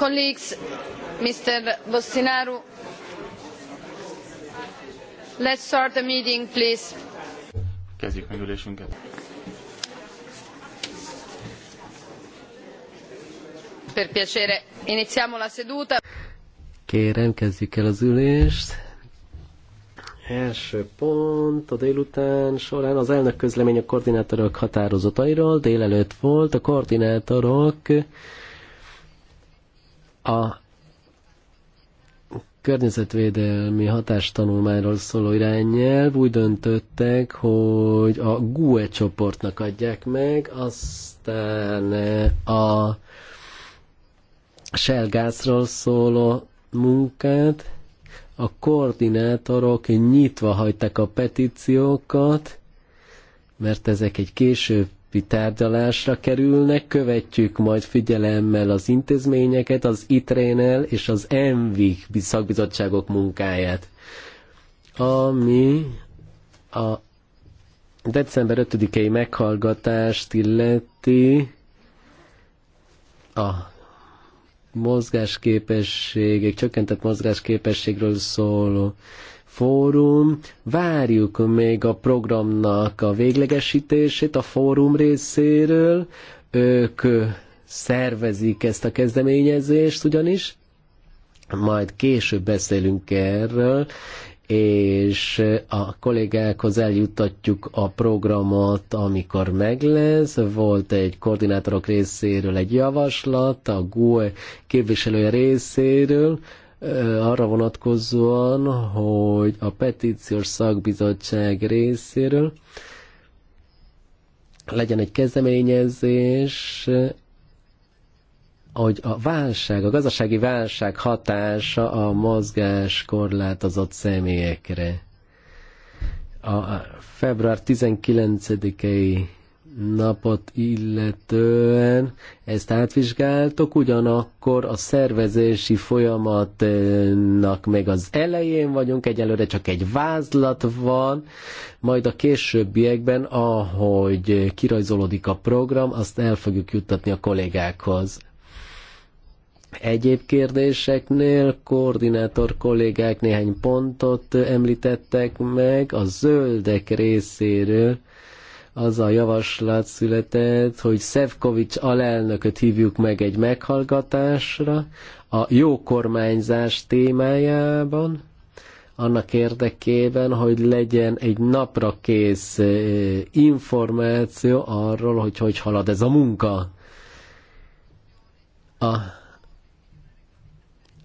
Colleagues, Mr. Bostinaru, let's start the meeting, please. Kezdjük meg ülésünket. Per piacere, iniziamo la seduta. Kérem, kezdjük el az ülést. Első pont a délután során az elnök közlemény a koordinátorok határozatairól. Délelőtt volt a koordinátorok a környezetvédelmi hatástanulmányról szóló irányelv úgy döntöttek, hogy a GUE csoportnak adják meg, aztán a Shell gázról szóló munkát, a koordinátorok nyitva hagyták a petíciókat, mert ezek egy később tárgyalásra kerülnek, követjük majd figyelemmel az intézményeket, az ITRÉNEL és az ENVI szakbizottságok munkáját, ami a december 5-i meghallgatást illeti a mozgásképességek, csökkentett mozgásképességről szóló fórum, várjuk még a programnak a véglegesítését a fórum részéről, ők szervezik ezt a kezdeményezést ugyanis, majd később beszélünk erről, és a kollégákhoz eljuttatjuk a programot, amikor meg lesz. Volt egy koordinátorok részéről egy javaslat, a GUE képviselője részéről, arra vonatkozóan, hogy a petíciós szakbizottság részéről legyen egy kezdeményezés, hogy a válság, a gazdasági válság hatása a mozgás korlátozott személyekre. A február 19-i napot illetően ezt átvizsgáltok, ugyanakkor a szervezési folyamatnak meg az elején vagyunk, egyelőre csak egy vázlat van, majd a későbbiekben, ahogy kirajzolódik a program, azt el fogjuk juttatni a kollégákhoz. Egyéb kérdéseknél koordinátor kollégák néhány pontot említettek meg a zöldek részéről az a javaslat született, hogy Szevkovics alelnököt hívjuk meg egy meghallgatásra a jó kormányzás témájában, annak érdekében, hogy legyen egy napra kész eh, információ arról, hogy hogy halad ez a munka. A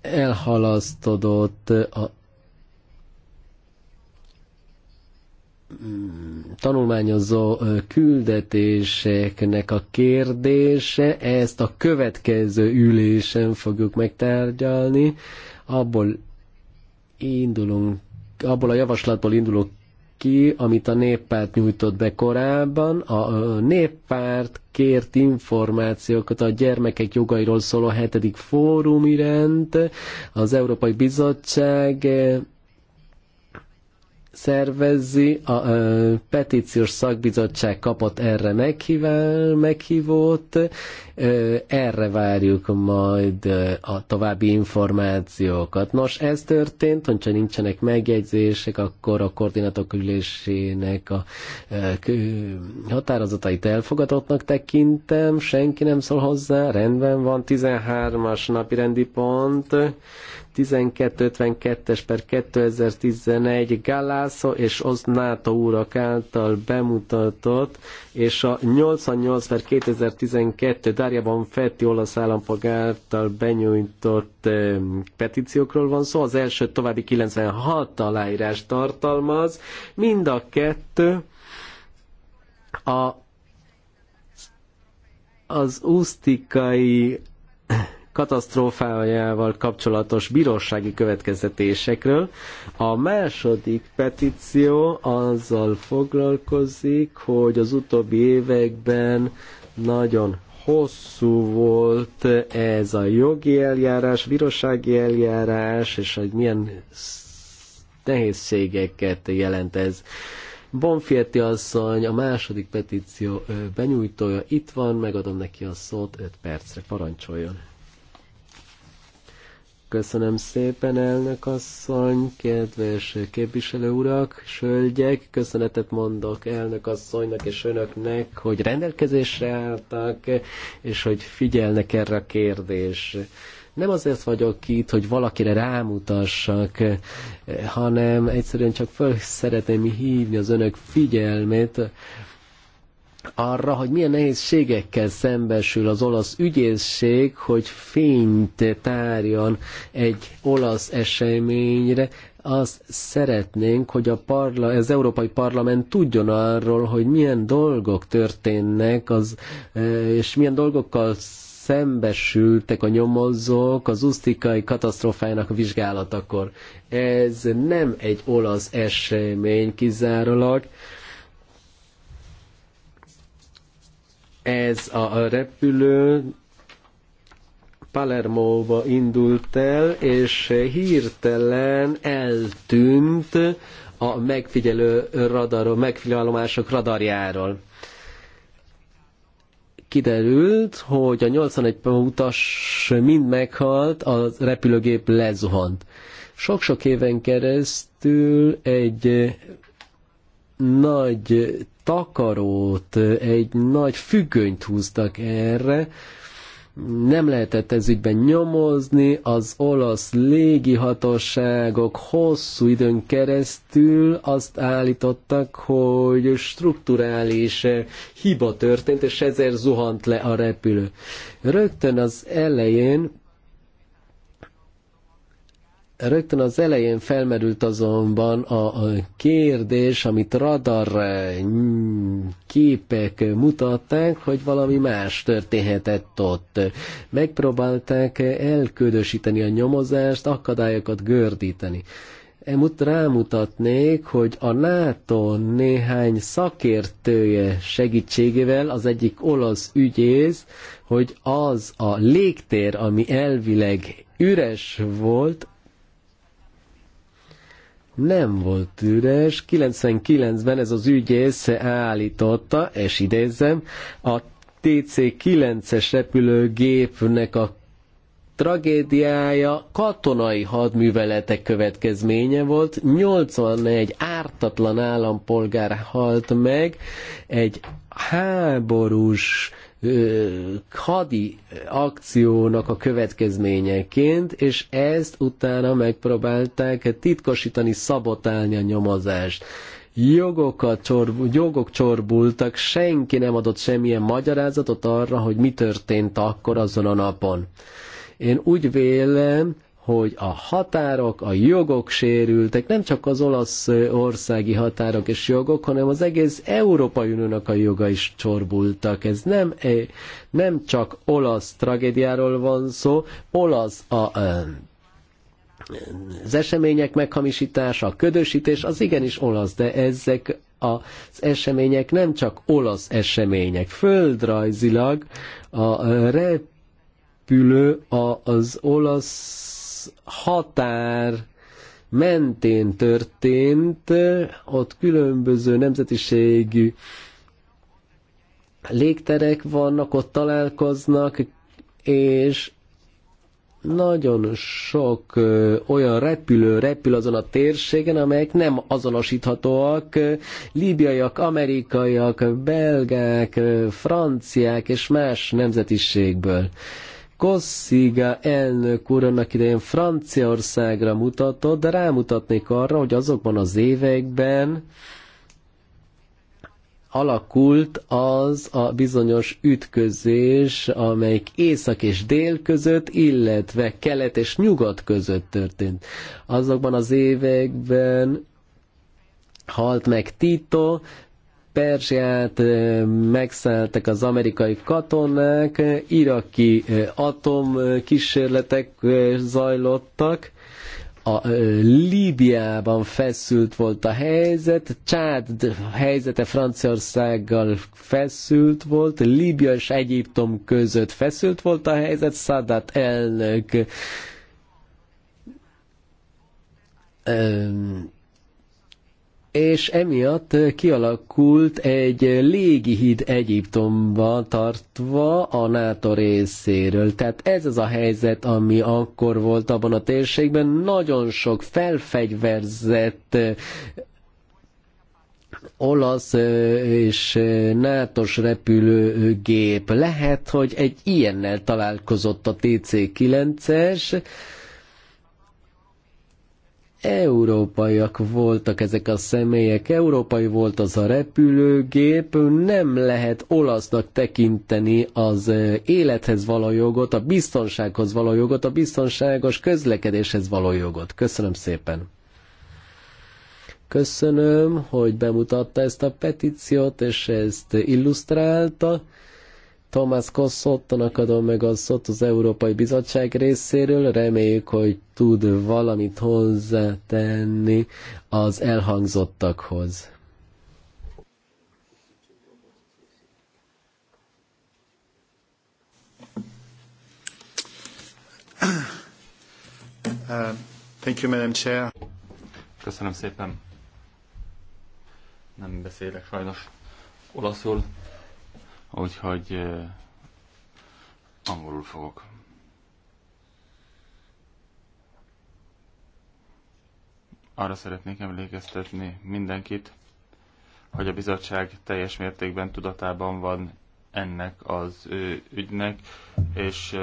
elhalasztodott a tanulmányozó küldetéseknek a kérdése, ezt a következő ülésen fogjuk megtárgyalni. Abból indulunk, abból a javaslatból indulok ki, amit a néppárt nyújtott be korábban. A néppárt kért információkat a gyermekek jogairól szóló hetedik fórum iránt. Az Európai Bizottság szervezi, a ö, petíciós szakbizottság kapott erre meghívál, meghívót, ö, erre várjuk majd a további információkat. Nos, ez történt, hogyha nincsenek megjegyzések, akkor a koordinátok ülésének a ö, határozatait elfogadottnak tekintem, senki nem szól hozzá, rendben van, 13-as napi rendi pont, 1252-es per 2011 Galászó és Osznáta úrak által bemutatott, és a 88 per 2012 Daria Bonfetti olasz állampolgár által benyújtott petíciókról van szó. Az első további 96 aláírás tartalmaz. Mind a kettő a az úsztikai katasztrófájával kapcsolatos bírósági következtetésekről. A második petíció azzal foglalkozik, hogy az utóbbi években nagyon hosszú volt ez a jogi eljárás, bírósági eljárás, és hogy milyen nehézségeket jelent ez. Bonfietti asszony, a második petíció benyújtója itt van, megadom neki a szót 5 percre, parancsoljon. Köszönöm szépen, elnök asszony, kedves képviselő urak, sölgyek, köszönetet mondok elnök asszonynak és önöknek, hogy rendelkezésre álltak, és hogy figyelnek erre a kérdésre nem azért vagyok itt, hogy valakire rámutassak, hanem egyszerűen csak föl szeretném hívni az önök figyelmét arra, hogy milyen nehézségekkel szembesül az olasz ügyészség, hogy fényt tárjon egy olasz eseményre, azt szeretnénk, hogy a parla, az Európai Parlament tudjon arról, hogy milyen dolgok történnek, az, e, és milyen dolgokkal szembesültek a nyomozók az usztikai katasztrofájának vizsgálatakor. Ez nem egy olasz esemény kizárólag, Ez a repülő Palermóba indult el, és hirtelen eltűnt a megfigyelő radarról, megfigyelőállomások radarjáról kiderült, hogy a 81 utas mind meghalt, a repülőgép lezuhant. Sok-sok éven keresztül egy nagy takarót, egy nagy függönyt húztak erre, nem lehetett ez ügyben nyomozni, az olasz légihatóságok hosszú időn keresztül azt állítottak, hogy strukturális hiba történt, és ezért zuhant le a repülő. Rögtön az elején Rögtön az elején felmerült azonban a kérdés, amit radar eh, képek mutatták, hogy valami más történhetett ott. Megpróbálták elködösíteni a nyomozást, akadályokat gördíteni. Emut rámutatnék, hogy a NATO néhány szakértője segítségével, az egyik olasz ügyész, hogy az a légtér, ami elvileg üres volt, nem volt üres. 99-ben ez az ügyész állította, és idézem, a TC-9-es repülőgépnek a tragédiája katonai hadműveletek következménye volt. 81 ártatlan állampolgár halt meg egy háborús hadi akciónak a következményeként, és ezt utána megpróbálták titkosítani, szabotálni a nyomozást jogokat csorbu, jogok csorbultak, senki nem adott semmilyen magyarázatot arra, hogy mi történt akkor azon a napon. Én úgy vélem, hogy a határok, a jogok sérültek, nem csak az olasz országi határok és jogok, hanem az egész Európai Uniónak a joga is csorbultak. Ez nem, nem csak olasz tragédiáról van szó, olasz a, a az események meghamisítása, a ködösítés, az igenis olasz, de ezek az események nem csak olasz események. Földrajzilag a repülő az olasz határ mentén történt, ott különböző nemzetiségű légterek vannak, ott találkoznak, és nagyon sok olyan repülő repül azon a térségen, amelyek nem azonosíthatóak. Líbiaiak, amerikaiak, belgák, franciák és más nemzetiségből. Kossziga elnök úr annak idején Franciaországra mutatott, de rámutatnék arra, hogy azokban az években alakult az a bizonyos ütközés, amelyik észak és dél között, illetve kelet és nyugat között történt. Azokban az években halt meg Tito, Perzsiát megszálltak az amerikai katonák, iraki atomkísérletek zajlottak, a Líbiában feszült volt a helyzet, Csád helyzete Franciaországgal feszült volt, Líbia és Egyiptom között feszült volt a helyzet, Szadat elnök és emiatt kialakult egy légihíd Egyiptomban tartva a NATO részéről. Tehát ez az a helyzet, ami akkor volt abban a térségben. Nagyon sok felfegyverzett olasz és nátos repülőgép. Lehet, hogy egy ilyennel találkozott a TC-9-es, európaiak voltak ezek a személyek, európai volt az a repülőgép, nem lehet olasznak tekinteni az eh, élethez való jogot, a biztonsághoz való jogot, a biztonságos közlekedéshez való jogot. Köszönöm szépen! Köszönöm, hogy bemutatta ezt a petíciót, és ezt illusztrálta. Tomás Kosszottonak adom meg a szót az Európai Bizottság részéről. Reméljük, hogy tud valamit hozzátenni az elhangzottakhoz. Uh, thank you, Madam Chair. Köszönöm szépen. Nem beszélek sajnos olaszul úgyhogy angolul fogok. Arra szeretnék emlékeztetni mindenkit, hogy a bizottság teljes mértékben tudatában van ennek az ügynek, és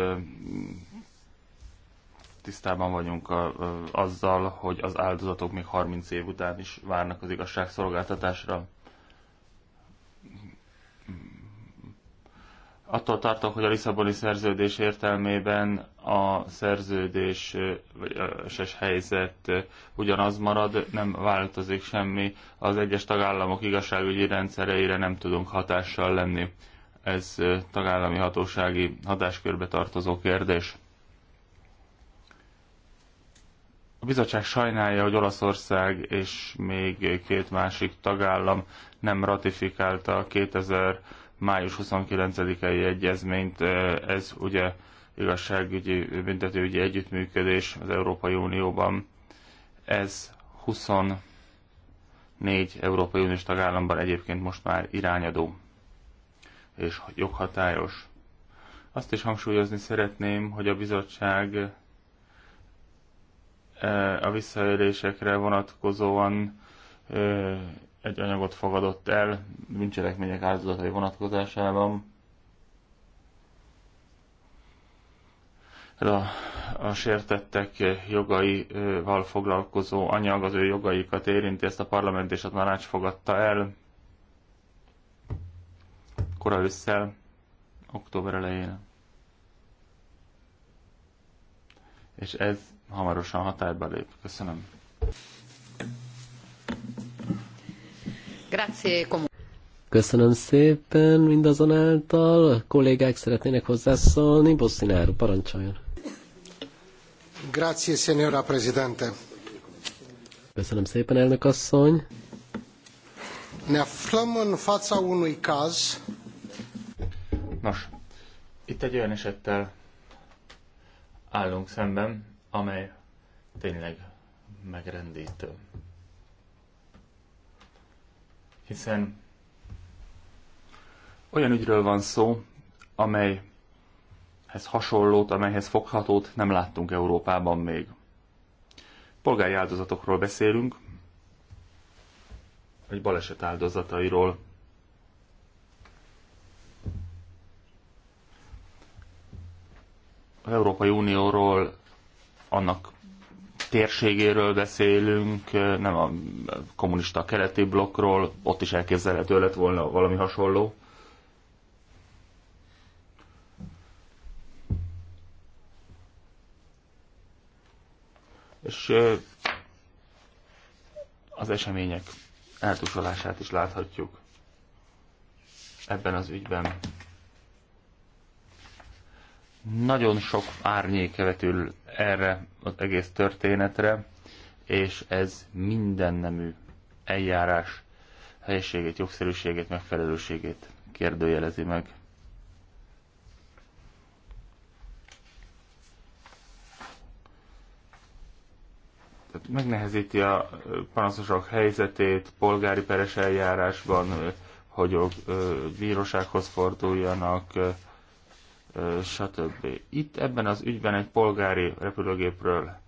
tisztában vagyunk a, azzal, hogy az áldozatok még 30 év után is várnak az igazságszolgáltatásra. attól tartok, hogy a Lisszaboni szerződés értelmében a szerződés és helyzet ugyanaz marad, nem változik semmi, az egyes tagállamok igazságügyi rendszereire nem tudunk hatással lenni. Ez tagállami hatósági hatáskörbe tartozó kérdés. A bizottság sajnálja, hogy Olaszország és még két másik tagállam nem ratifikálta a 2000 május 29-i egyezményt. Ez ugye igazságügyi, büntetőügyi együttműködés az Európai Unióban. Ez 24 Európai Uniós tagállamban egyébként most már irányadó és joghatályos. Azt is hangsúlyozni szeretném, hogy a bizottság a visszaélésekre vonatkozóan egy anyagot fogadott el bűncselekmények áldozatai vonatkozásában. A, a sértettek jogaival foglalkozó anyag az ő jogaikat érinti, ezt a parlament és a tanács fogadta el kora ősszel, október elején. És ez hamarosan hatályba lép. Köszönöm. Köszönöm szépen mindazonáltal. A kollégák szeretnének hozzászólni. Bosszináru, parancsoljon. Grazie, signora Presidente. Köszönöm szépen, elnök asszony. Ne aflăm în fața unui caz. Nos, itt egy olyan esettel állunk szemben, amely tényleg megrendítő hiszen olyan ügyről van szó, amelyhez hasonlót, amelyhez foghatót nem láttunk Európában még. Polgári áldozatokról beszélünk, vagy baleset áldozatairól. Az Európai Unióról, annak térségéről beszélünk, nem a kommunista keleti blokkról, ott is elképzelhető lett volna valami hasonló. És az események eltusolását is láthatjuk ebben az ügyben. Nagyon sok árnyék erre az egész történetre, és ez minden nemű eljárás helyiségét, jogszerűségét, megfelelőségét kérdőjelezi meg. Tehát megnehezíti a panaszosok helyzetét polgári peres eljárásban, hogy bírósághoz forduljanak, stb. Itt ebben az ügyben egy polgári repülőgépről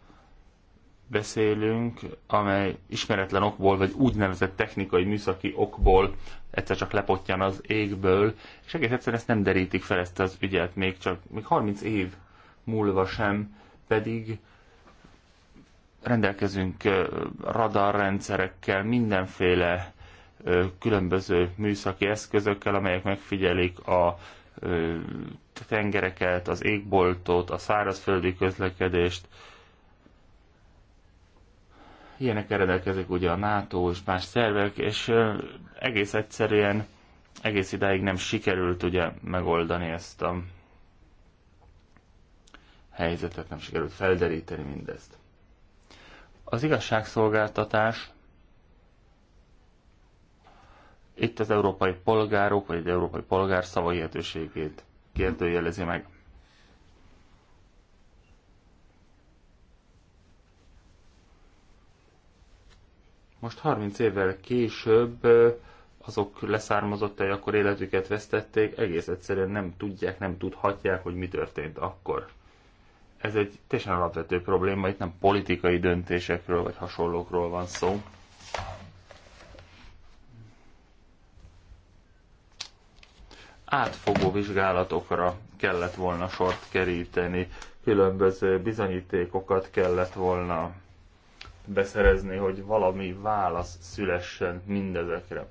beszélünk, amely ismeretlen okból, vagy úgynevezett technikai műszaki okból egyszer csak lepottyan az égből, és egész egyszerűen ezt nem derítik fel ezt az ügyet, még csak még 30 év múlva sem, pedig rendelkezünk radarrendszerekkel, mindenféle különböző műszaki eszközökkel, amelyek megfigyelik a tengereket, az égboltot, a szárazföldi közlekedést. Ilyenek rendelkezik ugye a NATO és más szervek, és egész egyszerűen egész idáig nem sikerült ugye megoldani ezt a helyzetet, nem sikerült felderíteni mindezt. Az igazságszolgáltatás itt az európai polgárok, vagy az európai polgár szavahihetőségét kérdőjelezi meg. Most 30 évvel később azok leszármazottai akkor életüket vesztették, egész egyszerűen nem tudják, nem tudhatják, hogy mi történt akkor. Ez egy teljesen alapvető probléma, itt nem politikai döntésekről vagy hasonlókról van szó. átfogó vizsgálatokra kellett volna sort keríteni, különböző bizonyítékokat kellett volna beszerezni, hogy valami válasz szülessen mindezekre.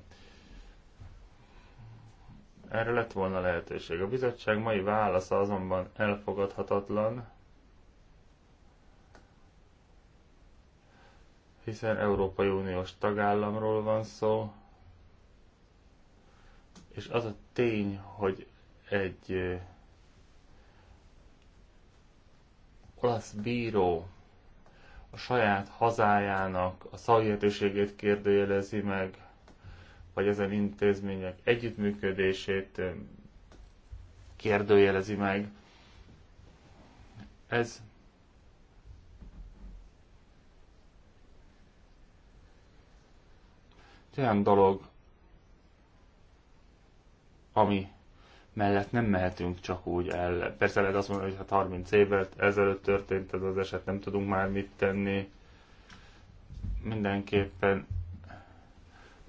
Erre lett volna lehetőség. A bizottság mai válasza azonban elfogadhatatlan, hiszen Európai Uniós tagállamról van szó, és az a tény, hogy egy olasz bíró a saját hazájának a szakértőségét kérdőjelezi meg, vagy ezen intézmények együttműködését kérdőjelezi meg. Ez olyan dolog, ami mellett nem mehetünk csak úgy el. Persze lehet azt mondani, hogy hát 30 évvel ezelőtt történt ez az eset, nem tudunk már mit tenni. Mindenképpen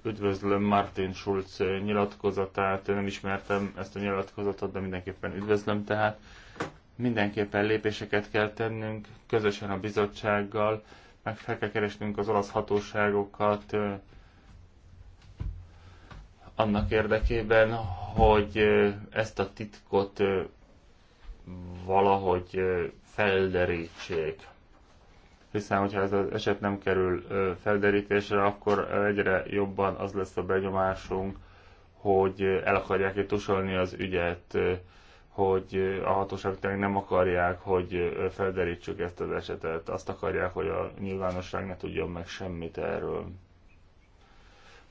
üdvözlöm Martin Schulz nyilatkozatát, nem ismertem ezt a nyilatkozatot, de mindenképpen üdvözlöm tehát. Mindenképpen lépéseket kell tennünk, közösen a bizottsággal, meg fel kell keresnünk az olasz hatóságokat, annak érdekében, hogy ezt a titkot valahogy felderítsék. Hiszen, hogyha ez az eset nem kerül felderítésre, akkor egyre jobban az lesz a benyomásunk, hogy el akarják tusolni az ügyet, hogy a hatóságok tényleg nem akarják, hogy felderítsük ezt az esetet, azt akarják, hogy a nyilvánosság ne tudjon meg semmit erről.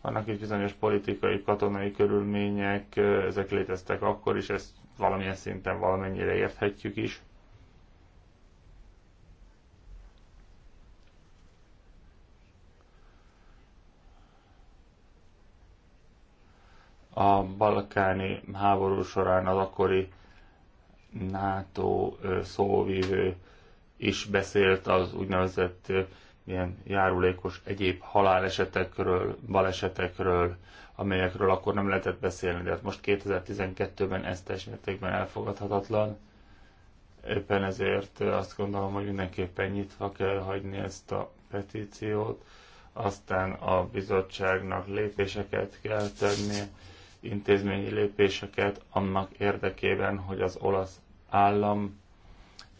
Vannak egy bizonyos politikai, katonai körülmények, ezek léteztek akkor is, ezt valamilyen szinten valamennyire érthetjük is. a balkáni háború során az akkori NATO szóvívő is beszélt az úgynevezett ilyen járulékos egyéb halálesetekről, balesetekről, amelyekről akkor nem lehetett beszélni, de hát most 2012-ben ez teljes mértékben elfogadhatatlan. Éppen ezért azt gondolom, hogy mindenképpen nyitva kell hagyni ezt a petíciót, aztán a bizottságnak lépéseket kell tenni, intézményi lépéseket annak érdekében, hogy az olasz állam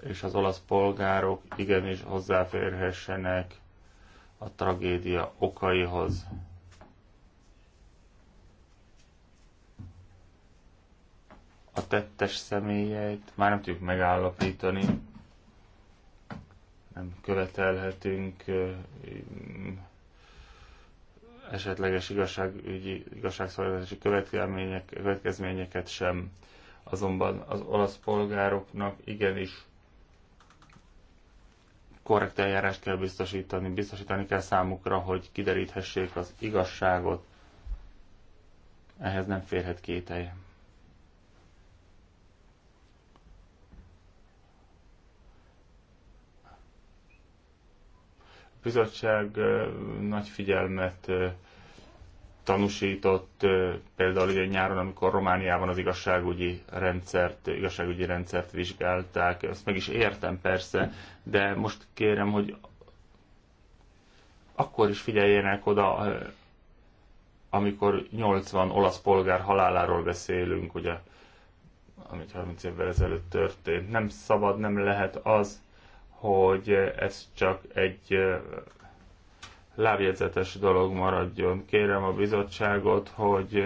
és az olasz polgárok igenis hozzáférhessenek a tragédia okaihoz. A tettes személyeit már nem tudjuk megállapítani, nem követelhetünk esetleges igazságügyi, igazságszolgáltatási következményeket sem. Azonban az olasz polgároknak igenis korrekt eljárást kell biztosítani, biztosítani kell számukra, hogy kideríthessék az igazságot. Ehhez nem férhet kétel. A bizottság nagy figyelmet tanúsított, például ugye nyáron, amikor Romániában az igazságügyi rendszert, igazságügyi rendszert vizsgálták, ezt meg is értem persze, de most kérem, hogy akkor is figyeljenek oda, amikor 80 olasz polgár haláláról beszélünk, ugye, amit 30 évvel ezelőtt történt. Nem szabad, nem lehet az, hogy ez csak egy lábjegyzetes dolog maradjon. Kérem a bizottságot, hogy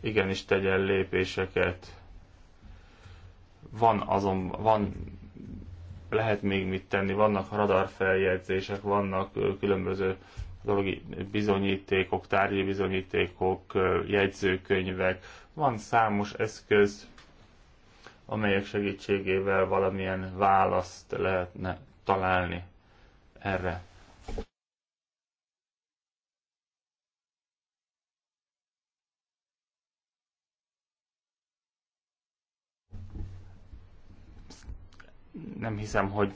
igenis tegyen lépéseket. Van azon, van, lehet még mit tenni, vannak radarfeljegyzések, vannak különböző dologi bizonyítékok, tárgyi bizonyítékok, jegyzőkönyvek, van számos eszköz, amelyek segítségével valamilyen választ lehetne találni erre. nem hiszem, hogy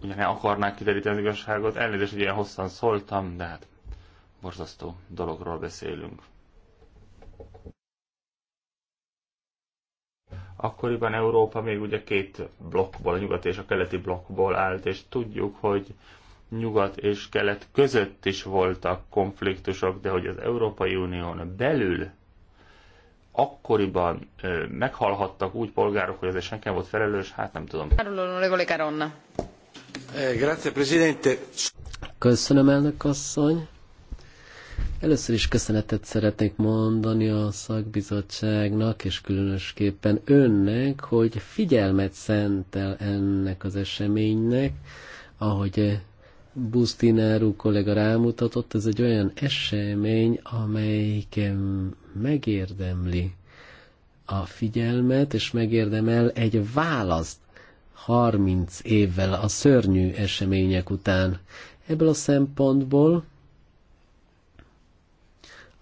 ugye ne akarnák kideríteni az igazságot. Elnézést, hogy ilyen hosszan szóltam, de hát borzasztó dologról beszélünk. Akkoriban Európa még ugye két blokkból, a nyugat és a keleti blokkból állt, és tudjuk, hogy nyugat és kelet között is voltak konfliktusok, de hogy az Európai Unión belül akkoriban ö, meghalhattak úgy polgárok, hogy ez senki volt felelős, hát nem tudom. Eh, grazie, Presidente. Köszönöm, elnök asszony. Először is köszönetet szeretnék mondani a szakbizottságnak, és különösképpen önnek, hogy figyelmet szentel ennek az eseménynek, ahogy úr kollega rámutatott, ez egy olyan esemény, amelyik megérdemli a figyelmet, és megérdemel egy választ 30 évvel a szörnyű események után. Ebből a szempontból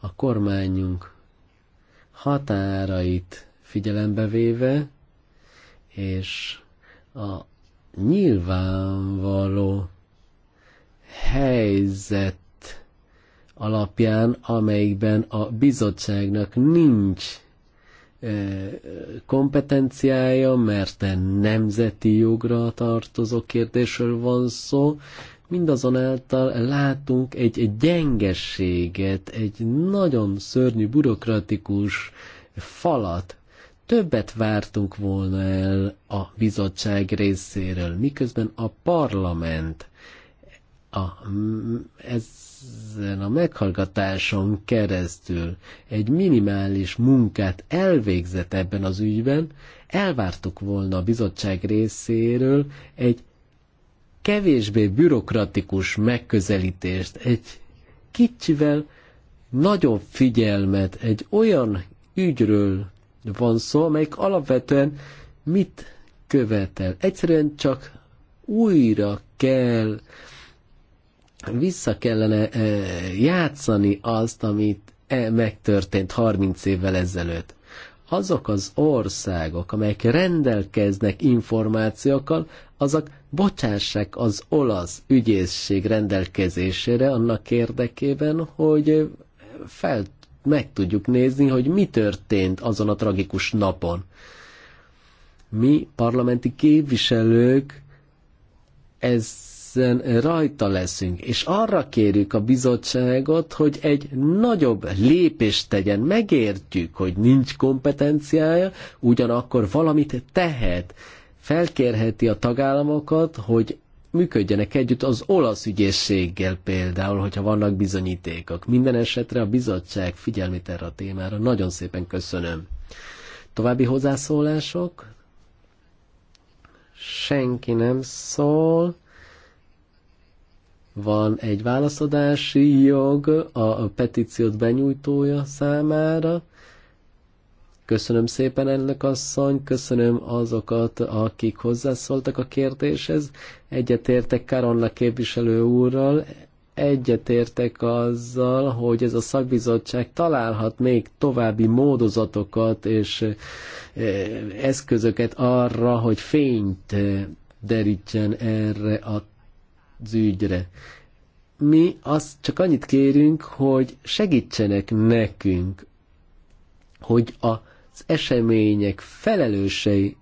a kormányunk határait figyelembe véve, és a nyilvánvaló helyzet alapján, amelyikben a bizottságnak nincs e, kompetenciája, mert a nemzeti jogra tartozó kérdésről van szó, mindazonáltal látunk egy, gyengességet, egy nagyon szörnyű burokratikus falat. Többet vártunk volna el a bizottság részéről, miközben a parlament a, ezen a meghallgatáson keresztül egy minimális munkát elvégzett ebben az ügyben, elvártuk volna a bizottság részéről egy kevésbé bürokratikus megközelítést, egy kicsivel nagyobb figyelmet, egy olyan ügyről van szó, amelyik alapvetően mit követel. Egyszerűen csak újra kell vissza kellene játszani azt, amit e, megtörtént 30 évvel ezelőtt. Azok az országok, amelyek rendelkeznek információkkal, azok bocsássák az olasz ügyészség rendelkezésére annak érdekében, hogy fel meg tudjuk nézni, hogy mi történt azon a tragikus napon. Mi parlamenti képviselők ez egyszerűen rajta leszünk, és arra kérjük a bizottságot, hogy egy nagyobb lépést tegyen. Megértjük, hogy nincs kompetenciája, ugyanakkor valamit tehet. Felkérheti a tagállamokat, hogy működjenek együtt az olasz ügyészséggel például, hogyha vannak bizonyítékok. Minden esetre a bizottság figyelmét erre a témára. Nagyon szépen köszönöm. További hozzászólások? Senki nem szól. Van egy válaszadási jog a petíciót benyújtója számára. Köszönöm szépen, ennek asszony, köszönöm azokat, akik hozzászóltak a kérdéshez. Egyetértek Karonna képviselő úrral, egyetértek azzal, hogy ez a szakbizottság találhat még további módozatokat és eh, eszközöket arra, hogy fényt eh, derítsen erre a az ügyre. Mi azt csak annyit kérünk, hogy segítsenek nekünk, hogy az események felelősei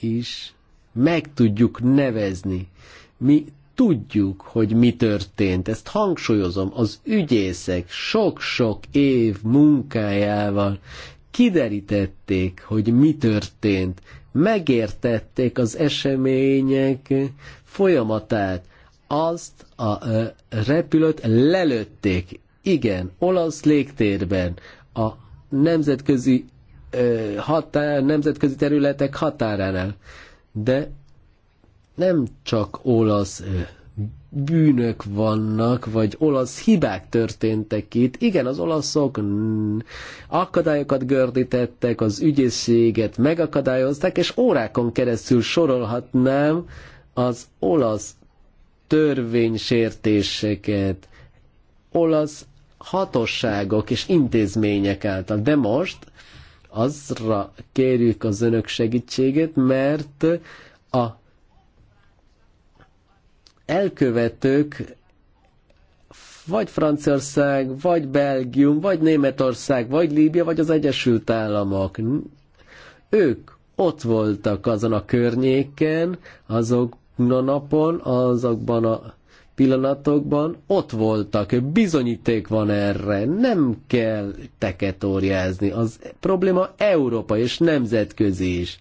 is meg tudjuk nevezni. Mi tudjuk, hogy mi történt. Ezt hangsúlyozom, az ügyészek sok-sok év munkájával kiderítették, hogy mi történt. Megértették az események folyamatát azt a repülőt lelőtték. Igen, olasz légtérben a nemzetközi határ, nemzetközi területek határánál. De nem csak olasz bűnök vannak, vagy olasz hibák történtek itt. Igen, az olaszok akadályokat gördítettek, az ügyészséget megakadályozták, és órákon keresztül sorolhatnám az olasz törvénysértéseket olasz hatosságok és intézmények által. De most azra kérjük az önök segítségét, mert a elkövetők vagy Franciaország, vagy Belgium, vagy Németország, vagy Líbia, vagy az Egyesült Államok. Ők ott voltak azon a környéken, azok napon, azokban a pillanatokban ott voltak, bizonyíték van erre, nem kell teket óriázni. Az probléma Európa és nemzetközi is.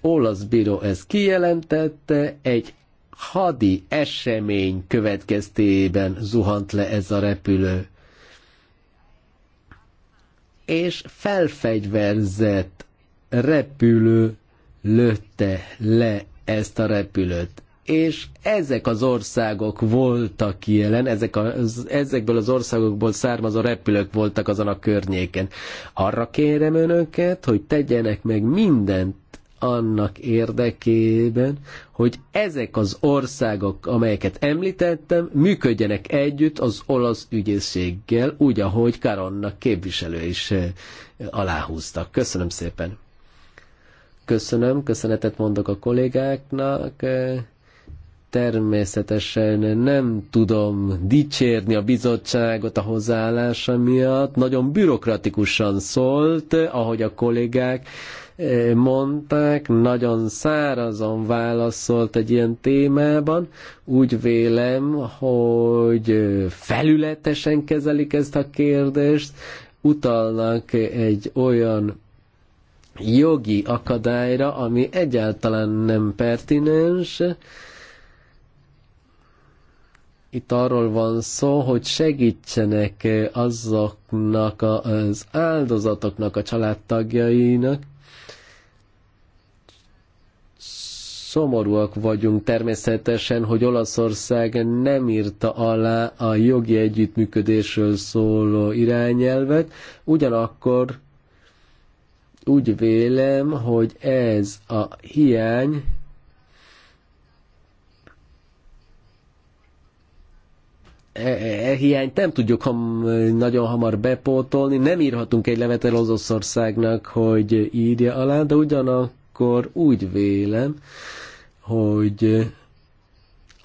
Olasz bíró ezt kijelentette, egy hadi esemény következtében zuhant le ez a repülő. És felfegyverzett repülő lőtte le ezt a repülőt és ezek az országok voltak jelen, ezek az, ezekből az országokból származó repülők voltak azon a környéken. Arra kérem önöket, hogy tegyenek meg mindent annak érdekében, hogy ezek az országok, amelyeket említettem, működjenek együtt az olasz ügyészséggel, úgy, ahogy Karonnak képviselő is eh, aláhúztak. Köszönöm szépen! Köszönöm, köszönetet mondok a kollégáknak. Természetesen nem tudom dicsérni a bizottságot a hozzáállása miatt. Nagyon bürokratikusan szólt, ahogy a kollégák eh, mondták, nagyon szárazon válaszolt egy ilyen témában. Úgy vélem, hogy felületesen kezelik ezt a kérdést, utalnak egy olyan jogi akadályra, ami egyáltalán nem pertinens. Itt arról van szó, hogy segítsenek azoknak az áldozatoknak, a családtagjainak, szomorúak vagyunk természetesen, hogy Olaszország nem írta alá a jogi együttműködésről szóló irányelvet, ugyanakkor úgy vélem, hogy ez a hiány e, e, e hiányt nem tudjuk ham, nagyon hamar bepótolni, nem írhatunk egy levetel az Oroszországnak, hogy írja alá, de ugyanakkor úgy vélem, hogy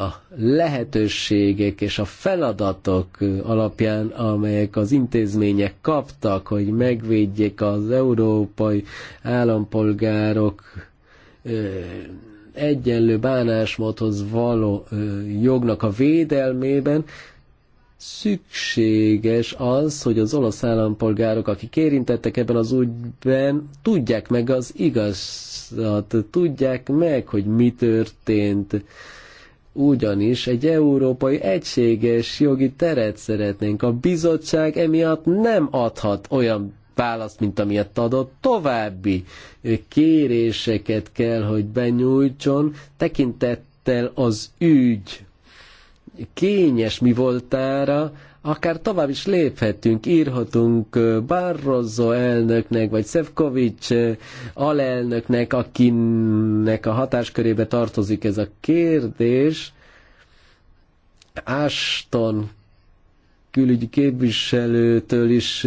a lehetőségek és a feladatok alapján, amelyek az intézmények kaptak, hogy megvédjék az európai állampolgárok egyenlő bánásmódhoz való jognak a védelmében, szükséges az, hogy az olasz állampolgárok, akik érintettek ebben az ügyben, tudják meg az igazat, tudják meg, hogy mi történt ugyanis egy európai egységes jogi teret szeretnénk. A bizottság emiatt nem adhat olyan választ, mint amilyet adott, további kéréseket kell, hogy benyújtson, tekintettel az ügy kényes mi voltára, akár tovább is léphetünk, írhatunk Barroso elnöknek, vagy Szevkovics alelnöknek, akinek a hatáskörébe tartozik ez a kérdés, Ashton külügyi képviselőtől is,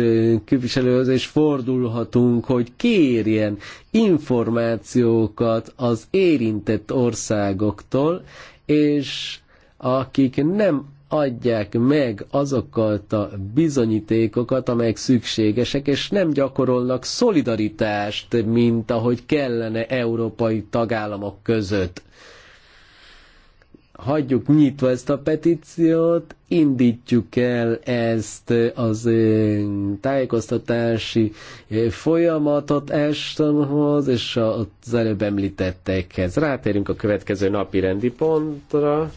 képviselőhöz és fordulhatunk, hogy kérjen információkat az érintett országoktól, és akik nem adják meg azokat a bizonyítékokat, amelyek szükségesek, és nem gyakorolnak szolidaritást, mint ahogy kellene európai tagállamok között hagyjuk nyitva ezt a petíciót, indítjuk el ezt az tájékoztatási folyamatot Estonhoz és az előbb említettekhez. Rátérünk a következő napi rendi pontra.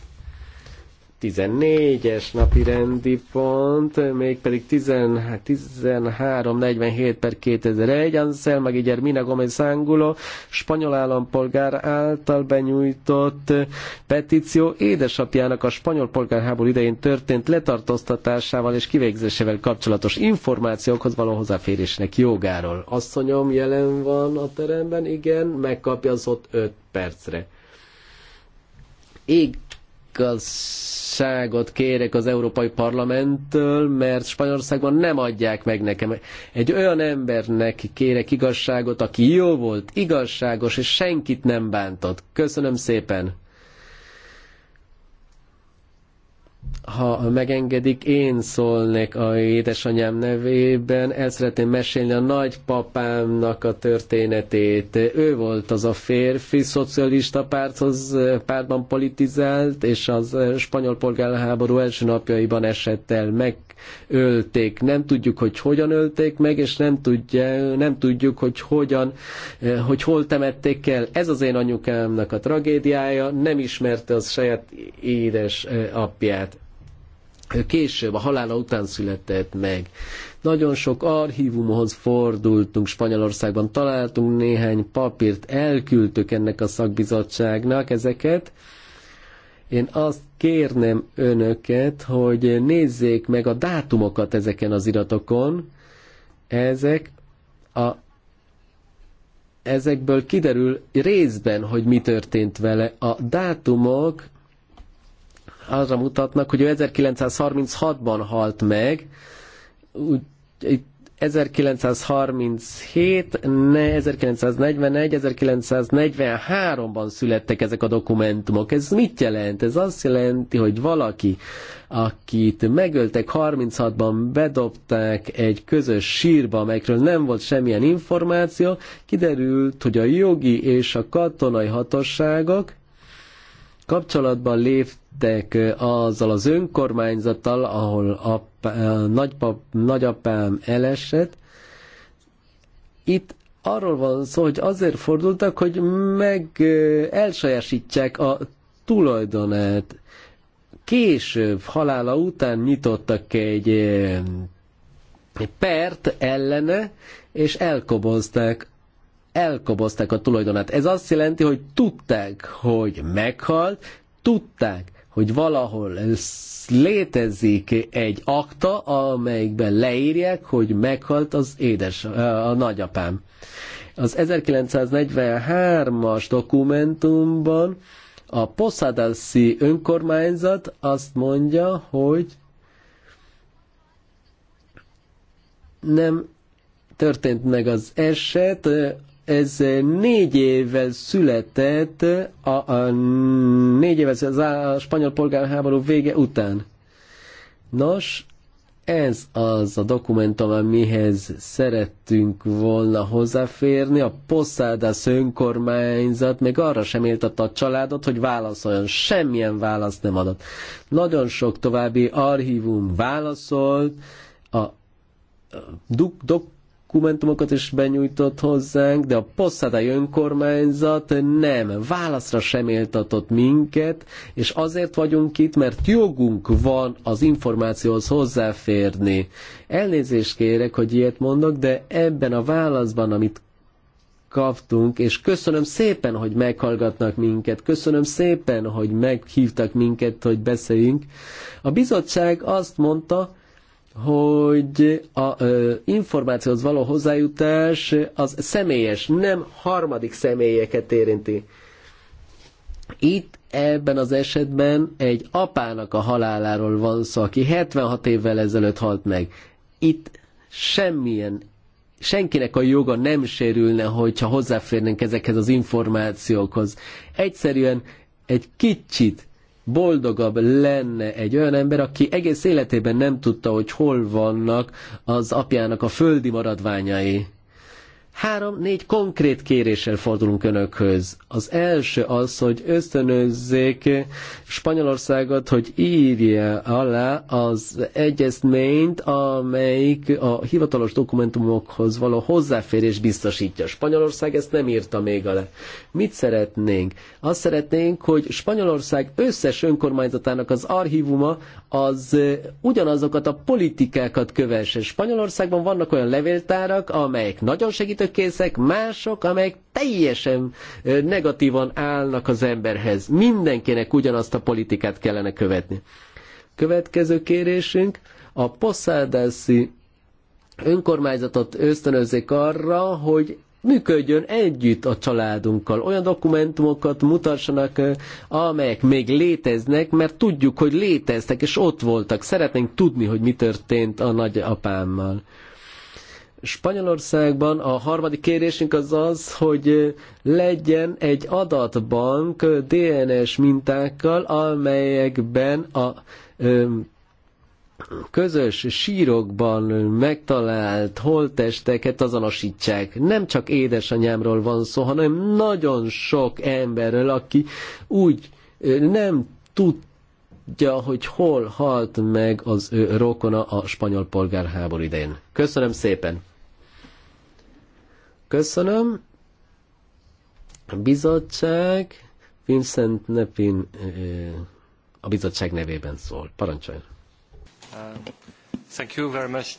14-es napi rendi pont, mégpedig 1347 per 2001, Ansel Magiger Mina Gomez Angulo, spanyol állampolgár által benyújtott petíció édesapjának a spanyol polgárháború idején történt letartóztatásával és kivégzésével kapcsolatos információkhoz való hozzáférésnek jogáról. Asszonyom jelen van a teremben, igen, megkapja az ott 5 percre. Ég igazságot kérek az Európai Parlamenttől, mert Spanyolországban nem adják meg nekem. Egy olyan embernek kérek igazságot, aki jó volt, igazságos, és senkit nem bántott. Köszönöm szépen! ha megengedik, én szólnék a édesanyám nevében. El szeretném mesélni a nagypapámnak a történetét. Ő volt az a férfi, szocialista párthoz, pártban politizált, és az spanyol polgárháború első napjaiban esett el. Megölték. Nem tudjuk, hogy hogyan ölték meg, és nem, tudja, nem tudjuk, hogy hogyan, hogy hol temették el. Ez az én anyukámnak a tragédiája. Nem ismerte az saját édes eh, apját később, a halála után született meg. Nagyon sok archívumhoz fordultunk Spanyolországban, találtunk néhány papírt, elküldtük ennek a szakbizottságnak ezeket. Én azt kérnem önöket, hogy nézzék meg a dátumokat ezeken az iratokon. Ezek a ezekből kiderül részben, hogy mi történt vele. A dátumok arra mutatnak, hogy ő 1936-ban halt meg, úgy, 1937, 1941, 1943-ban születtek ezek a dokumentumok. Ez mit jelent? Ez azt jelenti, hogy valaki, akit megöltek 36-ban, bedobták egy közös sírba, amelyekről nem volt semmilyen információ, kiderült, hogy a jogi és a katonai hatosságok kapcsolatban léptek lettek azzal az önkormányzattal, ahol a nagypap, nagyapám elesett. Itt arról van szó, hogy azért fordultak, hogy meg elsajásítsák a tulajdonát. Később, halála után nyitottak egy, egy pert ellene, és elkobozták elkobozták a tulajdonát. Ez azt jelenti, hogy tudták, hogy meghalt, tudták, hogy valahol létezik egy akta, amelyikben leírják, hogy meghalt az édes, a nagyapám. Az 1943-as dokumentumban a Posadasi önkormányzat azt mondja, hogy nem történt meg az eset, ez négy évvel született a, a négy évvel az a spanyol polgárháború vége után. Nos, ez az a dokumentum, amihez szerettünk volna hozzáférni. A Posszádász önkormányzat még arra sem éltette a családot, hogy válaszoljon. Semmilyen választ nem adott. Nagyon sok további archívum válaszolt, a dok, dok, dokumentumokat is benyújtott hozzánk, de a Posszadály önkormányzat nem, válaszra sem éltatott minket, és azért vagyunk itt, mert jogunk van az információhoz hozzáférni. Elnézést kérek, hogy ilyet mondok, de ebben a válaszban, amit kaptunk, és köszönöm szépen, hogy meghallgatnak minket, köszönöm szépen, hogy meghívtak minket, hogy beszéljünk. A bizottság azt mondta, hogy a ö, információhoz való hozzájutás az személyes, nem harmadik személyeket érinti. Itt ebben az esetben egy apának a haláláról van szó, aki 76 évvel ezelőtt halt meg. Itt semmilyen, senkinek a joga nem sérülne, hogyha hozzáférnénk ezekhez az információkhoz. Egyszerűen egy kicsit boldogabb lenne egy olyan ember, aki egész életében nem tudta, hogy hol vannak az apjának a földi maradványai. Három-négy konkrét kéréssel fordulunk önökhöz. Az első az, hogy ösztönözzék Spanyolországot, hogy írja alá az egyezményt, amelyik a hivatalos dokumentumokhoz való hozzáférés biztosítja. Spanyolország ezt nem írta még alá. Mit szeretnénk? Azt szeretnénk, hogy Spanyolország összes önkormányzatának az archívuma az ugyanazokat a politikákat kövesse. Spanyolországban vannak olyan levéltárak, amelyek nagyon segítő előkészek, mások, amelyek teljesen negatívan állnak az emberhez. Mindenkinek ugyanazt a politikát kellene követni. Következő kérésünk a poszádászi önkormányzatot ösztönözzék arra, hogy működjön együtt a családunkkal. Olyan dokumentumokat mutassanak, amelyek még léteznek, mert tudjuk, hogy léteztek, és ott voltak. Szeretnénk tudni, hogy mi történt a nagyapámmal. Spanyolországban a harmadik kérésünk az az, hogy legyen egy adatbank DNS mintákkal, amelyekben a közös sírokban megtalált holtesteket azonosítsák. Nem csak édesanyámról van szó, hanem nagyon sok emberről, aki úgy nem tud tudja, hogy hol halt meg az ő rokona a spanyol polgárháború idején. Köszönöm szépen! Köszönöm! A bizottság Vincent Nepin a bizottság nevében szól. Parancsoljon! Thank you very much.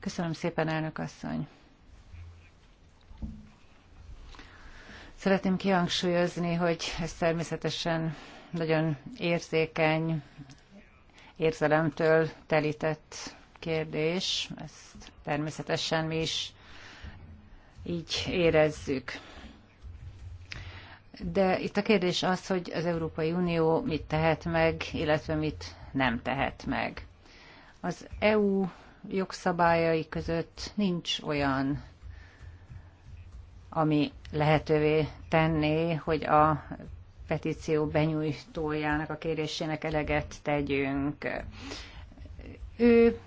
Köszönöm szépen, elnök asszony! Szeretném kihangsúlyozni, hogy ez természetesen nagyon érzékeny, érzelemtől telített kérdés, ezt természetesen mi is így érezzük. De itt a kérdés az, hogy az Európai Unió mit tehet meg, illetve mit nem tehet meg. Az EU jogszabályai között nincs olyan, ami lehetővé tenné, hogy a petíció benyújtójának a kérésének eleget tegyünk. Ő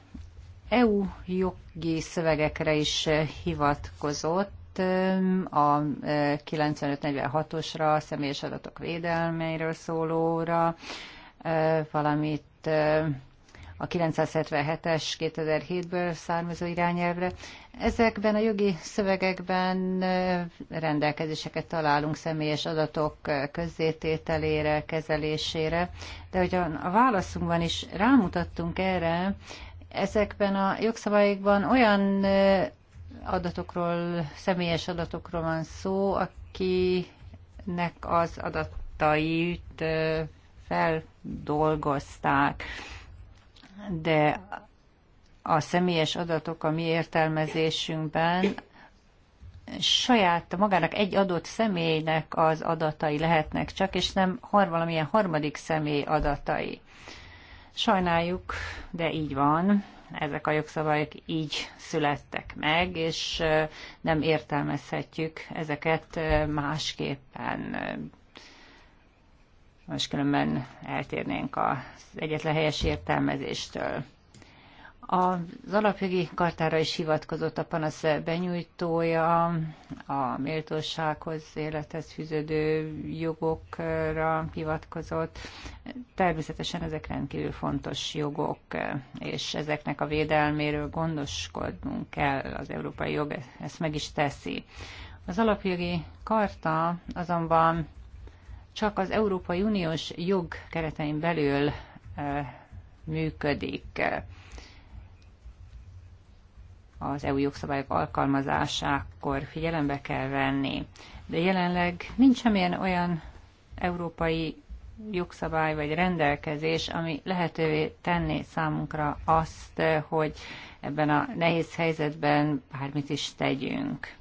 EU jogi szövegekre is hivatkozott, a 9546-osra, a személyes adatok védelmeiről szólóra, valamit a 977-es 2007-ből származó irányelvre. Ezekben a jogi szövegekben rendelkezéseket találunk személyes adatok közzétételére, kezelésére, de hogy a válaszunkban is rámutattunk erre, ezekben a jogszabályokban olyan adatokról, személyes adatokról van szó, akinek az adatait feldolgozták de a személyes adatok a mi értelmezésünkben saját magának egy adott személynek az adatai lehetnek csak, és nem har valamilyen harmadik személy adatai. Sajnáljuk, de így van. Ezek a jogszabályok így születtek meg, és nem értelmezhetjük ezeket másképpen most különben eltérnénk az egyetlen helyes értelmezéstől. Az alapjogi kartára is hivatkozott a panasz benyújtója, a méltósághoz, élethez fűződő jogokra hivatkozott. Természetesen ezek rendkívül fontos jogok, és ezeknek a védelméről gondoskodnunk kell, az európai jog ezt meg is teszi. Az alapjogi karta azonban csak az Európai Uniós jog keretein belül működik. Az EU jogszabályok alkalmazásakor figyelembe kell venni. De jelenleg nincs semmilyen olyan európai jogszabály vagy rendelkezés, ami lehetővé tenné számunkra azt, hogy ebben a nehéz helyzetben bármit is tegyünk.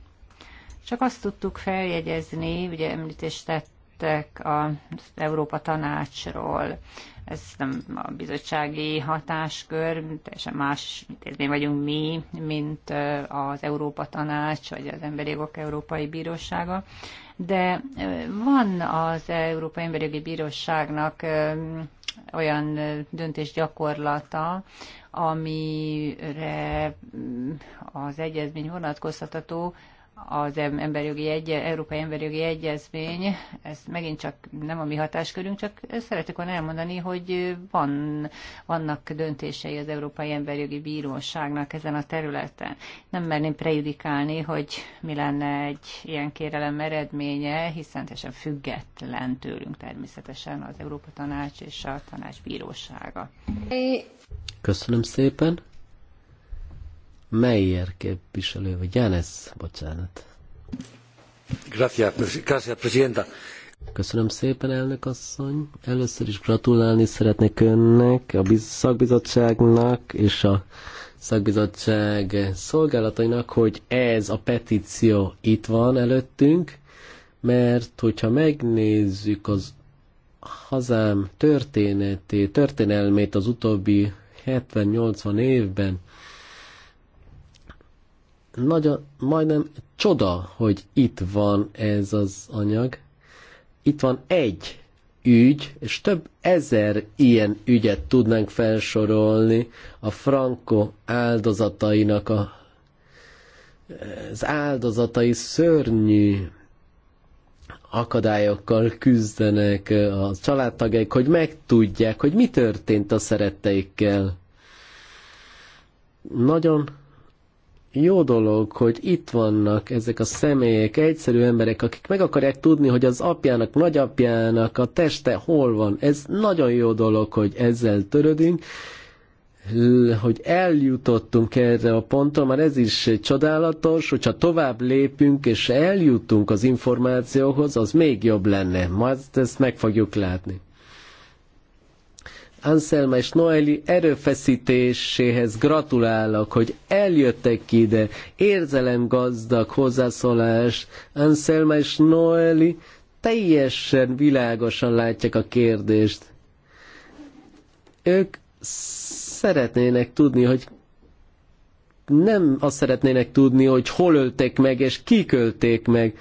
Csak azt tudtuk feljegyezni, ugye említést tett jöttek az Európa Tanácsról. Ez nem a bizottsági hatáskör, teljesen más intézmény vagyunk mi, mint az Európa Tanács, vagy az Emberi Jogok Európai Bírósága. De van az Európai Emberi Jogi Bíróságnak olyan döntésgyakorlata, amire mm, az egyezmény vonatkozható az emberjogi egy, Európai Emberjogi Egyezmény, ez megint csak nem a mi hatáskörünk, csak szeretek volna elmondani, hogy van, vannak döntései az Európai Emberjogi Bíróságnak ezen a területen. Nem merném prejudikálni, hogy mi lenne egy ilyen kérelem eredménye, hiszen teljesen független tőlünk természetesen az Európa Tanács és a Tanács Bírósága. Köszönöm szépen! Meyer képviselő, vagy Janes, bocsánat. presidenta. Köszönöm szépen, elnök asszony. Először is gratulálni szeretnék önnek, a szakbizottságnak és a szakbizottság szolgálatainak, hogy ez a petíció itt van előttünk, mert hogyha megnézzük az hazám történetét, történelmét az utóbbi 70-80 évben, nagyon, majdnem csoda, hogy itt van ez az anyag. Itt van egy ügy, és több ezer ilyen ügyet tudnánk felsorolni a Franco áldozatainak a az áldozatai szörnyű akadályokkal küzdenek a családtagjaik, hogy megtudják, hogy mi történt a szeretteikkel. Nagyon jó dolog, hogy itt vannak ezek a személyek, egyszerű emberek, akik meg akarják tudni, hogy az apjának, nagyapjának a teste hol van. Ez nagyon jó dolog, hogy ezzel törödünk, hogy eljutottunk erre a ponton, már ez is csodálatos, hogyha tovább lépünk és eljutunk az információhoz, az még jobb lenne. Majd ezt meg fogjuk látni. Anselma és Noeli erőfeszítéséhez gratulálok, hogy eljöttek ide. Érzelemgazdag hozzászólás. Anselma és Noeli teljesen világosan látják a kérdést. Ők szeretnének tudni, hogy nem azt szeretnének tudni, hogy hol ölték meg és kik ölték meg.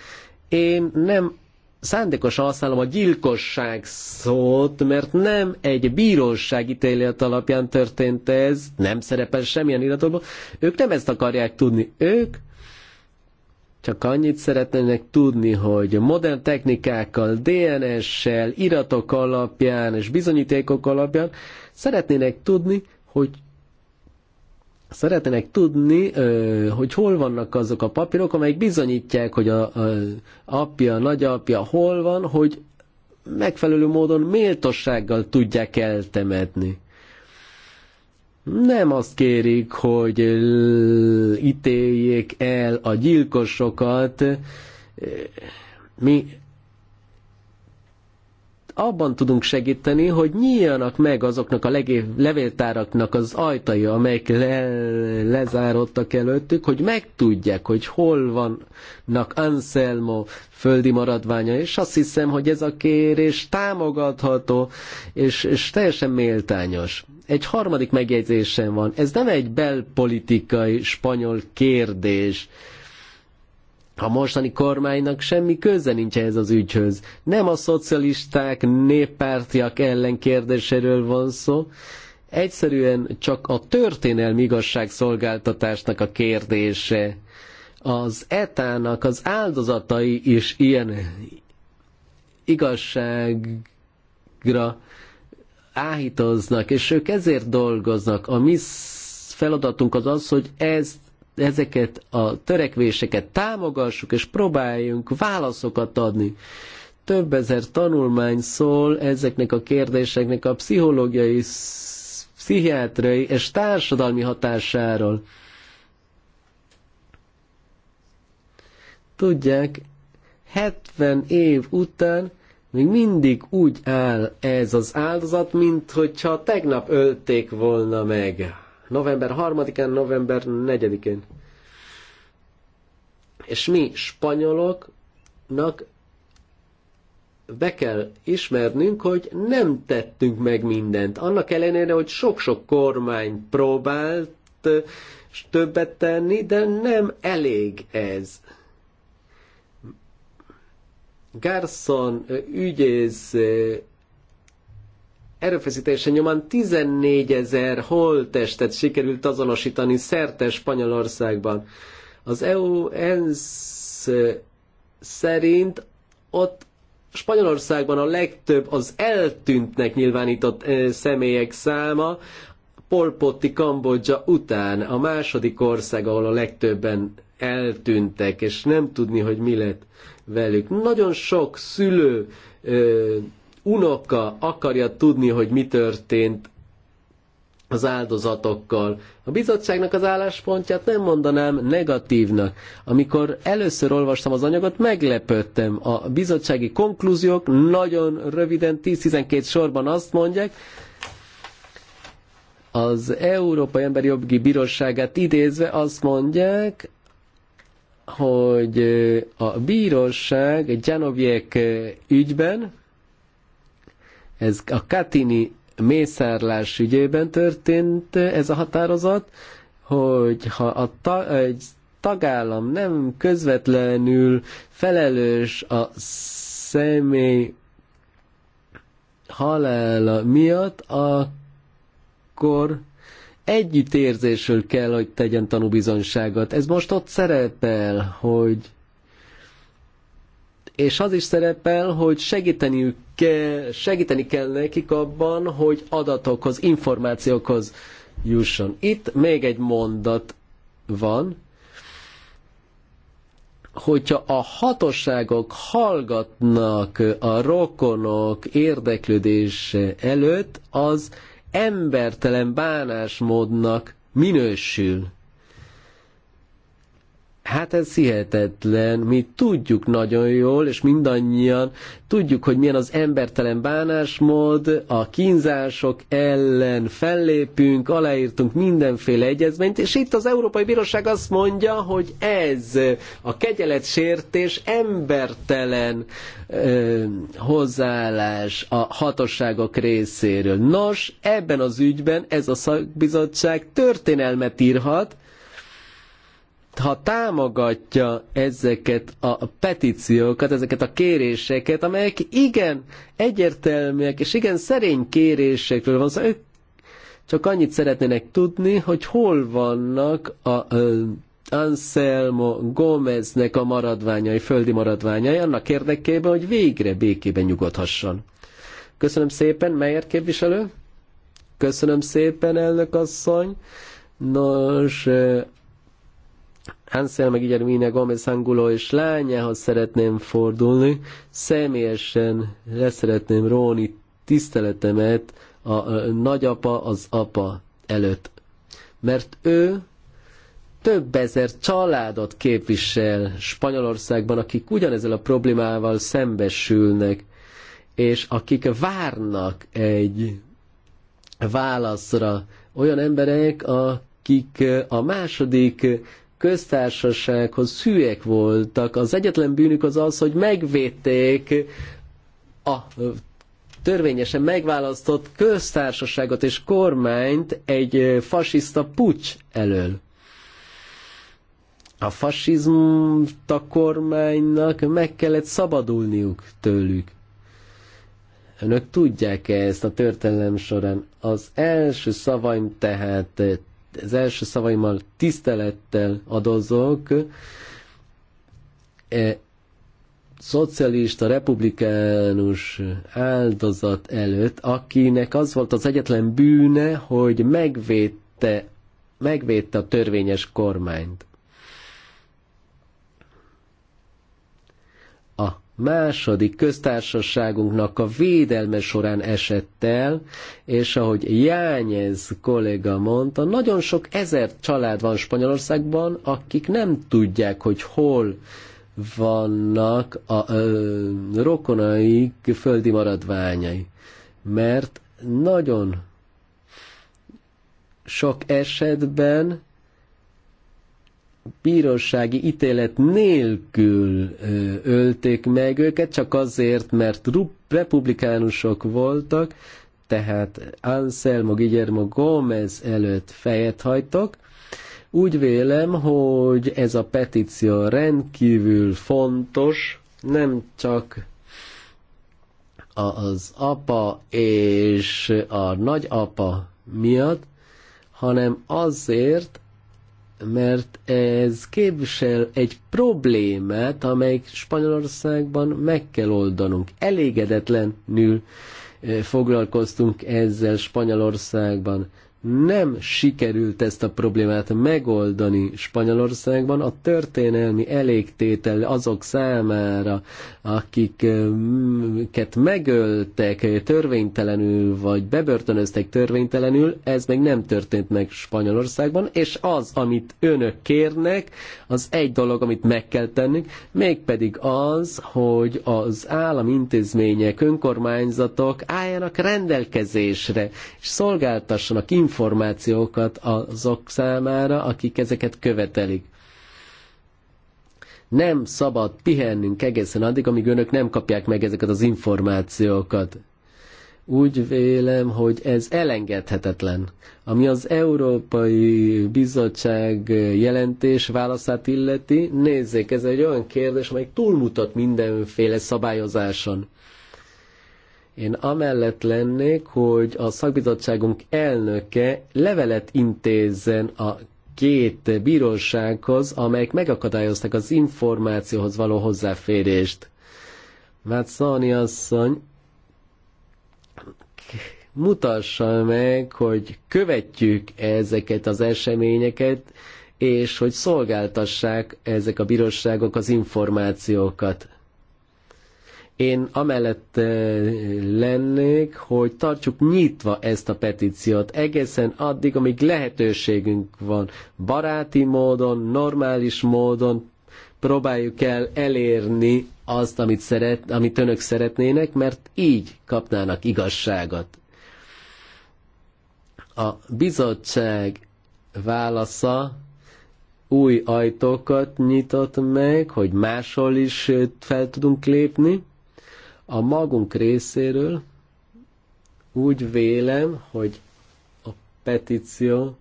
Én nem szándékosan használom a gyilkosság szót, mert nem egy bíróság ítélet alapján történt ez, nem szerepel semmilyen iratokban. Ők nem ezt akarják tudni. Ők csak annyit szeretnének tudni, hogy modern technikákkal, DNS-sel, iratok alapján és bizonyítékok alapján szeretnének tudni, hogy szeretnének tudni, hogy hol vannak azok a papírok, amelyek bizonyítják, hogy a, a apja, a nagyapja hol van, hogy megfelelő módon méltossággal tudják eltemetni. Nem azt kérik, hogy ítéljék el a gyilkosokat. Mi abban tudunk segíteni, hogy nyíljanak meg azoknak a levéltáraknak az ajtaja, amelyek le- lezárodtak előttük, hogy megtudják, hogy hol vannak Anselmo földi maradványa, és azt hiszem, hogy ez a kérés támogatható, és, és teljesen méltányos. Egy harmadik megjegyzésem van, ez nem egy belpolitikai spanyol kérdés, a mostani kormánynak semmi köze nincs ez az ügyhöz. Nem a szocialisták, néppártiak ellen kérdéséről van szó, egyszerűen csak a történelmi igazságszolgáltatásnak a kérdése. Az etának az áldozatai is ilyen igazságra áhítoznak, és ők ezért dolgoznak. A mi feladatunk az az, hogy ezt ezeket a törekvéseket támogassuk, és próbáljunk válaszokat adni. Több ezer tanulmány szól ezeknek a kérdéseknek a pszichológiai, pszichiátriai és társadalmi hatásáról. Tudják, 70 év után még mindig úgy áll ez az áldozat, mint hogyha tegnap ölték volna meg november 3-án, november 4-én. És mi, spanyoloknak be kell ismernünk, hogy nem tettünk meg mindent. Annak ellenére, hogy sok-sok kormány próbált többet tenni, de nem elég ez. Garson ügyész erőfeszítése nyomán 14 ezer holttestet sikerült azonosítani szerte Spanyolországban. Az EU ENSZ szerint ott Spanyolországban a legtöbb az eltűntnek nyilvánított személyek száma, Polpotti Kambodzsa után a második ország, ahol a legtöbben eltűntek, és nem tudni, hogy mi lett velük. Nagyon sok szülő unoka akarja tudni, hogy mi történt az áldozatokkal. A bizottságnak az álláspontját nem mondanám negatívnak. Amikor először olvastam az anyagot, meglepődtem. A bizottsági konklúziók nagyon röviden, 10-12 sorban azt mondják, az Európai Emberi Jogi Bíróságát idézve azt mondják, hogy a bíróság Gyanoviek ügyben ez a Katini mészárlás ügyében történt ez a határozat, hogy ha a ta, egy tagállam nem közvetlenül felelős a személy halála miatt, akkor együttérzésről kell, hogy tegyen tanúbizonyságot. Ez most ott szerepel, hogy és az is szerepel, hogy segíteniük kell, segíteni kell nekik abban, hogy adatokhoz, információkhoz jusson. Itt még egy mondat van, hogyha a hatóságok hallgatnak a rokonok érdeklődése előtt, az embertelen bánásmódnak minősül. Hát ez hihetetlen. Mi tudjuk nagyon jól, és mindannyian tudjuk, hogy milyen az embertelen bánásmód, a kínzások ellen fellépünk, aláírtunk mindenféle egyezményt, és itt az Európai Bíróság azt mondja, hogy ez a kegyeletsértés embertelen ö, hozzáállás a hatosságok részéről. Nos, ebben az ügyben ez a szakbizottság történelmet írhat, ha támogatja ezeket a petíciókat, ezeket a kéréseket, amelyek igen egyértelműek és igen szerény kérésekről van szóval ők csak annyit szeretnének tudni, hogy hol vannak a ö, Anselmo Gomeznek a maradványai, földi maradványai, annak érdekében, hogy végre békében nyugodhasson. Köszönöm szépen, Meyer képviselő. Köszönöm szépen, elnök asszony. Nos, Ansel meg Igyermine Gomez Angulo és lányához szeretném fordulni. Személyesen leszeretném róni tiszteletemet a, a nagyapa az apa előtt. Mert ő több ezer családot képvisel Spanyolországban, akik ugyanezzel a problémával szembesülnek, és akik várnak egy válaszra. Olyan emberek, akik a második köztársasághoz szűek voltak. Az egyetlen bűnük az az, hogy megvédték a törvényesen megválasztott köztársaságot és kormányt egy fasiszta pucs elől. A fasizmta kormánynak meg kellett szabadulniuk tőlük. Önök tudják -e ezt a történelem során? Az első szavaim tehát az első szavaimmal tisztelettel adozok, e, szocialista, republikánus áldozat előtt, akinek az volt az egyetlen bűne, hogy megvédte, megvédte a törvényes kormányt. második köztársaságunknak a védelme során esett el, és ahogy Jányez kolléga mondta, nagyon sok ezer család van Spanyolországban, akik nem tudják, hogy hol vannak a ö, rokonaik földi maradványai. Mert nagyon sok esetben bírósági ítélet nélkül ölték meg őket, csak azért, mert republikánusok voltak, tehát Anselmo Guillermo Gómez előtt fejet hajtok. Úgy vélem, hogy ez a petíció rendkívül fontos, nem csak az apa és a nagyapa miatt, hanem azért, mert ez képvisel egy problémát, amelyik Spanyolországban meg kell oldanunk. Elégedetlenül eh, foglalkoztunk ezzel Spanyolországban nem sikerült ezt a problémát megoldani Spanyolországban, a történelmi elégtétel azok számára, akiket megöltek törvénytelenül, vagy bebörtönöztek törvénytelenül, ez még nem történt meg Spanyolországban, és az, amit önök kérnek, az egy dolog, amit meg kell tennünk, mégpedig az, hogy az államintézmények, önkormányzatok álljanak rendelkezésre, és szolgáltassanak információt, információkat azok számára, akik ezeket követelik. Nem szabad pihennünk egészen addig, amíg önök nem kapják meg ezeket az információkat. Úgy vélem, hogy ez elengedhetetlen. Ami az Európai Bizottság jelentés válaszát illeti, nézzék, ez egy olyan kérdés, amely túlmutat mindenféle szabályozáson én amellett lennék, hogy a szakbizottságunk elnöke levelet intézzen a két bírósághoz, amelyek megakadályozták az információhoz való hozzáférést. Mátszani asszony mutassa meg, hogy követjük ezeket az eseményeket, és hogy szolgáltassák ezek a bíróságok az információkat. Én amellett eh, lennék, hogy tartsuk nyitva ezt a petíciót egészen addig, amíg lehetőségünk van. Baráti módon, normális módon próbáljuk el elérni azt, amit, szeret, amit önök szeretnének, mert így kapnának igazságot. A bizottság válasza új ajtókat nyitott meg, hogy máshol is eh, fel tudunk lépni. A magunk részéről úgy vélem, hogy a petíció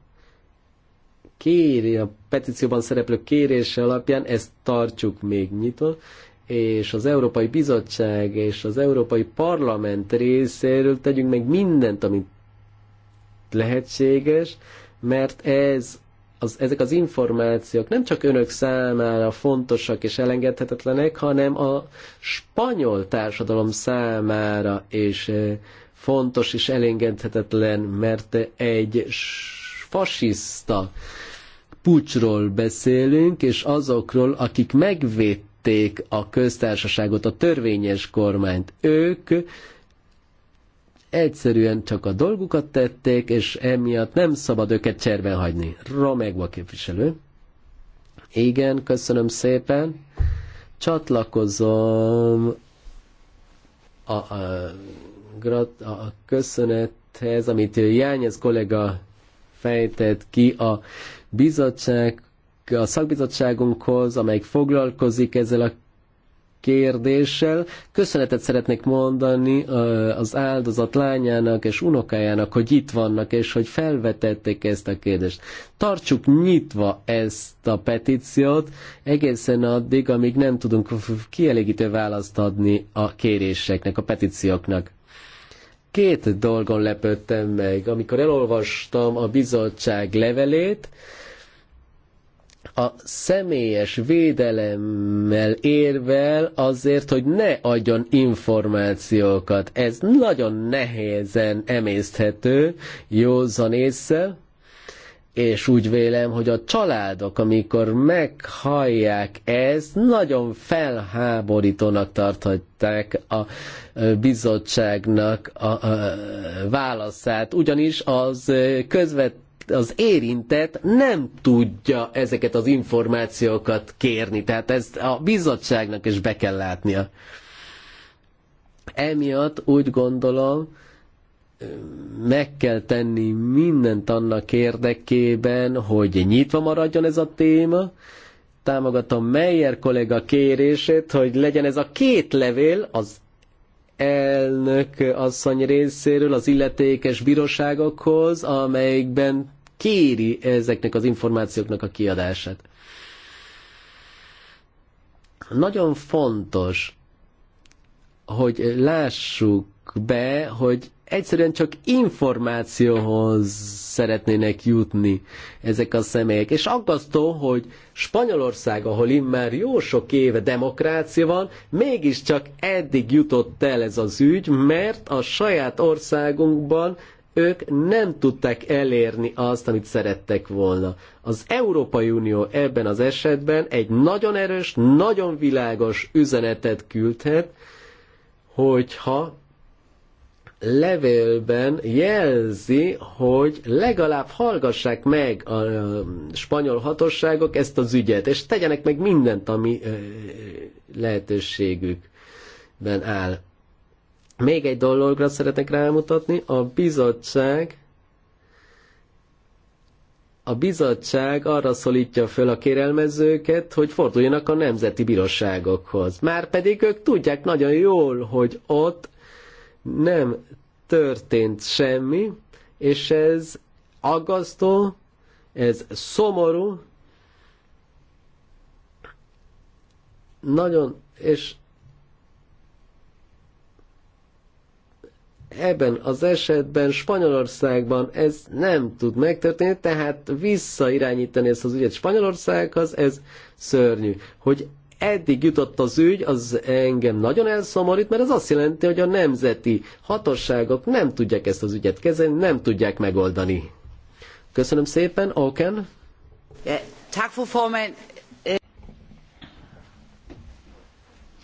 kéri, a petícióban szereplő kérése alapján ezt tartsuk még nyitva, és az Európai Bizottság és az Európai Parlament részéről tegyünk meg mindent, amit lehetséges, mert ez az, ezek az információk nem csak önök számára fontosak és elengedhetetlenek, hanem a spanyol társadalom számára és eh, fontos és elengedhetetlen, mert egy fasiszta pucsról beszélünk, és azokról, akik megvédték a köztársaságot, a törvényes kormányt. Ők egyszerűen csak a dolgukat tették, és emiatt nem szabad őket cserben hagyni. Romegva képviselő. Igen, köszönöm szépen. Csatlakozom a, a, grat, a köszönethez, amit Jányez kollega fejtett ki a bizottság a szakbizottságunkhoz, amelyik foglalkozik ezzel a kérdéssel. Köszönetet szeretnék mondani az áldozat lányának és unokájának, hogy itt vannak, és hogy felvetették ezt a kérdést. Tartsuk nyitva ezt a petíciót egészen addig, amíg nem tudunk kielégítő választ adni a kéréseknek, a petícióknak. Két dolgon lepődtem meg. Amikor elolvastam a bizottság levelét, a személyes védelemmel érvel azért, hogy ne adjon információkat. Ez nagyon nehézen emészthető józan észre, és úgy vélem, hogy a családok, amikor meghallják ezt, nagyon felháborítónak tarthatják a bizottságnak a, válaszát, ugyanis az közvetlenül az érintett nem tudja ezeket az információkat kérni. Tehát ezt a bizottságnak is be kell látnia. Emiatt úgy gondolom, meg kell tenni mindent annak érdekében, hogy nyitva maradjon ez a téma. Támogatom Meyer kollega kérését, hogy legyen ez a két levél az elnök asszony részéről az illetékes bíróságokhoz, amelyikben kéri ezeknek az információknak a kiadását. Nagyon fontos, hogy lássuk be, hogy egyszerűen csak információhoz szeretnének jutni ezek a személyek. És aggasztó, hogy Spanyolország, ahol immár jó sok éve demokrácia van, mégiscsak eddig jutott el ez az ügy, mert a saját országunkban ők nem tudták elérni azt, amit szerettek volna. Az Európai Unió ebben az esetben egy nagyon erős, nagyon világos üzenetet küldhet, hogyha levélben jelzi, hogy legalább hallgassák meg a spanyol hatóságok ezt az ügyet, és tegyenek meg mindent, ami lehetőségükben áll. Még egy dologra szeretek rámutatni, a bizottság a bizottság arra szólítja föl a kérelmezőket, hogy forduljanak a nemzeti bíróságokhoz. Márpedig ők tudják nagyon jól, hogy ott nem történt semmi, és ez aggasztó, ez szomorú, nagyon, és ebben az esetben Spanyolországban ez nem tud megtörténni, tehát visszairányítani ezt az ügyet Spanyolországhoz, ez szörnyű. Hogy eddig jutott az ügy, az engem nagyon elszomorít, mert ez azt jelenti, hogy a nemzeti hatóságok nem tudják ezt az ügyet kezelni, nem tudják megoldani. Köszönöm szépen, Oken.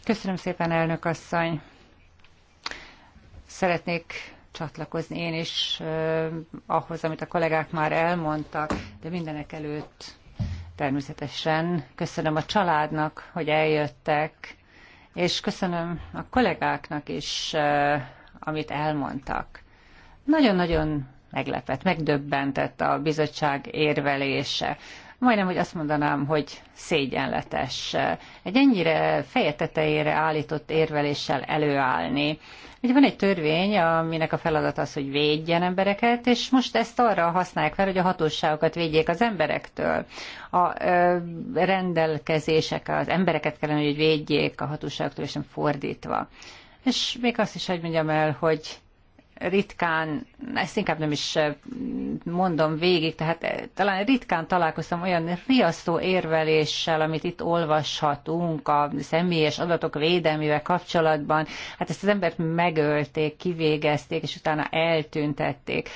Köszönöm szépen, elnök asszony. Szeretnék csatlakozni én is ahhoz, amit a kollégák már elmondtak, de mindenek előtt természetesen köszönöm a családnak, hogy eljöttek, és köszönöm a kollégáknak is, amit elmondtak. Nagyon-nagyon meglepett, megdöbbentett a bizottság érvelése majdnem, hogy azt mondanám, hogy szégyenletes. Egy ennyire feje tetejére állított érveléssel előállni. Ugye van egy törvény, aminek a feladat az, hogy védjen embereket, és most ezt arra használják fel, hogy a hatóságokat védjék az emberektől. A ö, rendelkezések, az embereket kellene, hogy védjék a hatóságoktól, és nem fordítva. És még azt is, hogy mondjam el, hogy ritkán, ezt inkább nem is eh, mondom végig, tehát eh, talán ritkán találkoztam olyan riasztó érveléssel, amit itt olvashatunk a személyes adatok védelmével kapcsolatban. Hát ezt az embert megölték, kivégezték, és utána eltüntették.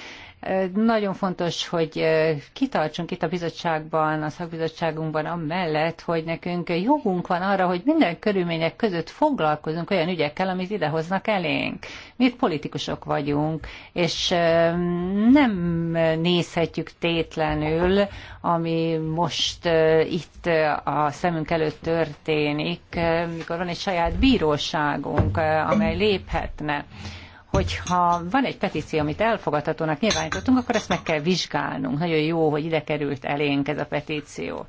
Nagyon fontos, hogy kitartsunk itt a bizottságban, a szakbizottságunkban amellett, hogy nekünk jogunk van arra, hogy minden körülmények között foglalkozunk olyan ügyekkel, amit idehoznak elénk. Mi itt politikusok vagyunk, és nem nézhetjük tétlenül, ami most itt a szemünk előtt történik, mikor van egy saját bíróságunk, amely léphetne hogyha van egy petíció, amit elfogadhatónak nyilvánítottunk, akkor ezt meg kell vizsgálnunk. Nagyon jó, hogy ide került elénk ez a petíció.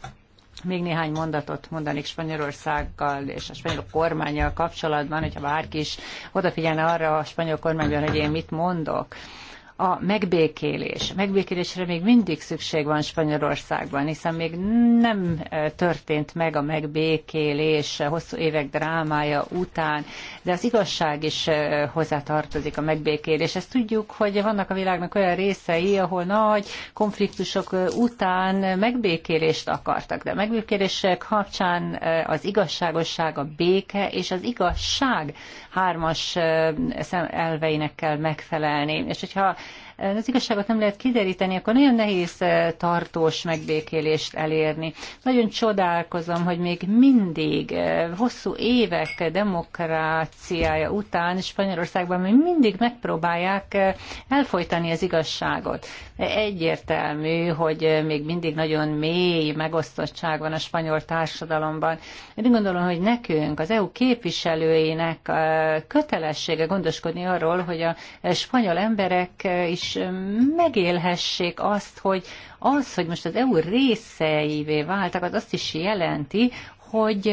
Még néhány mondatot mondanék Spanyolországgal és a spanyol kormányjal kapcsolatban, hogyha bárki is odafigyelne arra a spanyol kormányban, hogy én mit mondok a megbékélés. Megbékélésre még mindig szükség van Spanyolországban, hiszen még nem e, történt meg a megbékélés hosszú évek drámája után, de az igazság is e, hozzátartozik a megbékélés. Ezt tudjuk, hogy vannak a világnak olyan részei, ahol nagy konfliktusok e, után megbékélést akartak, de a megbékélések kapcsán az igazságosság, a béke és az igazság hármas elveinek kell megfelelni. És hogyha Eh, az igazságot nem lehet kideríteni, akkor nagyon nehéz eh, tartós megbékélést elérni. Nagyon csodálkozom, hogy még mindig eh, hosszú évek demokráciája után Spanyolországban még mindig megpróbálják elfolytani az igazságot. Egyértelmű, hogy még mindig nagyon mély megosztottság van a spanyol társadalomban. Én gondolom, hogy nekünk, az EU képviselőinek kötelessége gondoskodni arról, hogy a spanyol emberek is megélhessék azt, hogy az, hogy most az EU részeivé váltak, az azt is jelenti, hogy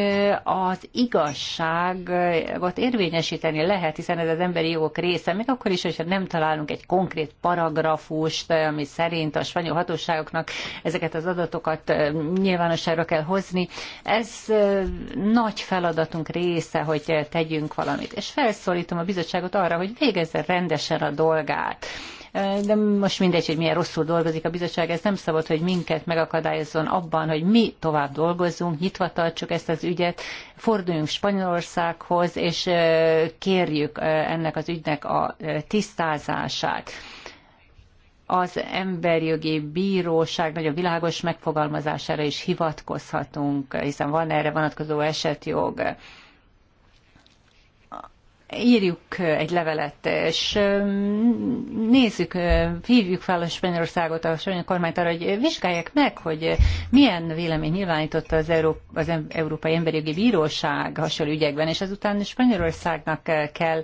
az igazságot érvényesíteni lehet, hiszen ez az emberi jogok része, még akkor is, hogyha nem találunk egy konkrét paragrafust, ami szerint a spanyol hatóságoknak ezeket az adatokat nyilvánosságra kell hozni. Ez nagy feladatunk része, hogy tegyünk valamit. És felszólítom a bizottságot arra, hogy végezze rendesen a dolgát de most mindegy, hogy milyen rosszul dolgozik a bizottság, ez nem szabad, hogy minket megakadályozzon abban, hogy mi tovább dolgozzunk, nyitva tartsuk ezt az ügyet, forduljunk Spanyolországhoz, és kérjük ennek az ügynek a tisztázását az emberjogi bíróság nagyon világos megfogalmazására is hivatkozhatunk, hiszen van erre vonatkozó esetjog írjuk egy levelet, és nézzük, hívjuk fel a Spanyolországot, a spanyol kormányt arra, hogy vizsgálják meg, hogy milyen vélemény nyilvánította az, Európa, az Európai Emberi Jogi Bíróság hasonló ügyekben, és azután Spanyolországnak kell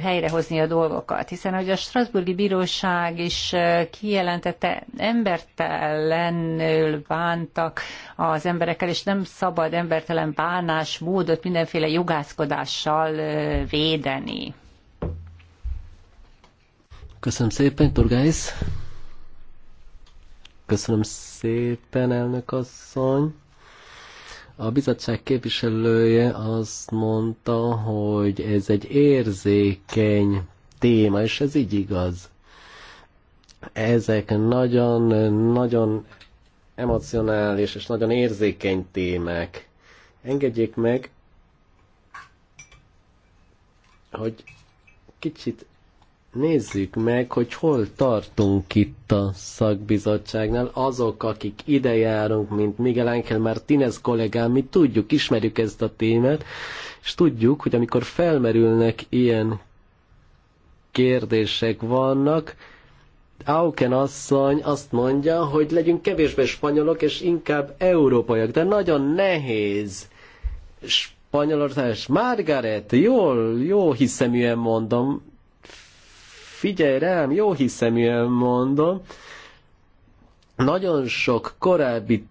helyrehozni a dolgokat. Hiszen hogy a Strasburgi Bíróság is kijelentette, embertelenül bántak az emberekkel, és nem szabad embertelen bánásmódot mindenféle jogászkodással védeni. Köszönöm szépen, Turgáis. Köszönöm szépen, elnök asszony. A bizottság képviselője azt mondta, hogy ez egy érzékeny téma, és ez így igaz. Ezek nagyon-nagyon emocionális és nagyon érzékeny témák. Engedjék meg, hogy kicsit Nézzük meg, hogy hol tartunk itt a szakbizottságnál. Azok, akik ide járunk, mint Miguel Ángel Martínez kollégám, mi tudjuk, ismerjük ezt a témát, és tudjuk, hogy amikor felmerülnek ilyen kérdések vannak, Auken asszony azt mondja, hogy legyünk kevésbé spanyolok, és inkább európaiak, de nagyon nehéz Spanyolország. Margaret, jól, jó hiszeműen mondom, figyelj rám, jó hiszeműen mondom, nagyon sok korábbi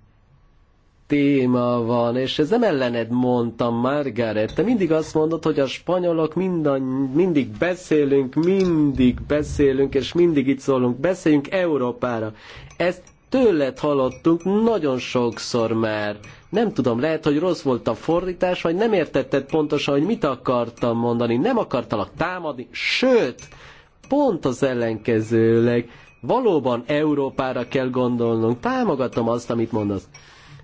téma van, és ez nem ellened mondtam, Margaret. Te mindig azt mondod, hogy a spanyolok mindan, mindig beszélünk, mindig beszélünk, és mindig itt szólunk. Beszéljünk Európára. Ezt tőled hallottunk nagyon sokszor már. Nem tudom, lehet, hogy rossz volt a fordítás, vagy nem értetted pontosan, hogy mit akartam mondani. Nem akartalak támadni, sőt, pont az ellenkezőleg. Valóban Európára kell gondolnunk. Támogatom azt, amit mondasz.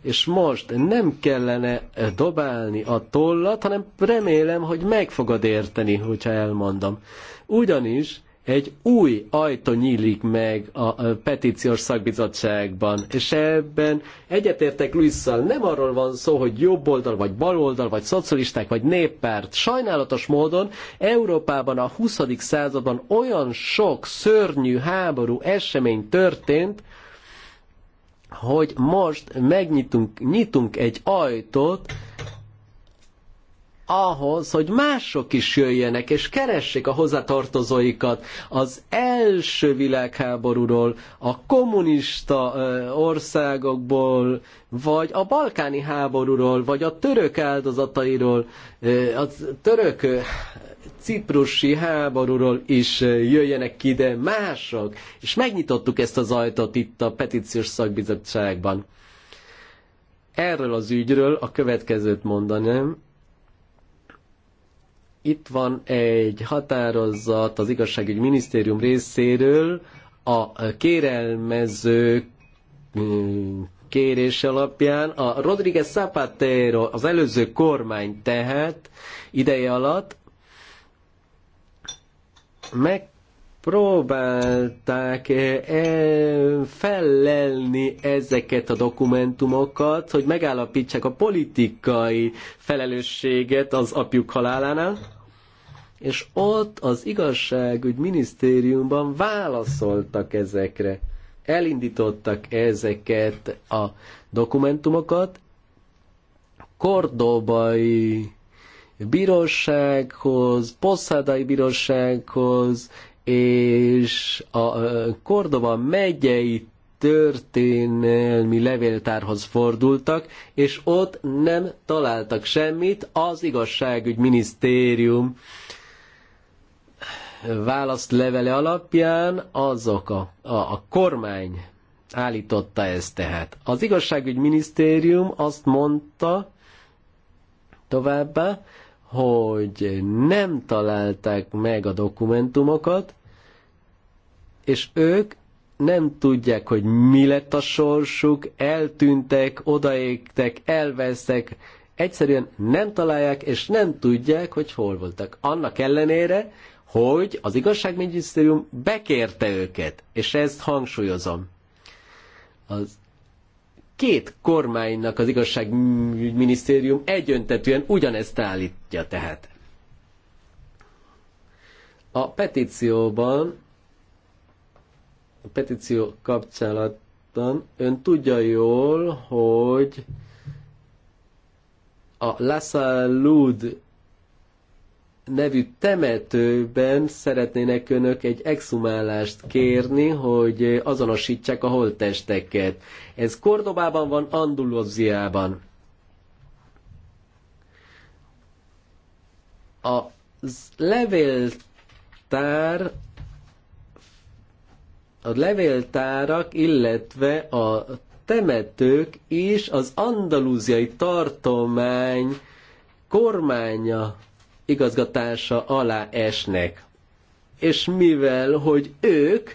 És most nem kellene dobálni a tollat, hanem remélem, hogy meg fogod érteni, hogyha elmondom. Ugyanis egy új ajtó nyílik meg a petíciós szakbizottságban, és ebben egyetértek Luisszal, nem arról van szó, hogy jobb oldal, vagy bal oldal, vagy szocialisták, vagy néppárt. Sajnálatos módon Európában a 20. században olyan sok szörnyű háború esemény történt, hogy most megnyitunk nyitunk egy ajtót, ahhoz, hogy mások is jöjjenek és keressék a hozzátartozóikat az első világháborúról, a kommunista országokból, vagy a balkáni háborúról, vagy a török áldozatairól, a török ciprusi háborúról is jöjjenek ide mások, és megnyitottuk ezt az ajtót itt a petíciós szakbizottságban. Erről az ügyről a következőt mondanám itt van egy határozat az igazságügyi minisztérium részéről a kérelmező mm, kérés alapján a Rodriguez Zapatero, az előző kormány tehát ideje alatt meg próbálták eh, eh, felelni ezeket a dokumentumokat, hogy megállapítsák a politikai felelősséget az apjuk halálánál, és ott az igazságügy minisztériumban válaszoltak ezekre. Elindítottak ezeket a dokumentumokat, kordobai bírósághoz, poszádai bírósághoz, és a Kordoba megyei történelmi levéltárhoz fordultak, és ott nem találtak semmit. Az igazságügy minisztérium válaszlevele alapján azok a, a, a kormány állította ezt tehát. Az igazságügy minisztérium azt mondta továbbá, hogy nem találták meg a dokumentumokat, és ők nem tudják, hogy mi lett a sorsuk, eltűntek, odaégtek, elvesztek, egyszerűen nem találják, és nem tudják, hogy hol voltak. Annak ellenére, hogy az igazságminisztérium bekérte őket, és ezt hangsúlyozom. Az két kormánynak az igazságügyminisztérium egyöntetűen ugyanezt állítja tehát. A petícióban, a petíció kapcsolatban ön tudja jól, hogy a Lassa Lud nevű temetőben szeretnének önök egy exhumálást kérni, hogy azonosítsák a holttesteket. Ez Kordobában van, Andulóziában. A levéltár a levéltárak, illetve a temetők is az andalúziai tartomány kormánya igazgatása alá esnek. És mivel, hogy ők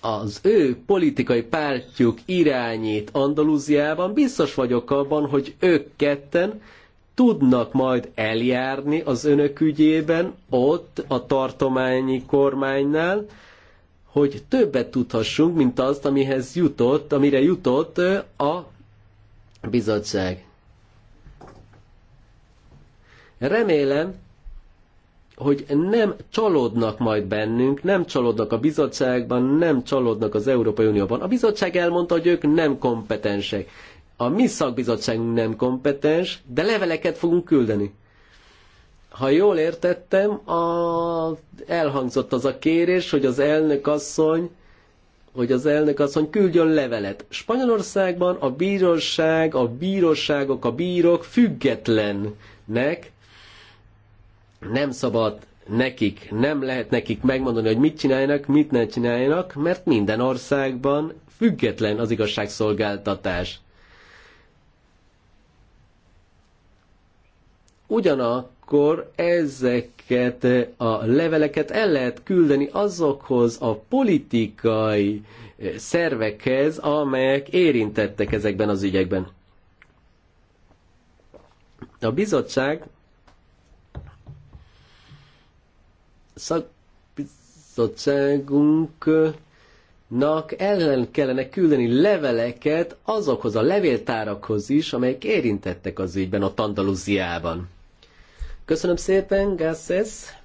az ő politikai pártjuk irányít Andalúziában, biztos vagyok abban, hogy ők ketten tudnak majd eljárni az önök ügyében ott a tartományi kormánynál, hogy többet tudhassunk, mint azt, amihez jutott, amire jutott a bizottság. Remélem, hogy nem csalódnak majd bennünk, nem csalódnak a bizottságban, nem csalódnak az Európai Unióban. A bizottság elmondta, hogy ők nem kompetensek. A mi szakbizottságunk nem kompetens, de leveleket fogunk küldeni. Ha jól értettem, a... elhangzott az a kérés, hogy az elnök asszony hogy az elnök asszony küldjön levelet. Spanyolországban a bíróság, a bíróságok, a bírok függetlennek nem szabad nekik, nem lehet nekik megmondani, hogy mit csináljanak, mit ne csináljanak, mert minden országban független az igazságszolgáltatás. Ugyanakkor ezeket a leveleket el lehet küldeni azokhoz a politikai eh, szervekhez, amelyek érintettek ezekben az ügyekben. A bizottság szakbizottságunknak ellen kellene küldeni leveleket azokhoz a levéltárakhoz is, amelyek érintettek az ügyben a Tandalúziában. Köszönöm szépen, Gasses!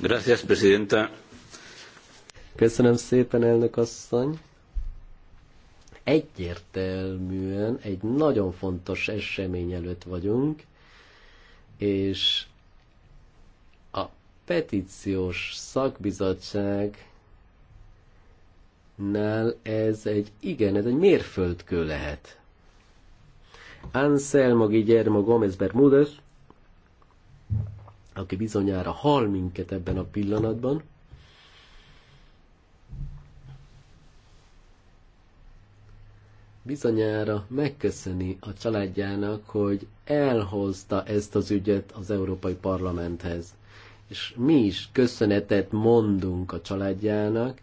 Gracias, Presidenta. Köszönöm szépen, elnök asszony egyértelműen egy nagyon fontos esemény előtt vagyunk, és a petíciós szakbizottság nál ez egy, igen, ez egy mérföldkő lehet. Anselmo Guillermo Gomez Bermúdez, aki bizonyára hal minket ebben a pillanatban, bizonyára megköszöni a családjának, hogy elhozta ezt az ügyet az Európai Parlamenthez. És mi is köszönetet mondunk a családjának,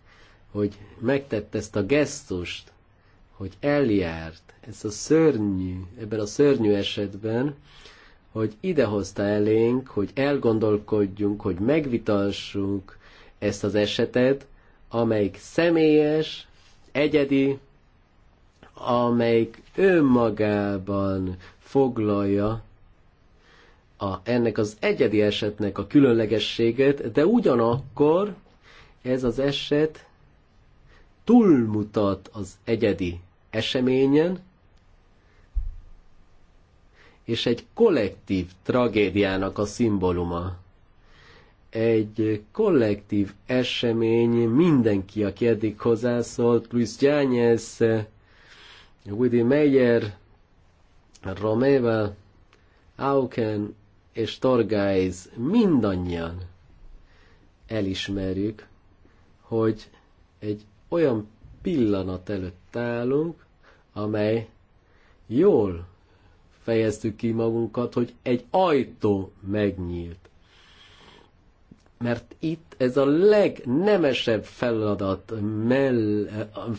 hogy megtett ezt a gesztust, hogy eljárt ezt a szörnyű, ebben a szörnyű esetben, hogy idehozta elénk, hogy elgondolkodjunk, hogy megvitassunk ezt az esetet, amelyik személyes, egyedi, amelyik önmagában foglalja a, ennek az egyedi esetnek a különlegességet, de ugyanakkor ez az eset túlmutat az egyedi eseményen, és egy kollektív tragédiának a szimbóluma. Egy kollektív esemény mindenki, aki eddig hozzászólt, plusz Gyányesz, Woody Meyer, Romeva, Auken és Torgáiz mindannyian elismerjük, hogy egy olyan pillanat előtt állunk, amely jól fejeztük ki magunkat, hogy egy ajtó megnyílt mert itt ez a legnemesebb feladat, mell,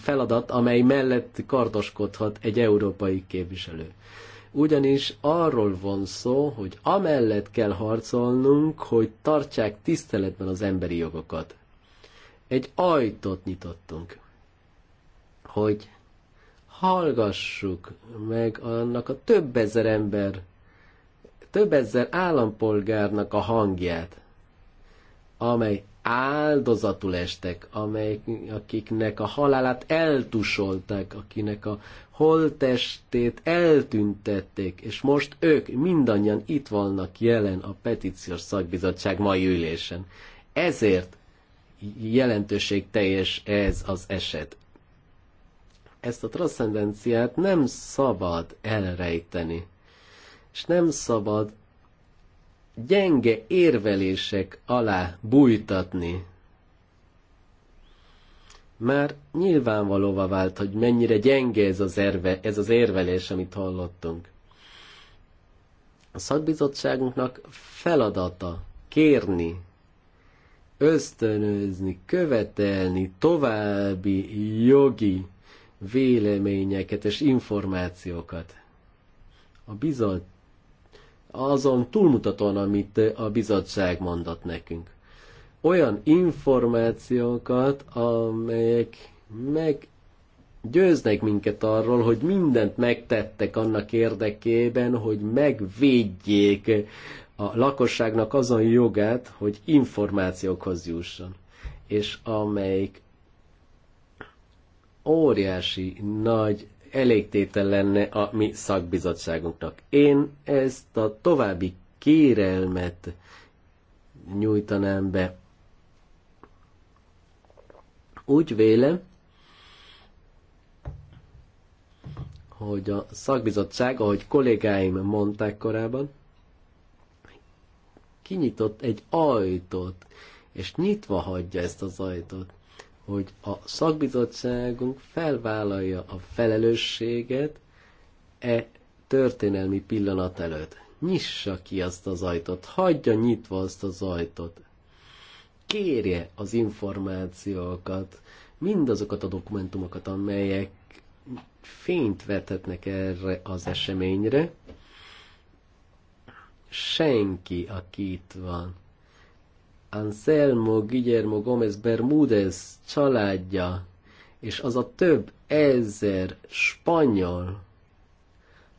feladat, amely mellett kardoskodhat egy európai képviselő. Ugyanis arról van szó, hogy amellett kell harcolnunk, hogy tartsák tiszteletben az emberi jogokat. Egy ajtót nyitottunk, hogy hallgassuk meg annak a több ezer ember, több ezer állampolgárnak a hangját, amely áldozatul estek, amely, akiknek a halálát eltusolták, akinek a holttestét eltüntették, és most ők mindannyian itt vannak jelen a petíciós szakbizottság mai ülésen. Ezért jelentőség teljes ez az eset. Ezt a transzcendenciát nem szabad elrejteni, és nem szabad gyenge érvelések alá bújtatni. Már nyilvánvalóvá vált, hogy mennyire gyenge ez az, erve, ez az érvelés, amit hallottunk. A szakbizottságunknak feladata kérni, ösztönözni, követelni további jogi véleményeket és információkat. A bizalt azon túlmutatóan, amit a bizottság mondott nekünk. Olyan információkat, amelyek meggyőznek minket arról, hogy mindent megtettek annak érdekében, hogy megvédjék a lakosságnak azon jogát, hogy információkhoz jusson. És amelyik óriási nagy elégtétel lenne a mi szakbizottságunknak. Én ezt a további kérelmet nyújtanám be. Úgy vélem, hogy a szakbizottság, ahogy kollégáim mondták korábban, kinyitott egy ajtót, és nyitva hagyja ezt az ajtót hogy a szakbizottságunk felvállalja a felelősséget e történelmi pillanat előtt. Nyissa ki azt az ajtót, hagyja nyitva azt az ajtót. Kérje az információkat, mindazokat a dokumentumokat, amelyek fényt vethetnek erre az eseményre. Senki, aki itt van, Anselmo Guillermo Gomez Bermúdez családja, és az a több ezer spanyol,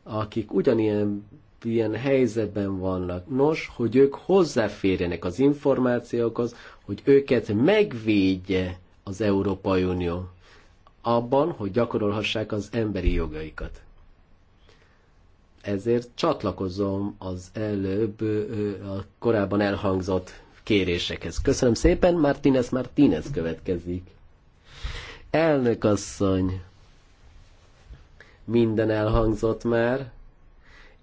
akik ugyanilyen ilyen helyzetben vannak. Nos, hogy ők hozzáférjenek az információkhoz, hogy őket megvédje az Európai Unió abban, hogy gyakorolhassák az emberi jogaikat. Ezért csatlakozom az előbb a korábban elhangzott kérésekhez. Köszönöm szépen, Martínez Martínez következik. Elnök asszony, minden elhangzott már.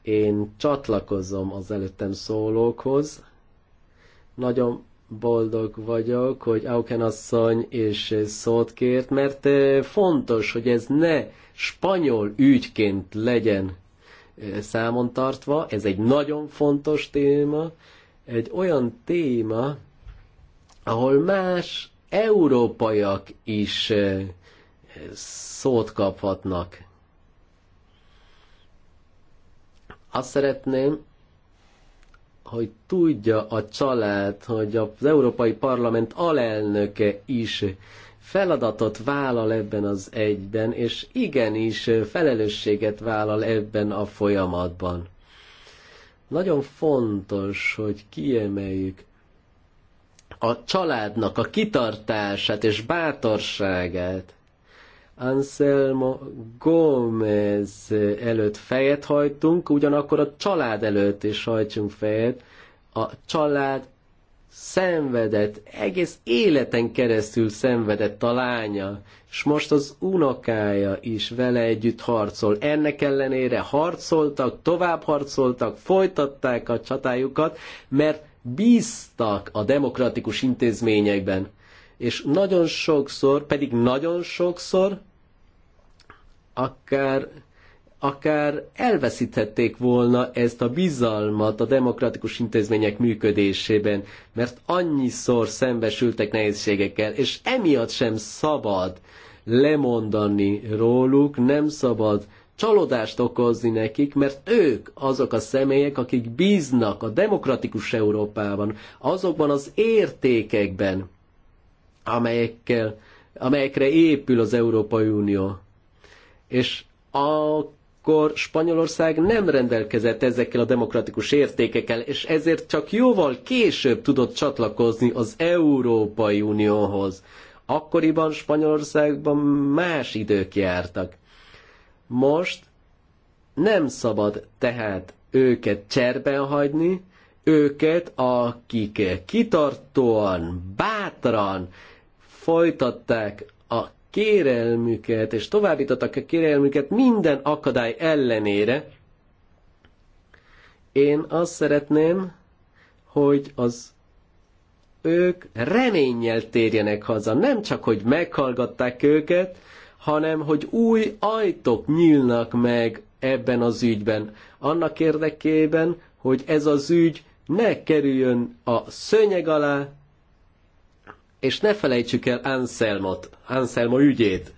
Én csatlakozom az előttem szólókhoz. Nagyon boldog vagyok, hogy Auken asszony és szót kért, mert fontos, hogy ez ne spanyol ügyként legyen számon tartva. Ez egy nagyon fontos téma, egy olyan téma, ahol más európaiak is eh, szót kaphatnak. Azt szeretném, hogy tudja a család, hogy az Európai Parlament alelnöke is feladatot vállal ebben az egyben, és igenis felelősséget vállal ebben a folyamatban. Nagyon fontos, hogy kiemeljük a családnak a kitartását és bátorságát. Anselmo Gómez előtt fejet hajtunk, ugyanakkor a család előtt is hajtsunk fejet. A család szenvedett, egész életen keresztül szenvedett a lánya, és most az unokája is vele együtt harcol. Ennek ellenére harcoltak, tovább harcoltak, folytatták a csatájukat, mert bíztak a demokratikus intézményekben. És nagyon sokszor, pedig nagyon sokszor, akár akár elveszíthették volna ezt a bizalmat a demokratikus intézmények működésében, mert annyiszor szembesültek nehézségekkel, és emiatt sem szabad lemondani róluk, nem szabad csalódást okozni nekik, mert ők azok a személyek, akik bíznak a demokratikus Európában, azokban az értékekben, amelyekkel, amelyekre épül az Európai Unió. És a akkor Spanyolország nem rendelkezett ezekkel a demokratikus értékekkel, és ezért csak jóval később tudott csatlakozni az Európai Unióhoz. Akkoriban Spanyolországban más idők jártak. Most nem szabad tehát őket cserben hagyni, őket, akik kitartóan, bátran folytatták a kérelmüket, és továbbítottak a kérelmüket minden akadály ellenére. Én azt szeretném, hogy az ők reménnyel térjenek haza. Nem csak, hogy meghallgatták őket, hanem, hogy új ajtók nyílnak meg ebben az ügyben. Annak érdekében, hogy ez az ügy ne kerüljön a szőnyeg alá, és ne felejtsük el Anselmot, Anselmo ügyét.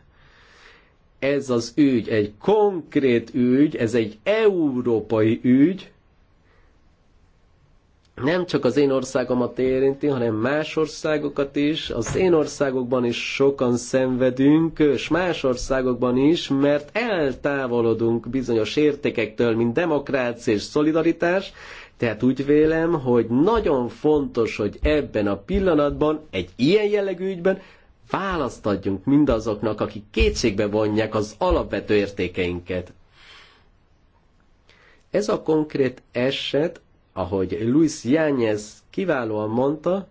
Ez az ügy egy konkrét ügy, ez egy európai ügy, nem csak az én országomat érinti, hanem más országokat is. Az én országokban is sokan szenvedünk, és más országokban is, mert eltávolodunk bizonyos értékektől, mint demokrácia és szolidaritás, tehát úgy vélem, hogy nagyon fontos, hogy ebben a pillanatban, egy ilyen jellegű ügyben választ adjunk mindazoknak, akik kétségbe vonják az alapvető értékeinket. Ez a konkrét eset, ahogy Luis Jánez kiválóan mondta,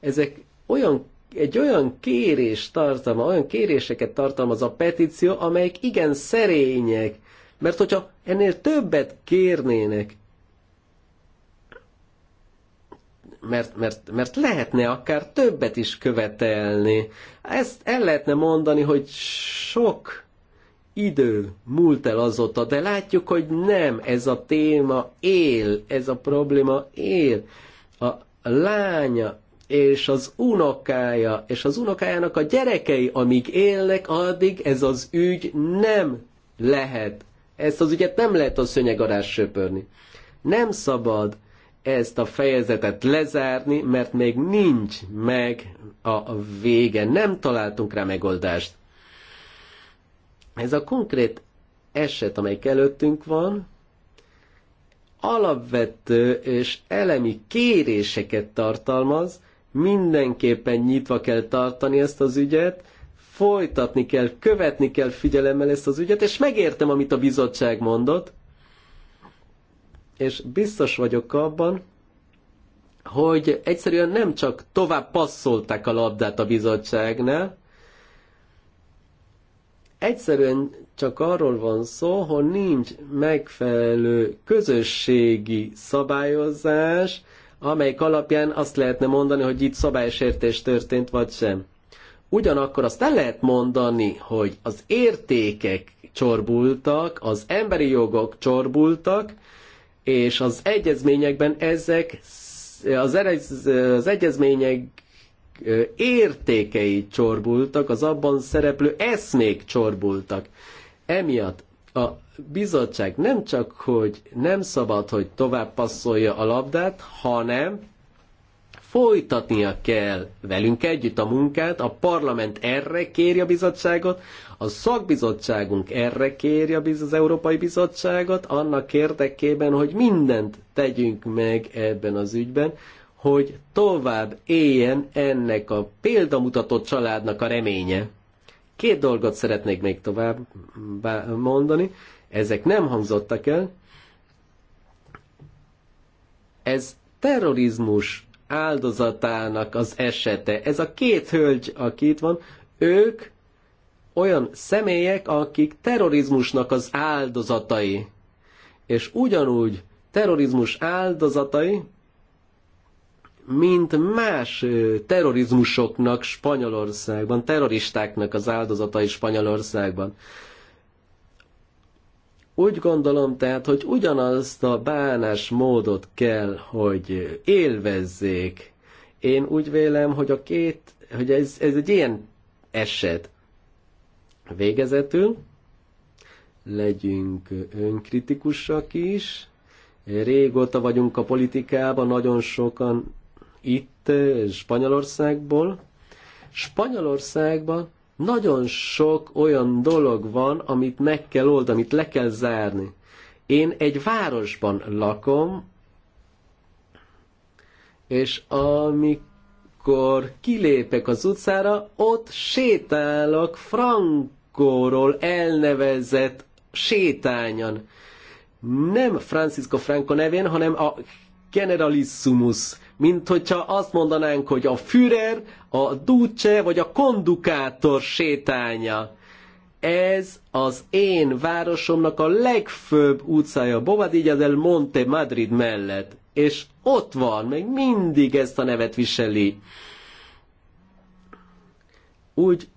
ezek olyan, egy olyan kérés tartalma, olyan kéréseket tartalmaz a petíció, amelyek igen szerények, mert hogyha ennél többet kérnének, mert, mert, mert lehetne akár többet is követelni. Ezt el lehetne mondani, hogy sok idő múlt el azóta, de látjuk, hogy nem, ez a téma él, ez a probléma él. A lánya és az unokája, és az unokájának a gyerekei, amíg élnek, addig ez az ügy nem lehet ezt az ügyet nem lehet a szönyeg alá söpörni. Nem szabad ezt a fejezetet lezárni, mert még nincs meg a vége. Nem találtunk rá megoldást. Ez a konkrét eset, amely előttünk van, alapvető és elemi kéréseket tartalmaz, mindenképpen nyitva kell tartani ezt az ügyet, folytatni kell, követni kell figyelemmel ezt az ügyet, és megértem, amit a bizottság mondott, és biztos vagyok abban, hogy egyszerűen nem csak tovább passzolták a labdát a bizottságnál, egyszerűen csak arról van szó, hogy nincs megfelelő közösségi szabályozás, amelyik alapján azt lehetne mondani, hogy itt szabálysértés történt, vagy sem. Ugyanakkor azt el lehet mondani, hogy az értékek csorbultak, az emberi jogok csorbultak, és az egyezményekben ezek, az, az egyezmények értékei csorbultak, az abban szereplő eszmék csorbultak. Emiatt a bizottság nem csak, hogy nem szabad, hogy tovább passzolja a labdát, hanem folytatnia kell velünk együtt a munkát, a parlament erre kéri a bizottságot, a szakbizottságunk erre kéri az Európai Bizottságot, annak érdekében, hogy mindent tegyünk meg ebben az ügyben, hogy tovább éljen ennek a példamutató családnak a reménye. Két dolgot szeretnék még tovább mondani, ezek nem hangzottak el. Ez terrorizmus áldozatának az esete. Ez a két hölgy, aki itt van, ők olyan személyek, akik terrorizmusnak az áldozatai. És ugyanúgy terrorizmus áldozatai, mint más terrorizmusoknak Spanyolországban, terroristáknak az áldozatai Spanyolországban. Úgy gondolom tehát, hogy ugyanazt a módot kell, hogy élvezzék. Én úgy vélem, hogy a két, hogy ez, ez egy ilyen eset. Végezetül legyünk önkritikusak is. Régóta vagyunk a politikában, nagyon sokan itt Spanyolországból. Spanyolországban nagyon sok olyan dolog van, amit meg kell oldani, amit le kell zárni. Én egy városban lakom, és amikor kilépek az utcára, ott sétálok Frankóról elnevezett sétányon. Nem Francisco Franco nevén, hanem a Generalissimus mint hogyha azt mondanánk, hogy a Führer, a Duce vagy a kondukátor sétánya. Ez az én városomnak a legfőbb utcája, Bobadilla del Monte Madrid mellett. És ott van, még mindig ezt a nevet viseli. Úgy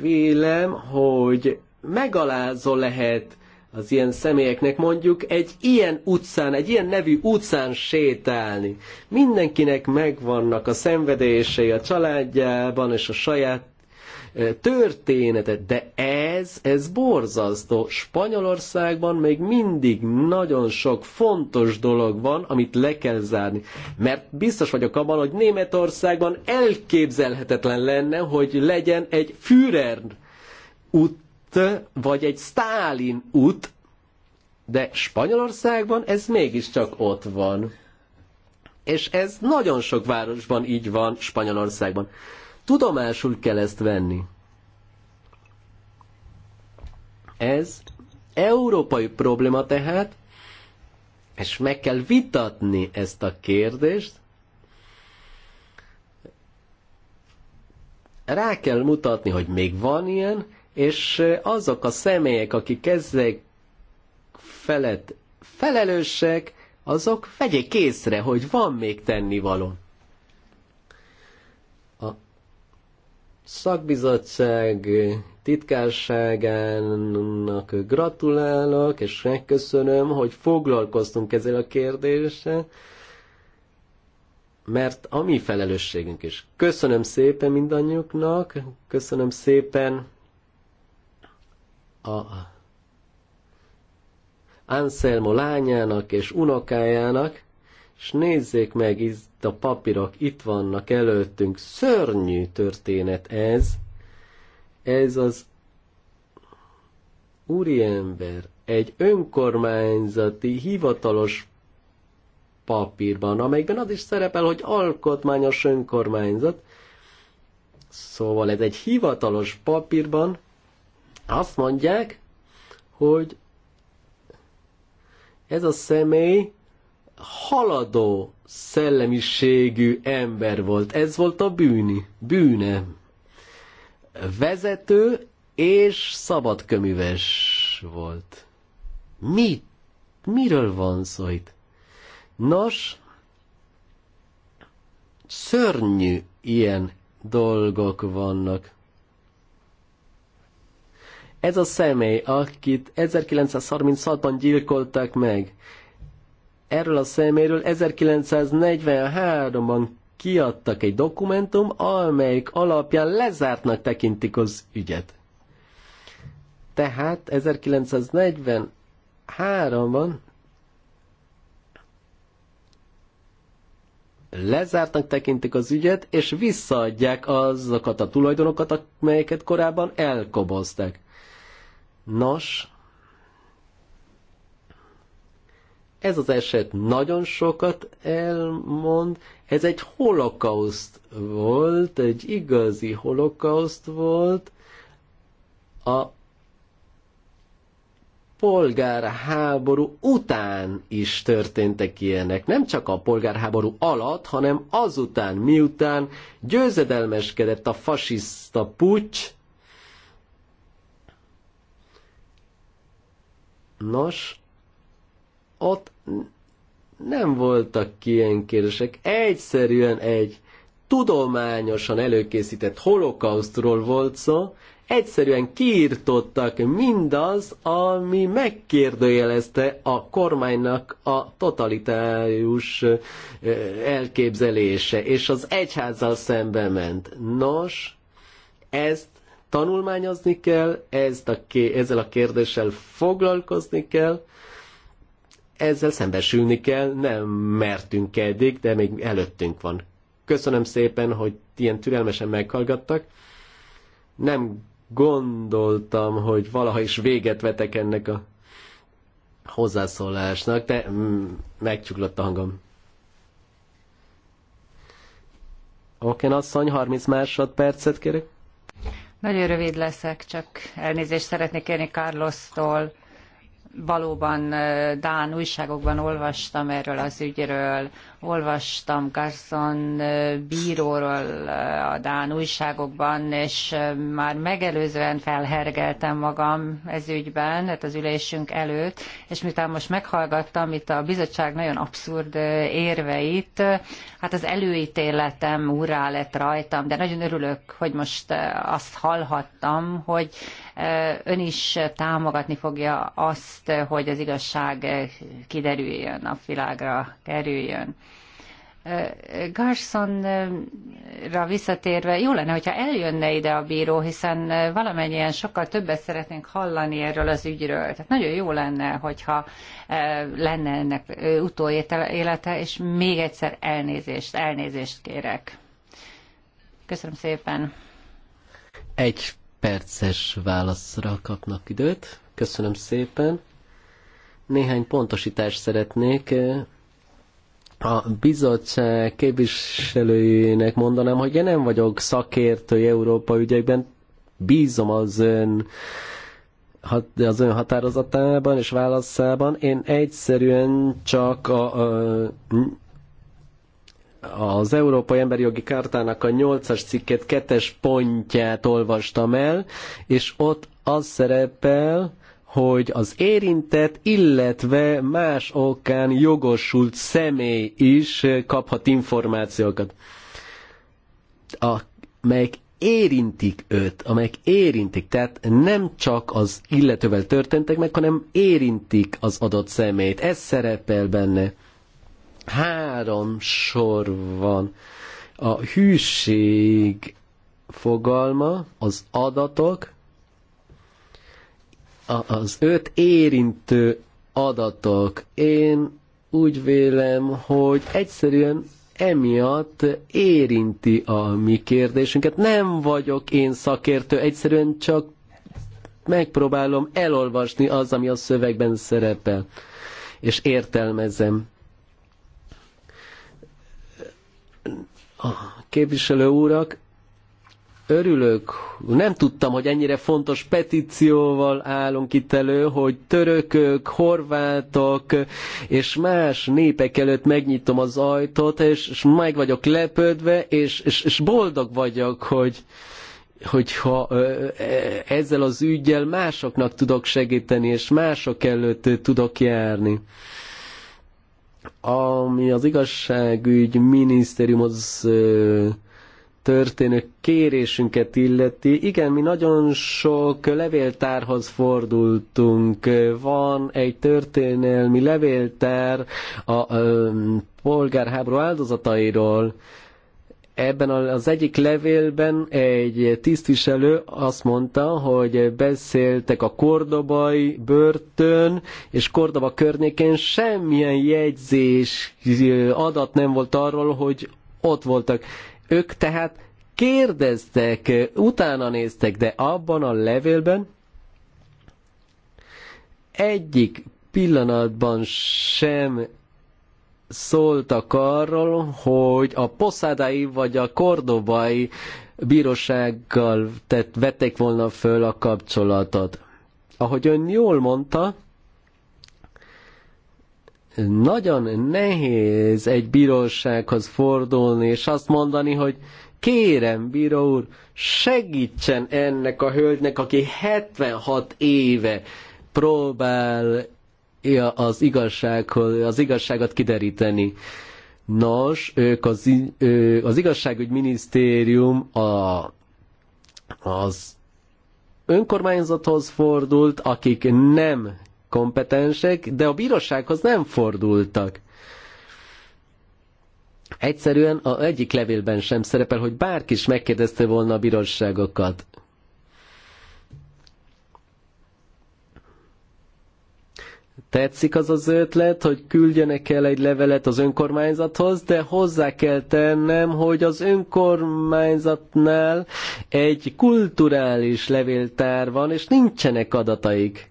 vélem, hogy megalázó lehet az ilyen személyeknek mondjuk egy ilyen utcán, egy ilyen nevű utcán sétálni. Mindenkinek megvannak a szenvedései a családjában és a saját e, története. de ez, ez borzasztó. Spanyolországban még mindig nagyon sok fontos dolog van, amit le kell zárni. Mert biztos vagyok abban, hogy Németországban elképzelhetetlen lenne, hogy legyen egy Führer út vagy egy Stálin út, de Spanyolországban ez mégiscsak ott van. És ez nagyon sok városban így van Spanyolországban. Tudomásul kell ezt venni. Ez európai probléma tehát, és meg kell vitatni ezt a kérdést, rá kell mutatni, hogy még van ilyen, és azok a személyek, akik ezek felett felelősek, azok vegyék észre, hogy van még tennivaló. A szakbizottság titkárságának gratulálok, és megköszönöm, hogy foglalkoztunk ezzel a kérdéssel, mert a mi felelősségünk is. Köszönöm szépen mindannyiuknak, köszönöm szépen a Anselmo lányának és unokájának, és nézzék meg, itt a papírok itt vannak előttünk. Szörnyű történet ez. Ez az úriember egy önkormányzati hivatalos papírban, amelyben az is szerepel, hogy alkotmányos önkormányzat. Szóval ez egy hivatalos papírban azt mondják, hogy ez a személy haladó szellemiségű ember volt. Ez volt a bűni, bűne. Vezető és szabadköműves volt. Mi? Miről van szó itt? Nos, szörnyű ilyen dolgok vannak. Ez a személy, akit 1936-ban gyilkoltak meg, erről a szeméről 1943-ban kiadtak egy dokumentum, amelyik alapján lezártnak tekintik az ügyet. Tehát 1943-ban lezártnak tekintik az ügyet, és visszaadják azokat a tulajdonokat, amelyeket korábban elkobozták. Nos, ez az eset nagyon sokat elmond. Ez egy holokauszt volt, egy igazi holokauszt volt. A polgárháború után is történtek ilyenek. Nem csak a polgárháború alatt, hanem azután, miután győzedelmeskedett a fasiszta pucs, Nos, ott nem voltak ilyen kérdések. Egyszerűen egy tudományosan előkészített holokausztról volt szó, egyszerűen kiirtottak mindaz, ami megkérdőjelezte a kormánynak a totalitárius elképzelése, és az egyházzal szembe ment. Nos, ezt tanulmányozni kell, ezt a, ezzel a kérdéssel foglalkozni kell, ezzel szembesülni kell, nem mertünk eddig, de még előttünk van. Köszönöm szépen, hogy ilyen türelmesen meghallgattak. Nem gondoltam, hogy valaha is véget vetek ennek a hozzászólásnak, de mm, megcsuklott a hangom. Oké, asszony, 30 másodpercet kérek. Nagyon rövid leszek, csak elnézést szeretnék kérni Carlos-tól. Valóban eh, Dán újságokban olvastam erről az ügyről olvastam Carson bíróról a Dán újságokban, és már megelőzően felhergeltem magam ez ügyben, hát az ülésünk előtt, és miután most meghallgattam itt a bizottság nagyon abszurd érveit, hát az előítéletem úrá lett rajtam, de nagyon örülök, hogy most azt hallhattam, hogy ön is támogatni fogja azt, hogy az igazság kiderüljön, a világra kerüljön. Garsonra visszatérve, jó lenne, hogyha eljönne ide a bíró, hiszen valamennyien sokkal többet szeretnénk hallani erről az ügyről. Tehát nagyon jó lenne, hogyha lenne ennek utóélete, és még egyszer elnézést, elnézést kérek. Köszönöm szépen. Egy perces válaszra kapnak időt. Köszönöm szépen. Néhány pontosítást szeretnék a bizottság képviselőjének mondanám, hogy én nem vagyok szakértő Európa ügyekben, bízom az ön az ön határozatában és válaszában. Én egyszerűen csak a, a az Európai Emberi Jogi Kártának a 8-as cikket 2-es pontját olvastam el, és ott az szerepel, hogy az érintett, illetve más okán jogosult személy is kaphat információkat, A, amelyek érintik őt, amelyek érintik, tehát nem csak az illetővel történtek meg, hanem érintik az adott személyt. Ez szerepel benne. Három sor van. A hűség fogalma, az adatok, az öt érintő adatok. Én úgy vélem, hogy egyszerűen emiatt érinti a mi kérdésünket. Nem vagyok én szakértő, egyszerűen csak megpróbálom elolvasni az, ami a szövegben szerepel, és értelmezem. A képviselő úrak, örülök, nem tudtam, hogy ennyire fontos petícióval állunk itt elő, hogy törökök, horvátok és más népek előtt megnyitom az ajtót, és, és meg vagyok lepődve, és, és, és boldog vagyok, hogy hogyha e, ezzel az ügyel másoknak tudok segíteni, és mások előtt tudok járni ami az igazságügy minisztériumhoz az történő kérésünket illeti, igen, mi nagyon sok levéltárhoz fordultunk. Van egy történelmi levéltár a ö, polgárháború áldozatairól, ebben az egyik levélben egy tisztviselő azt mondta, hogy beszéltek a kordobai börtön, és Kordoba környékén semmilyen jegyzés, adat nem volt arról, hogy ott voltak. Ők tehát kérdeztek, utána néztek, de abban a levélben egyik pillanatban sem szóltak arról, hogy a poszádai vagy a kordobai bírósággal tett, vették volna föl a kapcsolatot. Ahogy ön jól mondta, nagyon nehéz egy bírósághoz fordulni, és azt mondani, hogy kérem, bíró úr, segítsen ennek a hölgynek, aki 76 éve próbál az, igazsághoz, az igazságot kideríteni. Nos, ők az, az igazságügyminisztérium a, az önkormányzathoz fordult, akik nem kompetensek, de a bírósághoz nem fordultak. Egyszerűen a egyik levélben sem szerepel, hogy bárki is megkérdezte volna a bíróságokat. Tetszik az az ötlet, hogy küldjenek el egy levelet az önkormányzathoz, de hozzá kell tennem, hogy az önkormányzatnál egy kulturális levéltár van, és nincsenek adataik.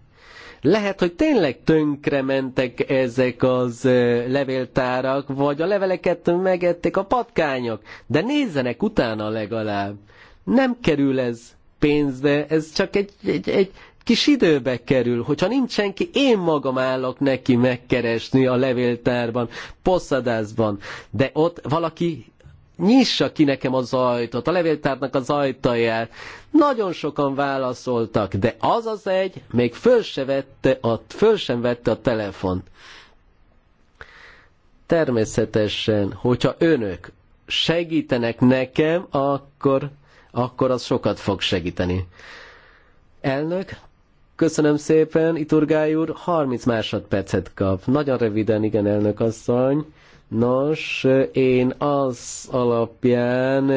Lehet, hogy tényleg tönkre mentek ezek az levéltárak, vagy a leveleket megették a patkányok, de nézzenek utána legalább. Nem kerül ez pénzbe, ez csak egy, egy, egy kis időbe kerül, hogyha nincs senki, én magam állok neki megkeresni a levéltárban, poszadászban, de ott valaki nyissa ki nekem az ajtót, a levéltárnak az ajtaját. Nagyon sokan válaszoltak, de az az egy még föl, se vette a, föl sem vette a telefont. Természetesen, hogyha önök segítenek nekem, akkor, akkor az sokat fog segíteni. Elnök, köszönöm szépen, Iturgály úr, 30 másodpercet kap. Nagyon röviden, igen, elnök asszony Nos, én az alapján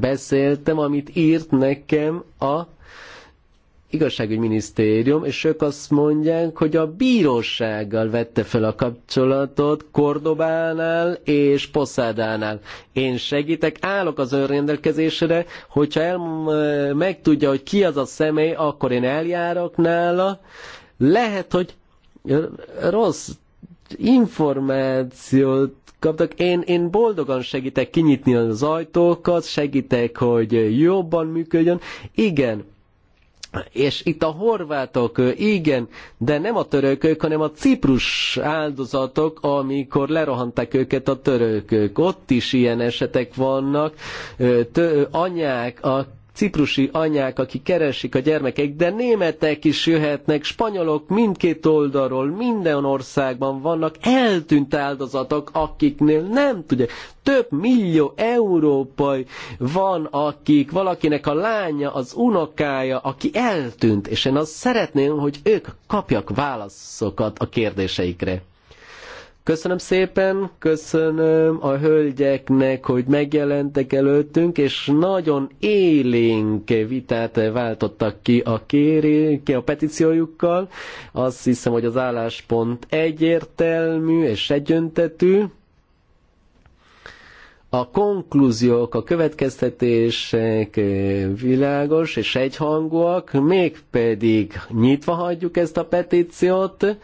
beszéltem, amit írt nekem a igazságügyminisztérium, és ők azt mondják, hogy a bírósággal vette fel a kapcsolatot Kordobánál és Poszádánál. Én segítek, állok az önrendelkezésre, hogyha el, megtudja, hogy ki az a személy, akkor én eljárok nála. Lehet, hogy rossz információt kaptak. Én, én boldogan segítek kinyitni az ajtókat, segítek, hogy jobban működjön. Igen, és itt a horvátok, igen, de nem a törökök, hanem a ciprus áldozatok, amikor lerohanták őket a törökök. Ott is ilyen esetek vannak, Tö anyák, a ciprusi anyák, akik keresik a gyermekeik, de németek is jöhetnek, spanyolok mindkét oldalról, minden országban vannak eltűnt áldozatok, akiknél nem tudják. Több millió európai van, akik valakinek a lánya, az unokája, aki eltűnt, és én azt szeretném, hogy ők kapjak válaszokat a kérdéseikre. Köszönöm szépen, köszönöm a hölgyeknek, hogy megjelentek előttünk, és nagyon élénk vitát váltottak ki a, kéri, ki a petíciójukkal. Azt hiszem, hogy az álláspont egyértelmű és egyöntetű. A konklúziók, a következtetések világos és egyhangúak, mégpedig nyitva hagyjuk ezt a petíciót,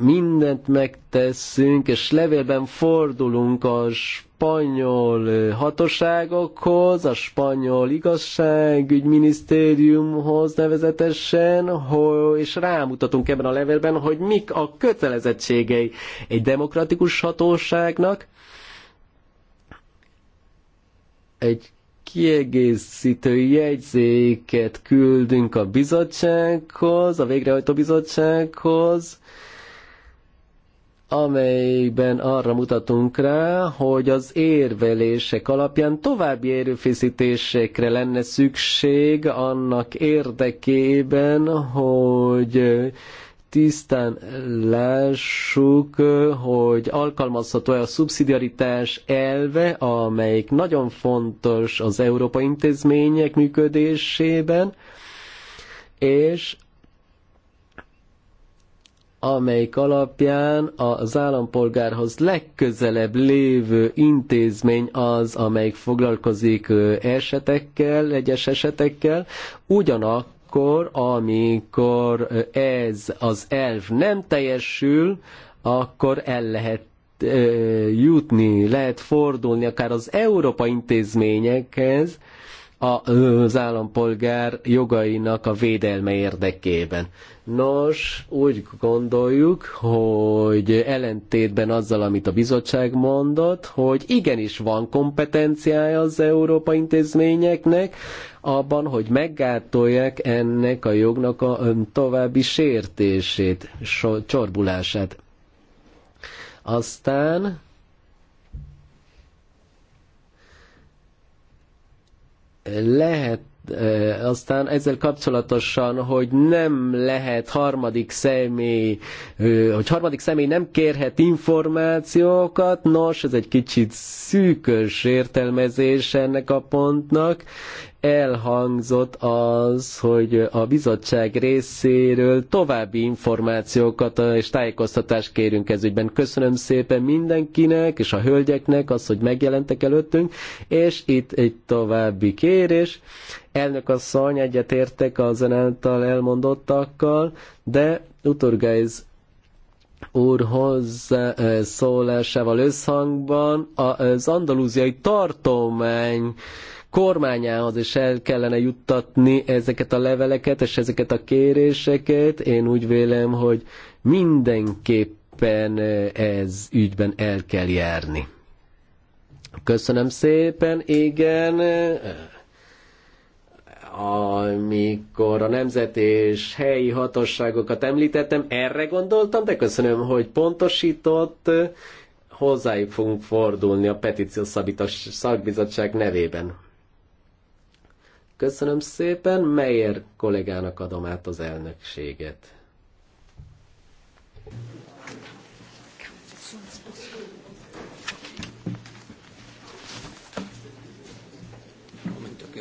mindent megteszünk, és levélben fordulunk a spanyol hatóságokhoz, a spanyol igazságügyminisztériumhoz nevezetesen, és rámutatunk ebben a levélben, hogy mik a kötelezettségei egy demokratikus hatóságnak, egy kiegészítő jegyzéket küldünk a bizottsághoz, a végrehajtó bizottsághoz, amelyben arra mutatunk rá, hogy az érvelések alapján további erőfeszítésekre lenne szükség annak érdekében, hogy tisztán lássuk, hogy alkalmazható-e a szubszidiaritás elve, amelyik nagyon fontos az európai intézmények működésében, és amelyik alapján az állampolgárhoz legközelebb lévő intézmény az, amelyik foglalkozik esetekkel, egyes esetekkel, ugyanakkor, amikor ez az elv nem teljesül, akkor el lehet jutni, lehet fordulni akár az Európa intézményekhez, az állampolgár jogainak a védelme érdekében. Nos, úgy gondoljuk, hogy ellentétben azzal, amit a bizottság mondott, hogy igenis van kompetenciája az Európa intézményeknek abban, hogy meggátolják ennek a jognak a további sértését, so, csorbulását. Aztán lehet eh, aztán ezzel kapcsolatosan, hogy nem lehet harmadik személy, eh, hogy harmadik személy nem kérhet információkat, nos, ez egy kicsit szűkös értelmezés ennek a pontnak, elhangzott az, hogy a bizottság részéről további információkat és tájékoztatást kérünk ezügyben. Köszönöm szépen mindenkinek és a hölgyeknek az, hogy megjelentek előttünk, és itt egy további kérés. Elnök asszony, egyetértek az által elmondottakkal, de Uturgáiz úr eh, szólásával összhangban eh, az andalúziai tartomány kormányához, is el kellene juttatni ezeket a leveleket és ezeket a kéréseket. Én úgy vélem, hogy mindenképpen ez ügyben el kell járni. Köszönöm szépen, igen amikor a nemzet és helyi hatóságokat említettem, erre gondoltam, de köszönöm, hogy pontosított, hozzájuk fogunk fordulni a szabítás szakbizottság nevében. Köszönöm szépen, Meyer kollégának adom át az elnökséget.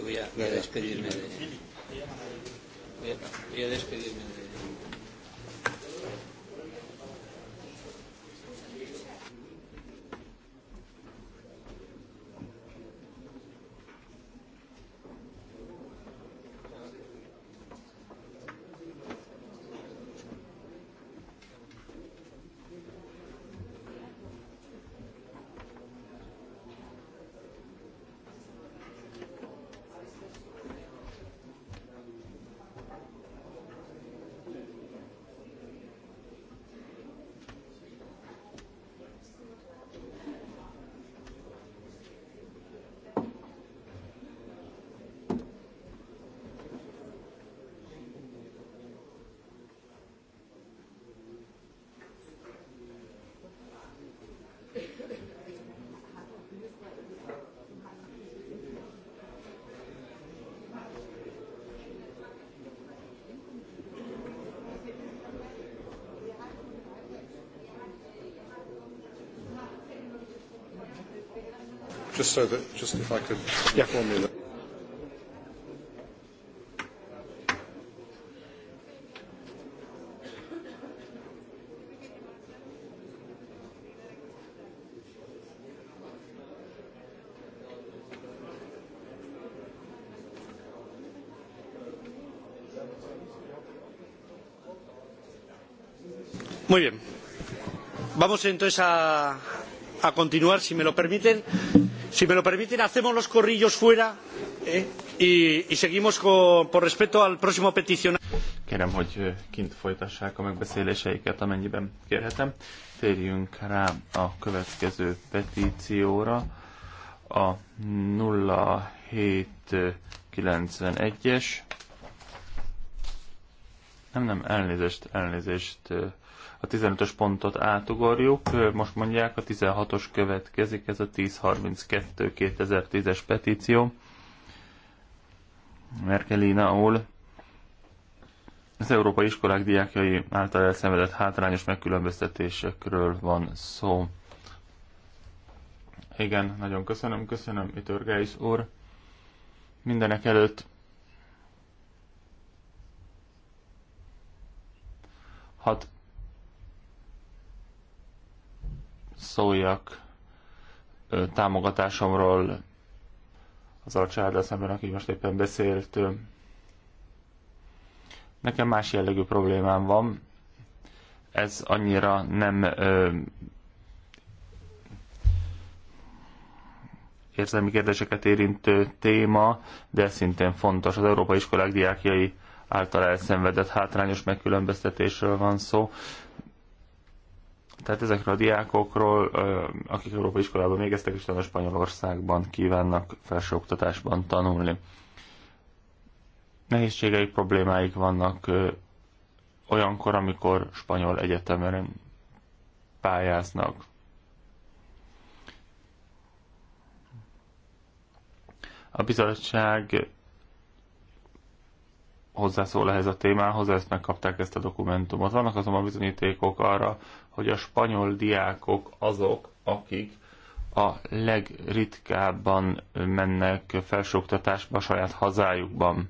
Voy a, voy a despedirme de. Voy a, voy Just so that, just if I could inform you that. Muy bien. Vamos entonces a, a continuar si me lo permiten. si me lo permiten hacemos los corrillos fuera eh, y, y seguimos con, por respeto al próximo peticionario. Kérem, hogy eh, kint folytassák a megbeszéléseiket, amennyiben kérhetem. Térjünk rá a következő petícióra, a 0791-es. Eh, nem, nem, elnézést, elnézést, eh, a 15-ös pontot átugorjuk. Most mondják, a 16-os következik, ez a 1032 2010-es petíció. Merkelina Aul az európai iskolák diákjai által elszenvedett hátrányos megkülönböztetésekről van szó. Igen, nagyon köszönöm, köszönöm, Itörgeis úr. Mindenek előtt hat szóljak támogatásomról az a családra szemben, aki most éppen beszélt. Nekem más jellegű problémám van. Ez annyira nem ö, érzelmi kérdéseket érintő téma, de szintén fontos. Az európai iskolák diákjai által elszenvedett hátrányos megkülönböztetésről van szó. Tehát ezekről a diákokról, akik európai iskolában végeztek, és talán Spanyolországban kívánnak felsőoktatásban tanulni. Nehézségeik, problémáik vannak olyankor, amikor spanyol egyetemen pályáznak. A bizottság hozzászól ehhez a témához, ezt megkapták ezt a dokumentumot. Vannak azonban bizonyítékok arra, hogy a spanyol diákok azok, akik a legritkábban mennek felsőoktatásba saját hazájukban.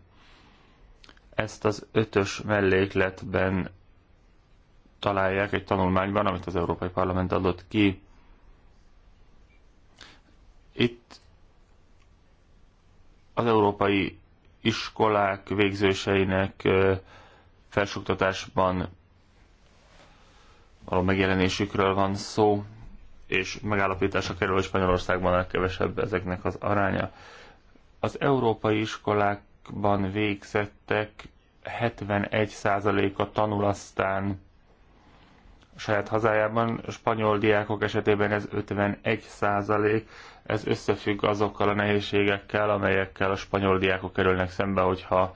Ezt az ötös mellékletben találják egy tanulmányban, amit az Európai Parlament adott ki. Itt az európai iskolák végzőseinek felsőoktatásban való megjelenésükről van szó, és megállapítása kerül, hogy Spanyolországban a kevesebb ezeknek az aránya. Az európai iskolákban végzettek 71%-a tanul aztán saját hazájában, spanyol diákok esetében ez 51 százalék, ez összefügg azokkal a nehézségekkel, amelyekkel a spanyol diákok kerülnek szembe, hogyha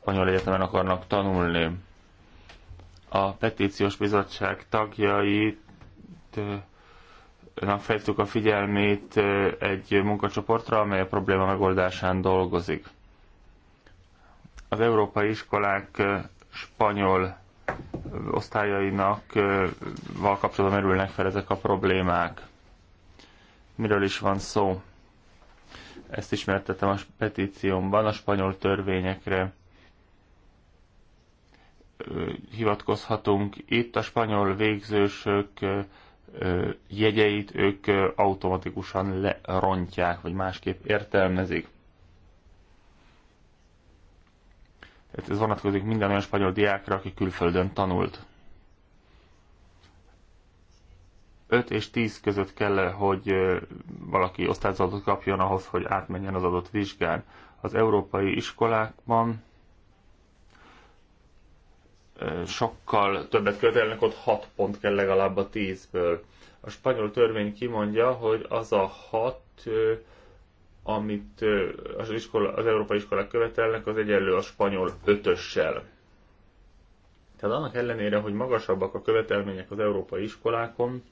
spanyol egyetemen akarnak tanulni a petíciós bizottság tagjait felhívtuk a figyelmét egy munkacsoportra, amely a probléma megoldásán dolgozik. Az európai iskolák spanyol osztályainak val kapcsolatban merülnek fel ezek a problémák. Miről is van szó? Ezt ismertetem a petíciómban, a spanyol törvényekre hivatkozhatunk. Itt a spanyol végzősök jegyeit ők automatikusan lerontják, vagy másképp értelmezik. Tehát ez vonatkozik minden olyan spanyol diákra, aki külföldön tanult. 5 és 10 között kell, hogy valaki osztályzatot kapjon ahhoz, hogy átmenjen az adott vizsgán. Az európai iskolákban sokkal többet követelnek, ott 6 pont kell legalább a 10-ből. A spanyol törvény kimondja, hogy az a 6, amit az, iskola, az európai iskolák követelnek, az egyenlő a spanyol 5-össel. Tehát annak ellenére, hogy magasabbak a követelmények az európai iskolákon,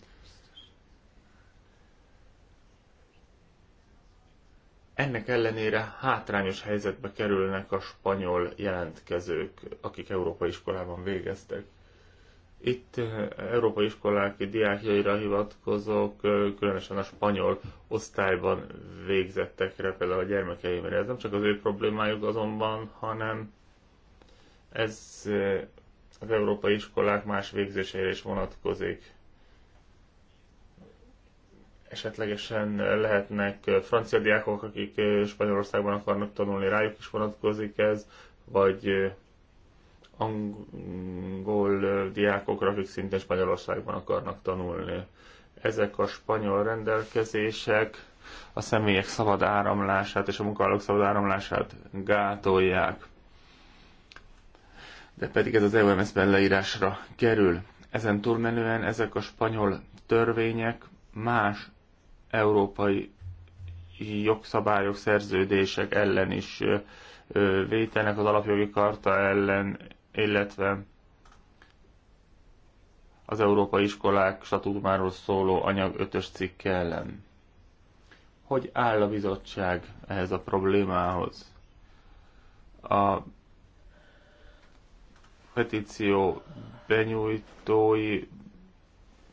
Ennek ellenére hátrányos helyzetbe kerülnek a spanyol jelentkezők, akik európai iskolában végeztek. Itt eh, európai iskolák diákjaira hivatkozok, eh, különösen a spanyol osztályban végzettekre, például a gyermekeimre. Ez nem csak az ő problémájuk azonban, hanem ez eh, az európai iskolák más végzéseire is vonatkozik esetlegesen lehetnek francia diákok, akik Spanyolországban akarnak tanulni, rájuk is vonatkozik ez, vagy angol diákokra, akik szintén Spanyolországban akarnak tanulni. Ezek a spanyol rendelkezések a személyek szabad áramlását és a munkavállalók szabad áramlását gátolják. De pedig ez az EUMS-ben leírásra kerül. Ezen túlmenően ezek a spanyol törvények más európai jogszabályok, szerződések ellen is vételnek, az alapjogi karta ellen, illetve az európai iskolák statutumáról szóló anyag 5-ös cikke ellen. Hogy áll a bizottság ehhez a problémához? A petíció benyújtói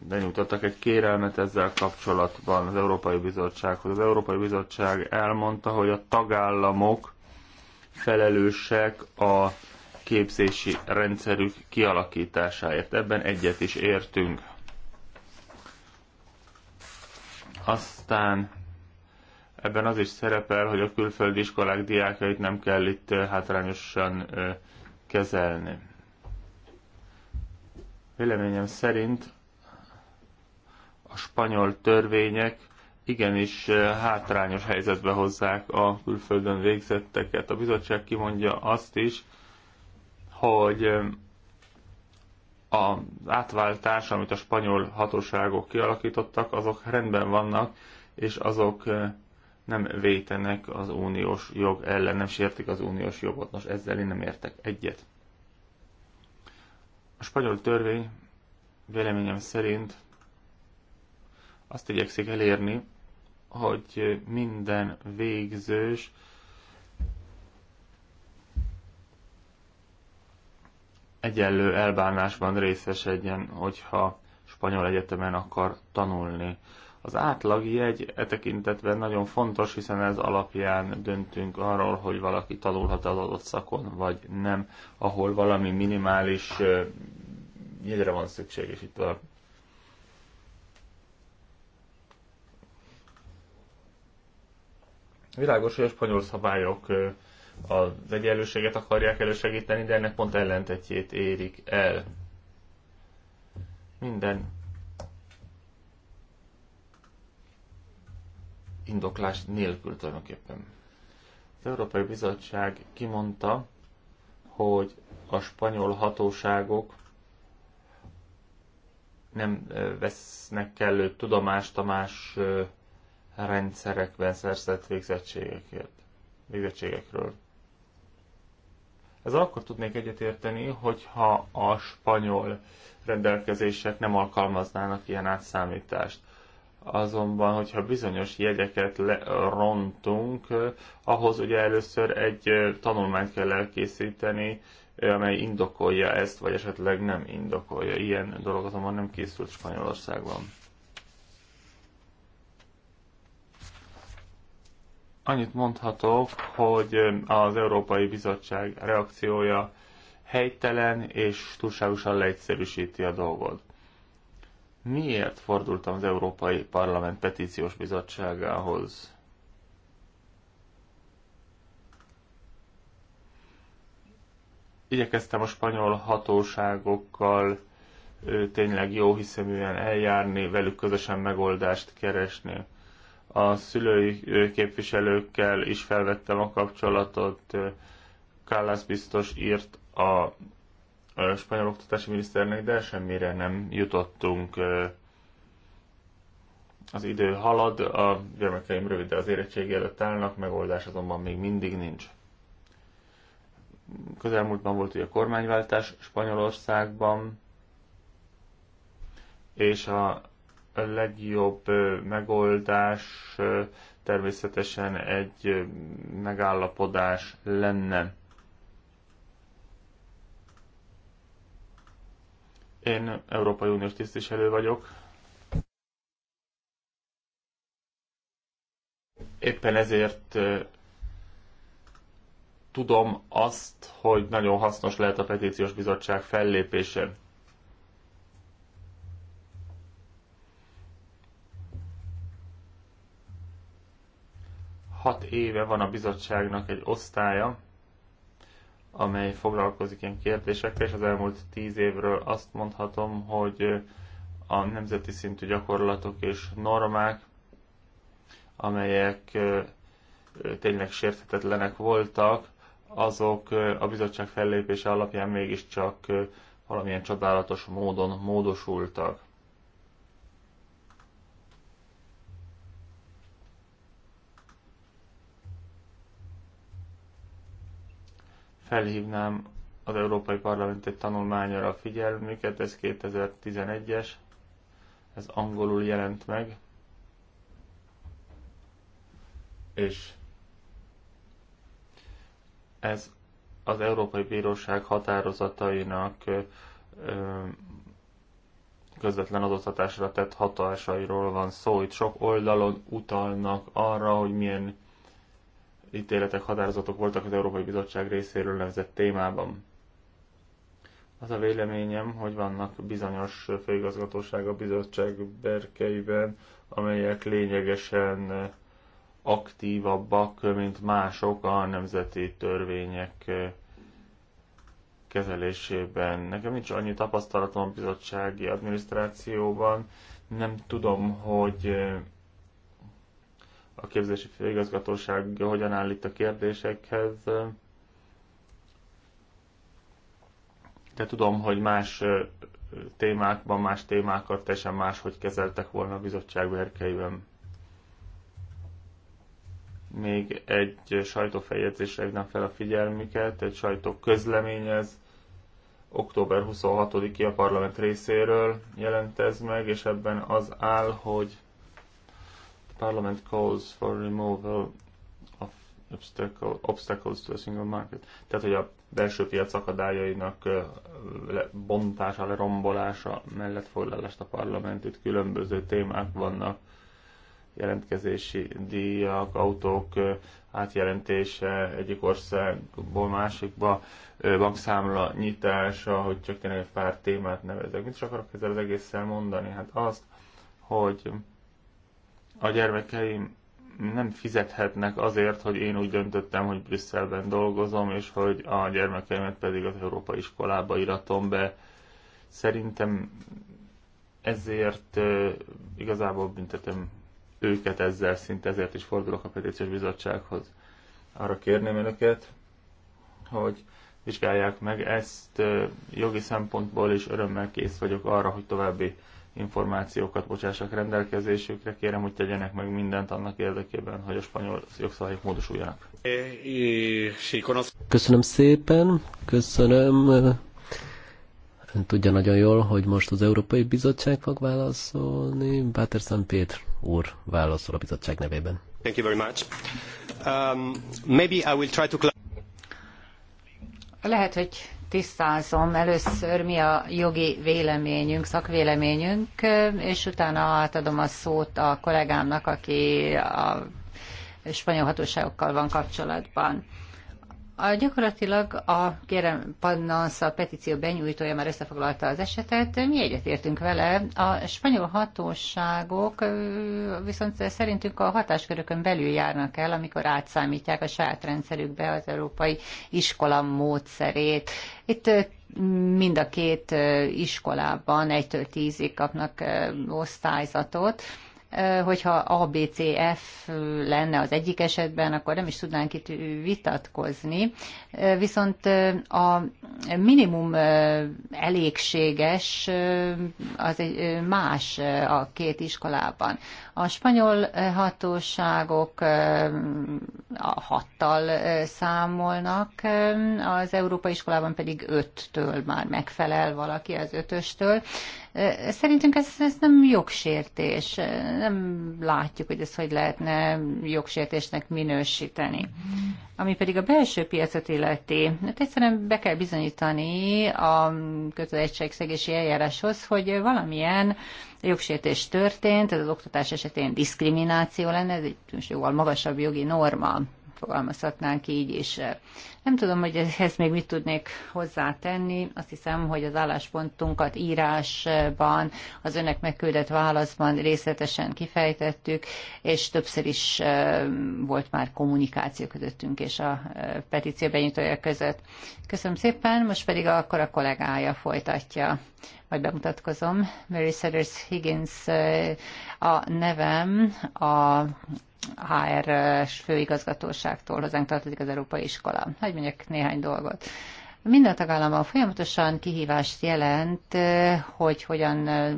benyújtottak egy kérelmet ezzel kapcsolatban az Európai Bizottsághoz. Az Európai Bizottság elmondta, hogy a tagállamok felelősek a képzési rendszerük kialakításáért. Ebben egyet is értünk. Aztán ebben az is szerepel, hogy a külföldi iskolák diákjait nem kell itt hátrányosan kezelni. Véleményem szerint a spanyol törvények igenis eh, hátrányos helyzetbe hozzák a külföldön végzetteket. A bizottság kimondja azt is, hogy eh, az átváltás, amit a spanyol hatóságok kialakítottak, azok rendben vannak, és azok eh, nem vétenek az uniós jog ellen, nem sértik az uniós jogot. Nos, ezzel én nem értek egyet. A spanyol törvény véleményem szerint azt igyekszik elérni, hogy minden végzős egyenlő elbánásban részesedjen, hogyha spanyol egyetemen akar tanulni. Az átlag jegy e tekintetben nagyon fontos, hiszen ez alapján döntünk arról, hogy valaki tanulhat az adott szakon, vagy nem, ahol valami minimális jegyre van szükség, és itt a Világos, hogy a spanyol szabályok az egyenlőséget akarják elősegíteni, de ennek pont ellentetjét érik el. Minden indoklás nélkül tulajdonképpen. Az Európai Bizottság kimondta, hogy a spanyol hatóságok nem vesznek kellő tudomást a más rendszerekben szerzett végzettségekért, végzettségekről. Ez akkor tudnék egyetérteni, hogyha a spanyol rendelkezések nem alkalmaznának ilyen átszámítást. Azonban, hogyha bizonyos jegyeket lerontunk, ahhoz ugye először egy tanulmányt kell elkészíteni, amely indokolja ezt, vagy esetleg nem indokolja. Ilyen dolog azonban nem készült Spanyolországban. Annyit mondhatok, hogy az Európai Bizottság reakciója helytelen és túlságosan leegyszerűsíti a dolgot. Miért fordultam az Európai Parlament Petíciós Bizottságához? Igyekeztem a spanyol hatóságokkal tényleg jó hiszeműen eljárni, velük közösen megoldást keresni a szülői képviselőkkel is felvettem a kapcsolatot. Kállász biztos írt a spanyol oktatási miniszternek, de semmire nem jutottunk. Az idő halad, a gyermekeim rövide az érettség előtt állnak, megoldás azonban még mindig nincs. Közelmúltban volt ugye a kormányváltás Spanyolországban, és a a legjobb megoldás természetesen egy megállapodás lenne. Én Európai Uniós tisztviselő vagyok. Éppen ezért tudom azt, hogy nagyon hasznos lehet a petíciós bizottság fellépése. hat éve van a bizottságnak egy osztálya, amely foglalkozik ilyen kérdésekkel, és az elmúlt tíz évről azt mondhatom, hogy a nemzeti szintű gyakorlatok és normák, amelyek tényleg sérthetetlenek voltak, azok a bizottság fellépése alapján mégiscsak valamilyen csodálatos módon módosultak. felhívnám az Európai Parlament egy tanulmányra a figyelmüket, ez 2011-es, ez angolul jelent meg, és ez az Európai Bíróság határozatainak közvetlen adottatásra tett hatásairól van szó. Itt sok oldalon utalnak arra, hogy milyen ítéletek, határozatok voltak az Európai Bizottság részéről nevezett témában. Az a véleményem, hogy vannak bizonyos főigazgatóság a bizottság berkeiben, amelyek lényegesen aktívabbak, mint mások a nemzeti törvények kezelésében. Nekem nincs annyi tapasztalatom a bizottsági adminisztrációban, nem tudom, hogy a képzési főigazgatóság hogyan áll itt a kérdésekhez. De tudom, hogy más témákban, más témákat teljesen máshogy kezeltek volna a bizottság verkeiben. Még egy sajtófejezésre nem fel a figyelmüket, egy sajtó közleményez, október 26-i a parlament részéről jelentez meg, és ebben az áll, hogy Parliament calls for removal of obstacle, obstacles to a single market. Tehát, hogy a belső piac akadályainak bontása, lerombolása mellett fordulást a parlament. Itt különböző témák vannak, jelentkezési díjak, autók átjelentése egyik országból másikba, bankszámla nyitása, hogy csak tényleg egy pár témát nevezek. Mit is akarok ezzel az egésszel mondani? Hát azt, hogy a gyermekeim nem fizethetnek azért, hogy én úgy döntöttem, hogy Brüsszelben dolgozom, és hogy a gyermekeimet pedig az európai iskolába iratom be. Szerintem ezért igazából büntetem őket ezzel, szinte ezért is fordulok a petíciós bizottsághoz. Arra kérném önöket, hogy vizsgálják meg ezt jogi szempontból, és örömmel kész vagyok arra, hogy további információkat bocsássak rendelkezésükre. Kérem, hogy tegyenek meg mindent annak érdekében, hogy a spanyol jogszabályok módosuljanak. Köszönöm szépen, köszönöm. Ön tudja nagyon jól, hogy most az Európai Bizottság fog válaszolni. Báter Péter úr válaszol a bizottság nevében. Thank you very much. Um, maybe I will try to... Lehet, hogy tisztázom először mi a jogi véleményünk, szakvéleményünk, és utána átadom a szót a kollégámnak, aki a spanyol hatóságokkal van kapcsolatban. A, gyakorlatilag a kérem pannasz, a petíció benyújtója már összefoglalta az esetet, mi egyetértünk vele. A spanyol hatóságok viszont szerintünk a hatáskörökön belül járnak el, amikor átszámítják a saját rendszerükbe az európai iskola módszerét. Itt mind a két iskolában egytől tízig kapnak osztályzatot, hogyha ABCF lenne az egyik esetben, akkor nem is tudnánk itt vitatkozni. Viszont a minimum elégséges az egy más a két iskolában. A spanyol hatóságok a hattal számolnak, az európai iskolában pedig öttől már megfelel valaki az ötöstől. Szerintünk ez, ez nem jogsértés. Nem látjuk, hogy ez hogy lehetne jogsértésnek minősíteni. Ami pedig a belső piacot illeti, hát egyszerűen be kell bizonyítani a kötelezettségszegési eljáráshoz, hogy valamilyen jogsértés történt, ez az oktatás esetén diszkrimináció lenne, ez egy jóval magasabb jogi norma fogalmazhatnánk így és Nem tudom, hogy ehhez még mit tudnék hozzátenni. Azt hiszem, hogy az álláspontunkat írásban, az önnek megküldött válaszban részletesen kifejtettük, és többször is volt már kommunikáció közöttünk és a petíció benyitója között. Köszönöm szépen, most pedig akkor a kollégája folytatja majd bemutatkozom. Mary Sellers Higgins a nevem, a HR főigazgatóságtól, hozzánk tartozik az Európai Iskola. Hogy mondjak néhány dolgot. Minden tagállamban folyamatosan kihívást jelent, eh, hogy hogyan eh,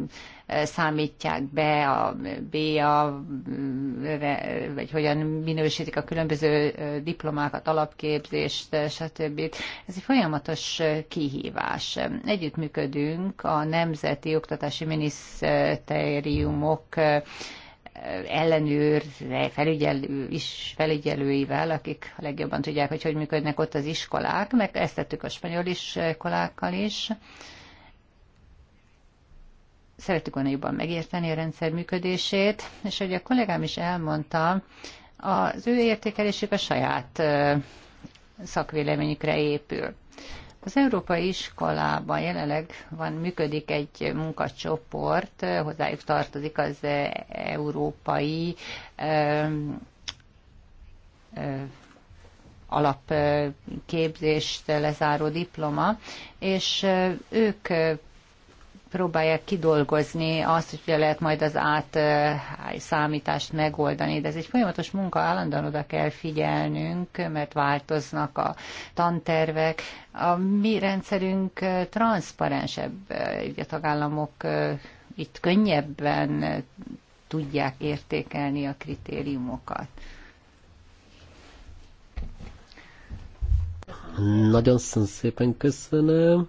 számítják be a BA, eh, vagy hogyan minősítik a különböző diplomákat, alapképzést, stb. Ez egy folyamatos kihívás. Együttműködünk a Nemzeti Oktatási Minisztériumok ellenőr, felügyelő, is felügyelőivel, akik legjobban tudják, hogy hogy működnek ott az iskolák, meg ezt tettük a spanyol iskolákkal is. Szerettük volna jobban megérteni a rendszer működését, és ahogy a kollégám is elmondta, az ő értékelésük a saját szakvéleményükre épül. Az Európai Iskolában jelenleg van, működik egy munkacsoport, hozzájuk tartozik az Európai ö, ö, alapképzést lezáró diploma, és ők próbálják kidolgozni azt, hogy lehet majd az át számítást megoldani, de ez egy folyamatos munka, állandóan oda kell figyelnünk, mert változnak a tantervek. A mi rendszerünk transzparensebb, a tagállamok itt könnyebben tudják értékelni a kritériumokat. Nagyon szépen köszönöm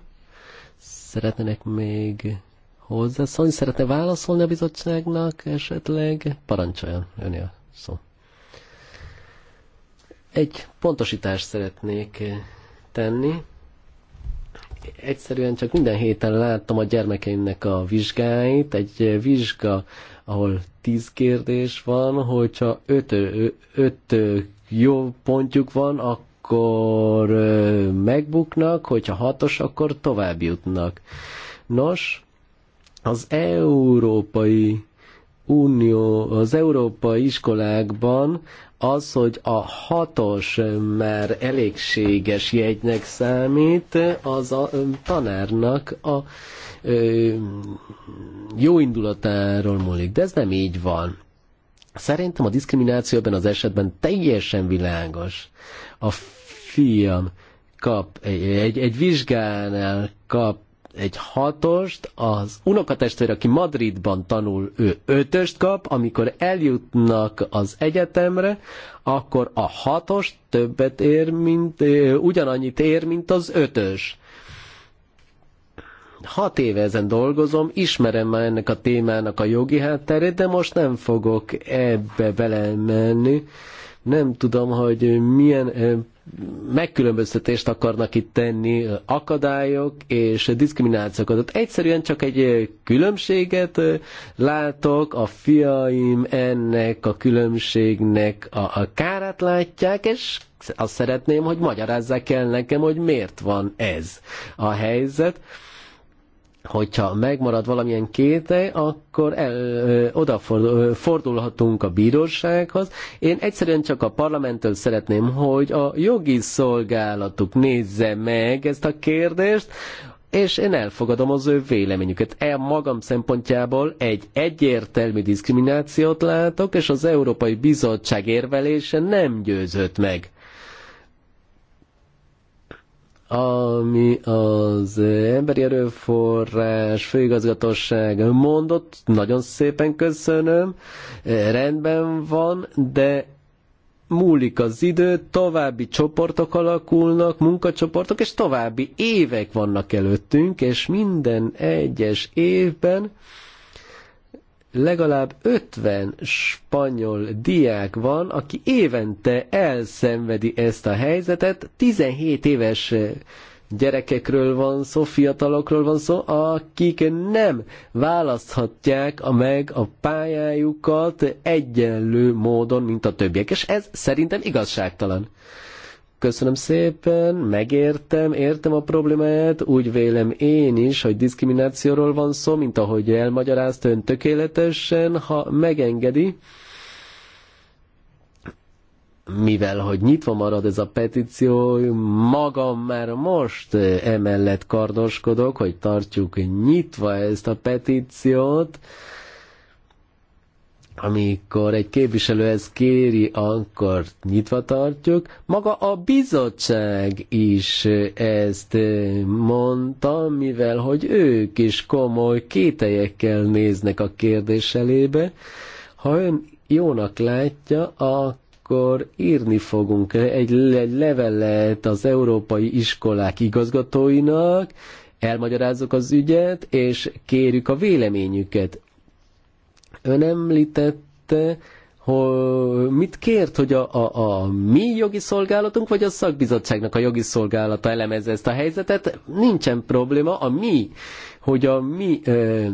szeretnének még hozzászólni? Szeretne válaszolni a bizottságnak esetleg? Parancsoljon, öné a szó. Egy pontosítást szeretnék tenni. Egyszerűen csak minden héten láttam a gyermekeimnek a vizsgáit. Egy vizsga, ahol tíz kérdés van, hogyha öt, öt jó pontjuk van, akkor akkor megbuknak, hogyha hatos, akkor tovább jutnak. Nos, az Európai Unió, az európai iskolákban az, hogy a hatos már elégséges jegynek számít, az a tanárnak a ö, jó indulatáról múlik. De ez nem így van. Szerintem a diszkrimináció ebben az esetben teljesen világos a fiam kap egy, egy, egy vizsgánál kap egy hatost, az unokatestvér, aki Madridban tanul, ő ötöst kap, amikor eljutnak az egyetemre, akkor a hatos többet ér, mint, ugyanannyit ér, mint az ötös. Hat éve ezen dolgozom, ismerem már ennek a témának a jogi hátterét, de most nem fogok ebbe belemenni. Nem tudom, hogy milyen megkülönböztetést akarnak itt tenni akadályok és diszkriminációk. Ott egyszerűen csak egy különbséget látok, a fiaim ennek a különbségnek a, a kárát látják, és azt szeretném, hogy magyarázzák el nekem, hogy miért van ez a helyzet hogyha megmarad valamilyen kéte, akkor el, ö, odafordulhatunk a bírósághoz. Én egyszerűen csak a parlamenttől szeretném, hogy a jogi szolgálatuk nézze meg ezt a kérdést, és én elfogadom az ő véleményüket. El magam szempontjából egy egyértelmű diszkriminációt látok, és az Európai Bizottság érvelése nem győzött meg ami az Emberi Erőforrás Főigazgatóság mondott, nagyon szépen köszönöm, rendben van, de múlik az idő, további csoportok alakulnak, munkacsoportok, és további évek vannak előttünk, és minden egyes évben legalább 50 spanyol diák van, aki évente elszenvedi ezt a helyzetet. 17 éves gyerekekről van szó, fiatalokról van szó, akik nem választhatják a meg a pályájukat egyenlő módon, mint a többiek. És ez szerintem igazságtalan. Köszönöm szépen, megértem, értem a problémáját, úgy vélem én is, hogy diszkriminációról van szó, mint ahogy elmagyarázta ön tökéletesen, ha megengedi mivel hogy nyitva marad ez a petíció, magam már most emellett kardoskodok, hogy tartjuk nyitva ezt a petíciót, amikor egy képviselő ezt kéri, akkor nyitva tartjuk. Maga a bizottság is ezt mondta, mivel hogy ők is komoly kételyekkel néznek a kérdés elébe. Ha ön jónak látja, akkor írni fogunk egy levelet az európai iskolák igazgatóinak, elmagyarázzuk az ügyet, és kérjük a véleményüket. Ön említette, hogy mit kért, hogy a, a, a mi jogi szolgálatunk, vagy a szakbizottságnak a jogi szolgálata elemezze ezt a helyzetet? Nincsen probléma, a mi, hogy a mi ö,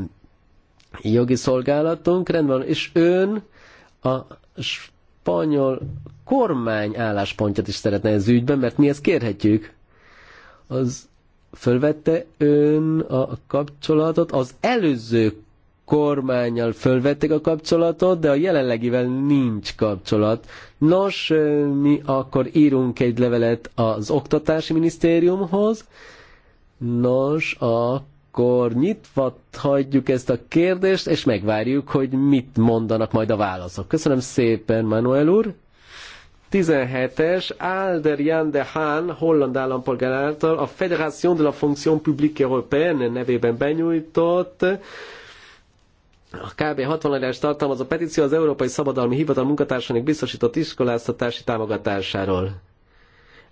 jogi szolgálatunk, rendben van, és ön a spanyol kormány álláspontját is szeretne ez ügyben, mert mi ezt kérhetjük. Az fölvette ön a kapcsolatot az előző kormányjal fölvették a kapcsolatot, de a jelenlegivel nincs kapcsolat. Nos, mi akkor írunk egy levelet az Oktatási Minisztériumhoz, nos, akkor nyitva hagyjuk ezt a kérdést, és megvárjuk, hogy mit mondanak majd a válaszok. Köszönöm szépen, Manuel úr! 17-es Alder Jan de Haan holland állampolgár által a Federation de la Fonction Publique Européenne nevében benyújtott a kb. 60 órás tartalmaz a petíció az Európai Szabadalmi Hivatal munkatársainak biztosított iskoláztatási támogatásáról.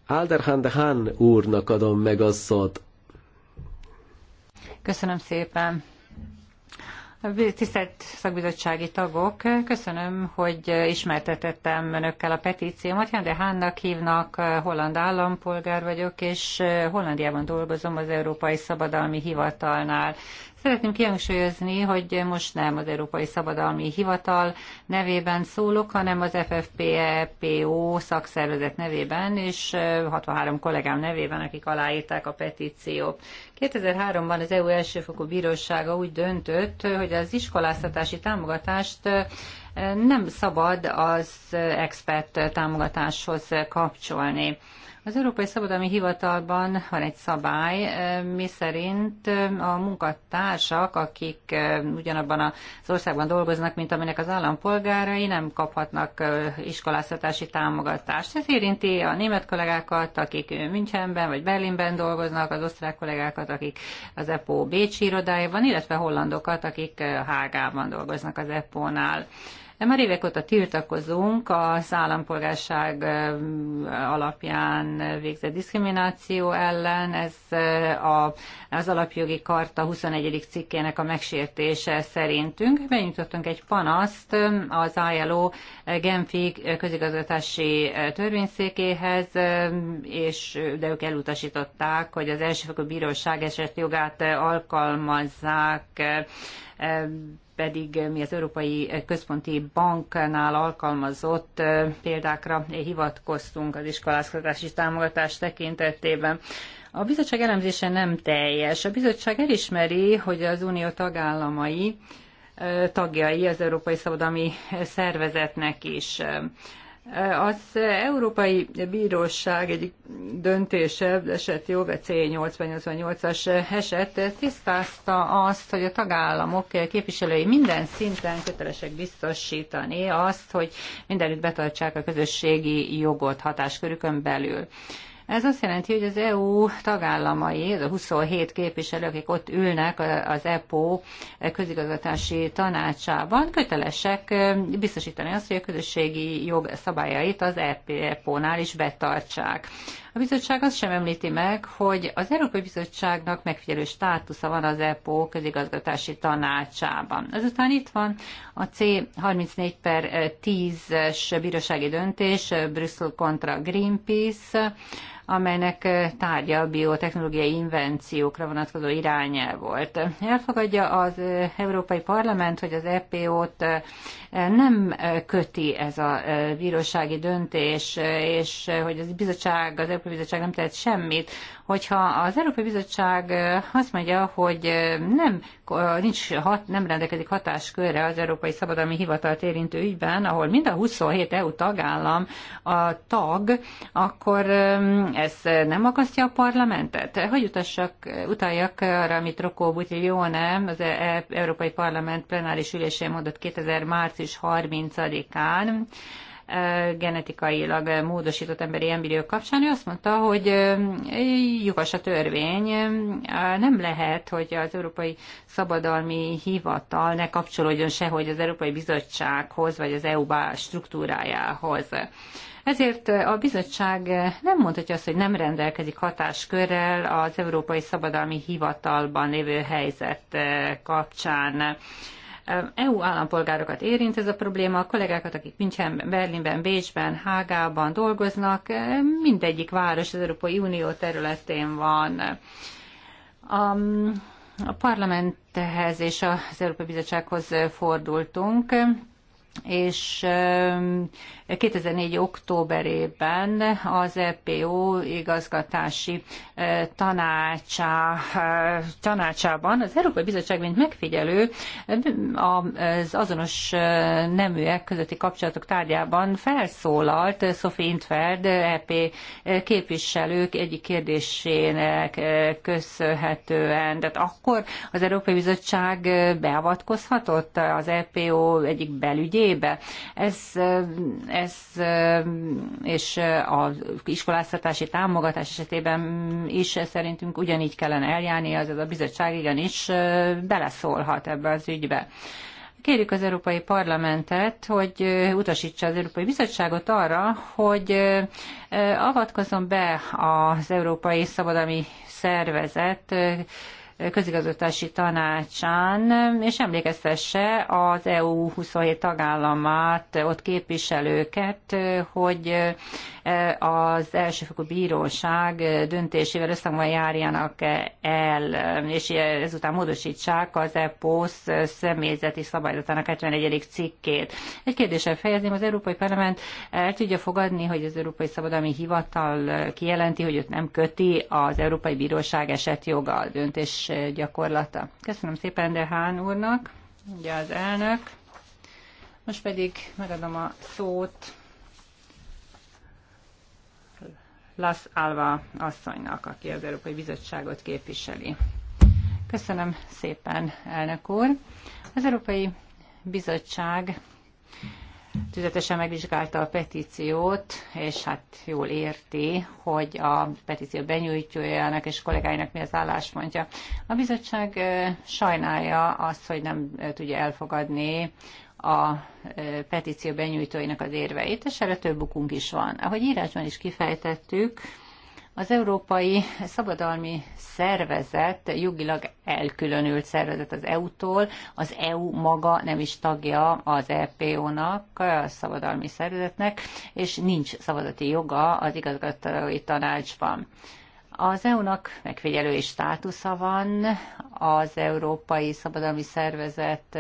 Alderhan de Han úrnak adom meg a szót. Köszönöm szépen. Tisztelt szakbizottsági tagok, köszönöm, hogy ismertetettem önökkel a petíciómat. Jan de Hánnak hívnak, holland állampolgár vagyok, és Hollandiában dolgozom az Európai Szabadalmi Hivatalnál. Szeretném kihangsúlyozni, hogy most nem az Európai Szabadalmi Hivatal nevében szólok, hanem az FFPEPO szakszervezet nevében és 63 kollégám nevében, akik aláírták a petíciót. 2003-ban az EU elsőfokú bírósága úgy döntött, hogy az iskoláztatási támogatást nem szabad az expert támogatáshoz kapcsolni. Az Európai Szabadalmi Hivatalban van egy szabály, mi szerint a munkatársak, akik ugyanabban az országban dolgoznak, mint aminek az állampolgárai, nem kaphatnak iskoláztatási támogatást. Ez érinti a német kollégákat, akik Münchenben vagy Berlinben dolgoznak, az osztrák kollégákat, akik az EPO Bécsi irodájában, illetve hollandokat, akik Hágában dolgoznak az EPO-nál. Már évek óta tiltakozunk az állampolgárság alapján végzett diszkrimináció ellen. Ez a, az alapjogi karta 21. cikkének a megsértése szerintünk. Benyújtottunk egy panaszt az ILO Genfi közigazgatási törvényszékéhez, és de ők elutasították, hogy az elsőfokú bíróság eset jogát alkalmazzák pedig mi az Európai Központi Banknál alkalmazott példákra hivatkoztunk az iskoláztatási támogatás tekintetében. A bizottság elemzése nem teljes. A bizottság elismeri, hogy az unió tagállamai tagjai az Európai Szabadalmi Szervezetnek is. Az Európai Bíróság egyik döntése, eset jó C888-as eset tisztázta azt, hogy a tagállamok képviselői minden szinten kötelesek biztosítani azt, hogy mindenütt betartsák a közösségi jogot hatáskörükön belül. Ez azt jelenti, hogy az EU tagállamai, az a 27 képviselő, akik ott ülnek az EPO közigazgatási tanácsában, kötelesek biztosítani azt, hogy a közösségi jog szabályait az EPO-nál e is betartsák. A bizottság azt sem említi meg, hogy az Európai Bizottságnak megfigyelő státusza van az EPO közigazgatási tanácsában. Ezután itt van a C34 per 10-es bírósági döntés Brüsszel kontra Greenpeace, amelynek tárgya a biotechnológiai invenciókra vonatkozó irányel volt. Elfogadja az Európai Parlament, hogy az EPO-t nem köti ez a bírósági döntés, és hogy az bizottság, az Európai Bizottság nem tehet semmit, hogyha az Európai Bizottság azt mondja, hogy nem, nincs hat, nem rendelkezik hatáskörre az Európai Szabadalmi Hivatalt érintő ügyben, ahol mind a 27 EU tagállam a tag, akkor ez nem akasztja a parlamentet? Hogy utassak, utaljak arra, amit Rokó nem, az e- e- Európai Parlament plenáris ülésén mondott 2000. március 30-án, e, genetikailag módosított emberi embriók kapcsán, ő azt mondta, hogy lyukas a törvény, nem lehet, hogy az Európai Szabadalmi Hivatal ne kapcsolódjon sehogy az Európai Bizottsághoz, vagy az eu ba struktúrájához. Ezért a bizottság nem mondhatja azt, hogy nem rendelkezik hatáskörrel az Európai Szabadalmi Hivatalban lévő helyzet kapcsán. E, EU állampolgárokat érint ez a probléma, a kollégákat, akik Münchenben, Berlinben, Bécsben, Hágában dolgoznak, e, mindegyik város az Európai Unió területén van. A, a parlamenthez és az Európai Bizottsághoz fordultunk, és e, 2004. októberében az EPO igazgatási e, tanácsá, e, tanácsában az Európai Bizottság, mint megfigyelő, az azonos e, neműek közötti kapcsolatok tárgyában felszólalt Sophie Intverd, EP képviselők egyik kérdésének köszönhetően. Tehát akkor az Európai Bizottság beavatkozhatott az EPO egyik belügyébe. Ez ez és az iskoláztatási támogatás esetében mm, is szerintünk ugyanígy kellene eljárni, azaz a bizottság igenis beleszólhat ebbe az ügybe. Kérjük az Európai Parlamentet, hogy utasítsa az Európai Bizottságot arra, hogy avatkozzon be az Európai Szabadalmi Szervezet közigazgatási tanácsán, és emlékeztesse az EU 27 tagállamát, ott képviselőket, hogy e, az elsőfokú bíróság döntésével összhangban járjanak el, és ezután módosítsák az EPOSZ személyzeti szabályzatának 71. cikkét. Egy kérdéssel fejezném, az Európai Parlament el tudja fogadni, hogy az Európai Szabadalmi Hivatal kijelenti, hogy őt nem köti az Európai Bíróság esetjoga a döntés gyakorlata. Köszönöm szépen de Hán úrnak, ugye az elnök. Most pedig megadom a szót Las Alva asszonynak, aki az Európai Bizottságot képviseli. Köszönöm szépen, elnök úr. Az Európai Bizottság tüzetesen megvizsgálta a petíciót, és hát jól érti, hogy a petíció benyújtójának és kollégáinak mi az álláspontja. A bizottság sajnálja azt, hogy nem tudja elfogadni a petíció benyújtóinak az érveit, és erre több bukunk is van. Ahogy írásban is kifejtettük, az Európai Szabadalmi Szervezet jogilag elkülönült szervezet az EU-tól, az EU maga nem is tagja az EPO-nak, a szabadalmi szervezetnek, és nincs szabadati joga az igazgatói tanácsban. Az EU-nak megfigyelői státusza van, az Európai Szabadalmi Szervezet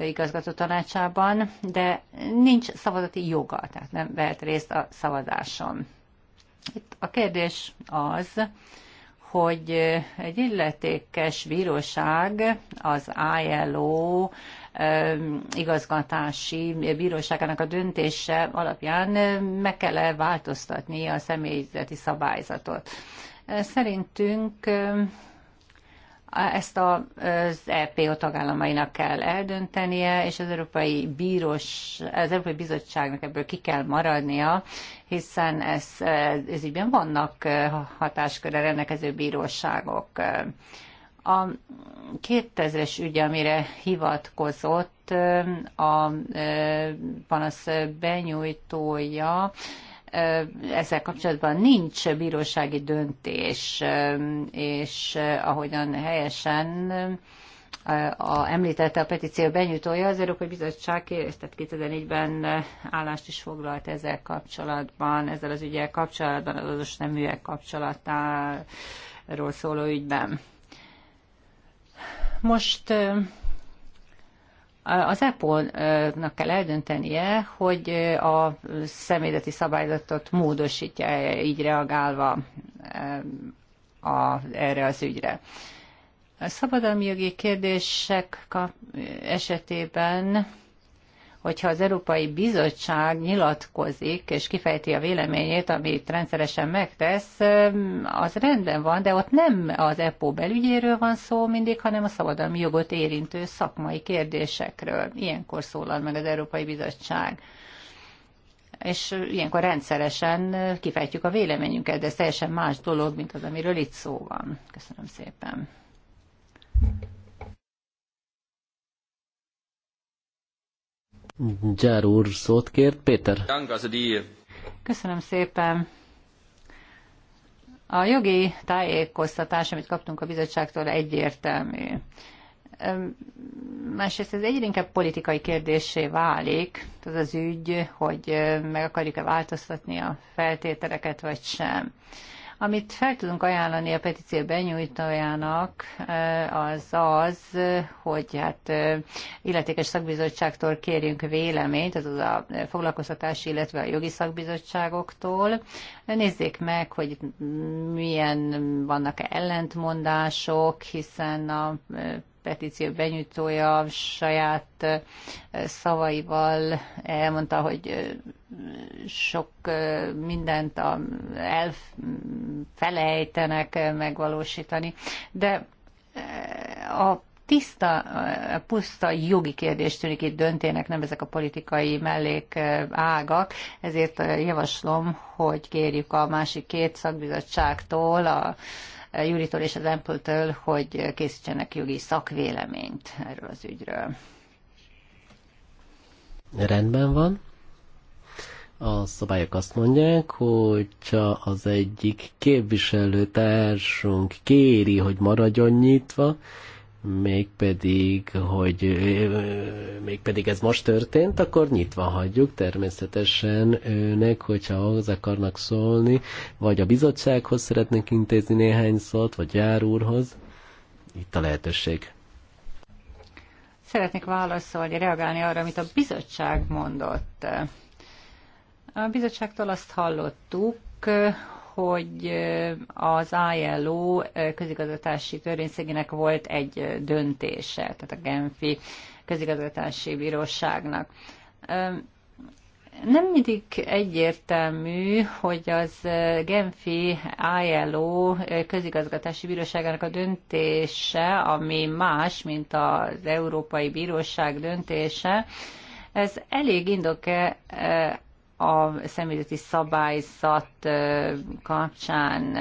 igazgató tanácsában, de nincs szavazati joga, tehát nem vehet részt a szavazáson. Itt a kérdés az, hogy egy illetékes bíróság, az ILO igazgatási bíróságának a döntése alapján meg kell -e változtatni a személyzeti szabályzatot. Szerintünk ezt az EP tagállamainak kell eldöntenie, és az Európai Bíros, az Európai Bizottságnak ebből ki kell maradnia, hiszen ez, ez ügyben vannak hatásköre rendelkező bíróságok. A 2000-es ügy, amire hivatkozott a panasz benyújtója, ezzel kapcsolatban nincs bírósági döntés, és ahogyan helyesen a, említette a petíció benyújtója, az Európai Bizottság tehát 2004-ben állást is foglalt ezzel kapcsolatban, ezzel az ügyel kapcsolatban, az azos neműek kapcsolatáról szóló ügyben. Most az EPO-nak kell eldöntenie, hogy a személyzeti szabályzatot módosítja, így reagálva eh, a, erre az ügyre. A szabadalmi jogi kérdések esetében hogyha az Európai Bizottság nyilatkozik és kifejti a véleményét, amit rendszeresen megtesz, az rendben van, de ott nem az EPO belügyéről van szó mindig, hanem a szabadalmi jogot érintő szakmai kérdésekről. Ilyenkor szólal meg az Európai Bizottság és ilyenkor rendszeresen kifejtjük a véleményünket, de ez teljesen más dolog, mint az, amiről itt szó van. Köszönöm szépen. Gyár úr szót kért. Péter. Köszönöm szépen. A jogi tájékoztatás, amit kaptunk a bizottságtól, egyértelmű. Másrészt ez egyre inkább politikai kérdésé válik, az az ügy, hogy meg akarjuk-e változtatni a feltételeket, vagy sem. Amit fel tudunk ajánlani a petíció benyújtójának, az az, hogy hát illetékes szakbizottságtól kérjünk véleményt, azaz a foglalkoztatási, illetve a jogi szakbizottságoktól. Nézzék meg, hogy milyen vannak -e ellentmondások, hiszen a petíció benyújtója saját szavaival elmondta, hogy sok mindent elfelejtenek megvalósítani, de a tiszta, puszta jogi kérdés tűnik itt döntének, nem ezek a politikai mellék ágak, ezért javaslom, hogy kérjük a másik két szakbizottságtól a Juritól és az Ample-től, hogy készítsenek jogi szakvéleményt erről az ügyről. Rendben van. A szabályok azt mondják, hogy ha az egyik képviselőtársunk kéri, hogy maradjon nyitva, mégpedig, hogy mégpedig ez most történt, akkor nyitva hagyjuk természetesen őnek, hogyha ahhoz akarnak szólni, vagy a bizottsághoz szeretnék intézni néhány szót, vagy jár úrhoz. Itt a lehetőség. Szeretnék válaszolni, reagálni arra, amit a bizottság mondott. A bizottságtól azt hallottuk, hogy az ILO közigazgatási törvényszegének volt egy döntése, tehát a Genfi közigazgatási bíróságnak. Nem mindig egyértelmű, hogy az Genfi ILO közigazgatási bíróságának a döntése, ami más, mint az Európai Bíróság döntése, ez elég indok-e a személyzeti szabályzat kapcsán,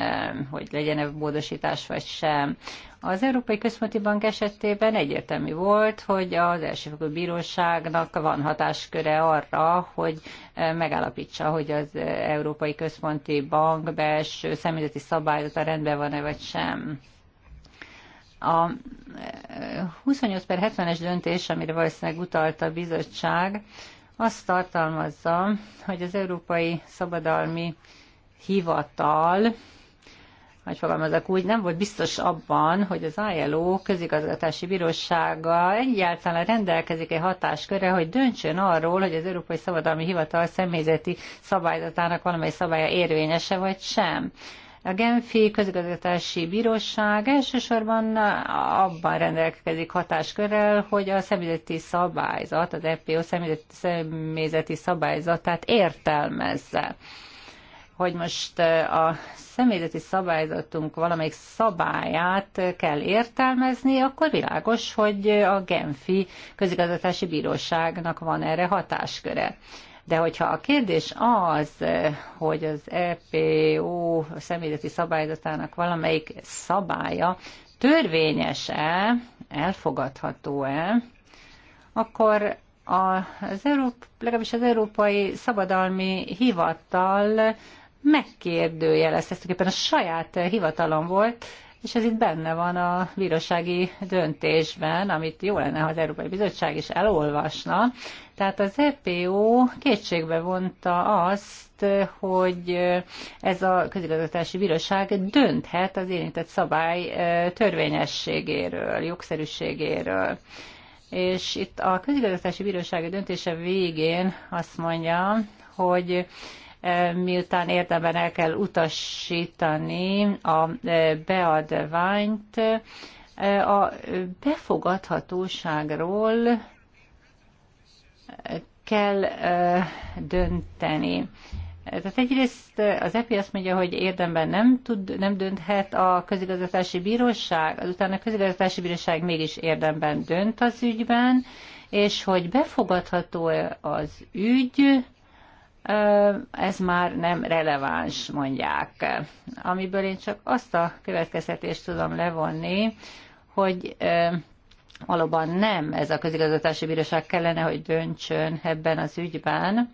hogy legyen-e módosítás vagy sem. Az Európai Központi Bank esetében egyértelmű volt, hogy az elsőfokú bíróságnak van hatásköre arra, hogy megállapítsa, hogy az Európai Központi Bank belső személyzeti szabályzata rendben van-e vagy sem. A 28 per 70-es döntés, amire valószínűleg utalt a bizottság, azt tartalmazza, hogy az Európai Szabadalmi Hivatal hogy fogalmazok úgy, nem volt biztos abban, hogy az ILO közigazgatási bírósága egyáltalán rendelkezik egy hatásköre, hogy döntsön arról, hogy az Európai Szabadalmi Hivatal személyzeti szabályzatának valamely szabálya érvényese vagy sem. A Genfi közigazgatási bíróság elsősorban abban rendelkezik hatáskörrel, hogy a személyzeti szabályzat, az EPO személyzeti szabályzatát értelmezze hogy most a személyzeti szabályzatunk valamelyik szabályát kell értelmezni, akkor világos, hogy a Genfi közigazgatási bíróságnak van erre hatásköre. De hogyha a kérdés az, hogy az EPO személyzeti szabályzatának valamelyik szabálya törvényes-e, elfogadható-e, akkor az Európa, legalábbis az Európai Szabadalmi Hivatal megkérdőjelezte, ezt a saját hivatalom volt, és ez itt benne van a bírósági döntésben, amit jó lenne, ha az Európai Bizottság is elolvasna. Tehát az EPO kétségbe vonta azt, hogy ez a közigazgatási bíróság dönthet az érintett szabály törvényességéről, jogszerűségéről. És itt a közigazgatási bíróság döntése végén azt mondja, hogy miután érdemben el kell utasítani a e, beadványt, e, a befogadhatóságról kell e, dönteni. Tehát egyrészt az EPI azt mondja, hogy érdemben nem, tud, nem dönthet a közigazgatási bíróság, azután a közigazgatási bíróság mégis érdemben dönt az ügyben, és hogy befogadható az ügy, ez már nem releváns, mondják. Amiből én csak azt a következtetést tudom levonni, hogy valóban nem ez a közigazgatási bíróság kellene, hogy döntsön ebben az ügyben,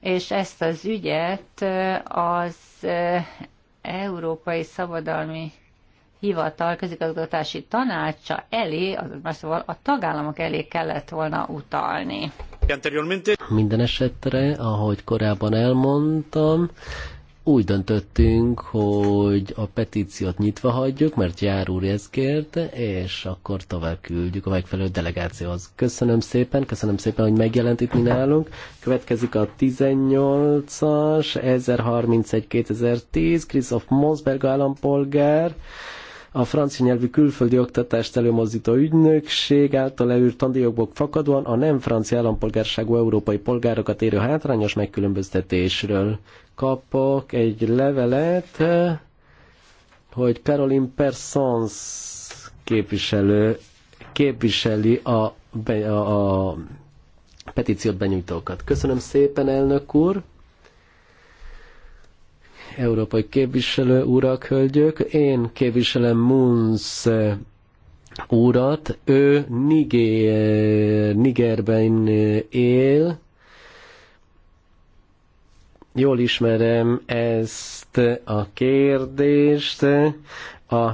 és ezt az ügyet az Európai Szabadalmi hivatal közigazgatási tanácsa elé, azaz szóval a tagállamok elé kellett volna utalni. Minden esetre, ahogy korábban elmondtam, úgy döntöttünk, hogy a petíciót nyitva hagyjuk, mert Jár úr ezt kérte, és akkor tovább küldjük a megfelelő delegációhoz. Köszönöm szépen, köszönöm szépen, hogy megjelent itt mi nálunk. Következik a 18-as, 1031-2010, Krisztof Mosberg állampolgár, a francia nyelvű külföldi oktatást előmozdító ügynökség által leírt tandíjakból fakadóan a nem francia állampolgárságú európai polgárokat érő hátrányos megkülönböztetésről. Kapok egy levelet, hogy Caroline Persons képviselő képviseli a, a, a petíciót benyújtókat. Köszönöm szépen, elnök úr! európai képviselő urak, hölgyök. Én képviselem Munz urat, ő Niger, Nigerben él, jól ismerem ezt a kérdést. A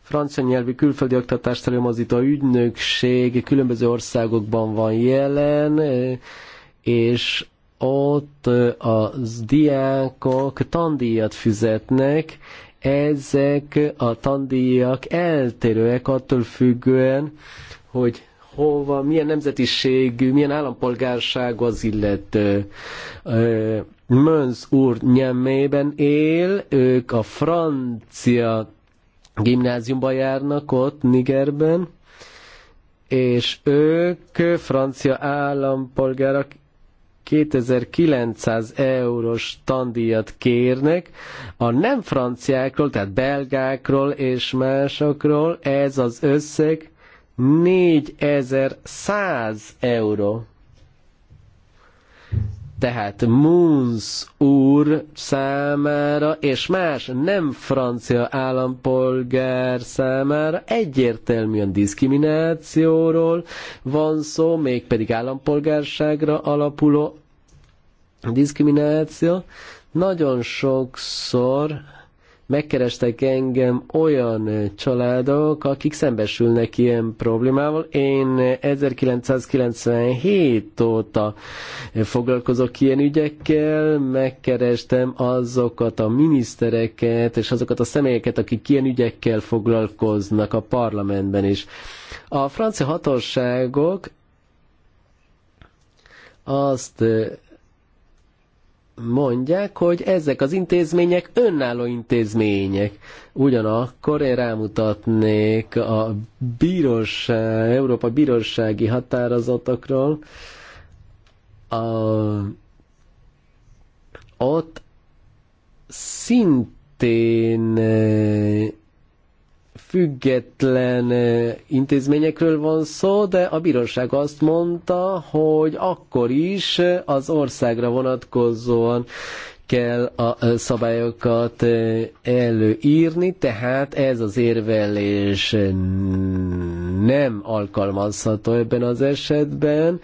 francia nyelvi külföldi oktatást előmozdító ügynökség különböző országokban van jelen, és ott a diákok tandíjat fizetnek, ezek a tandíjak eltérőek attól függően, hogy hova, milyen nemzetiségű, milyen állampolgárság az illető. Mönz úr nyemében él, ők a francia gimnáziumba járnak ott Nigerben, és ők francia állampolgárak 2900 eurós tandíjat kérnek. A nem franciákról, tehát belgákról és másokról ez az összeg 4100 euró. Tehát Munz úr számára és más nem francia állampolgár számára egyértelműen diszkriminációról van szó, mégpedig állampolgárságra alapuló diszkrimináció. Nagyon sokszor megkerestek engem olyan családok, akik szembesülnek ilyen problémával. Én 1997 óta foglalkozok ilyen ügyekkel, megkerestem azokat a minisztereket és azokat a személyeket, akik ilyen ügyekkel foglalkoznak a parlamentben is. A francia hatóságok azt mondják, hogy ezek az intézmények önálló intézmények. Ugyanakkor én rámutatnék a bíróság, Európa bírósági határozatokról, a, ott szintén eh, független intézményekről van szó, de a bíróság azt mondta, hogy akkor is az országra vonatkozóan kell a szabályokat előírni, tehát ez az érvelés nem alkalmazható ebben az esetben.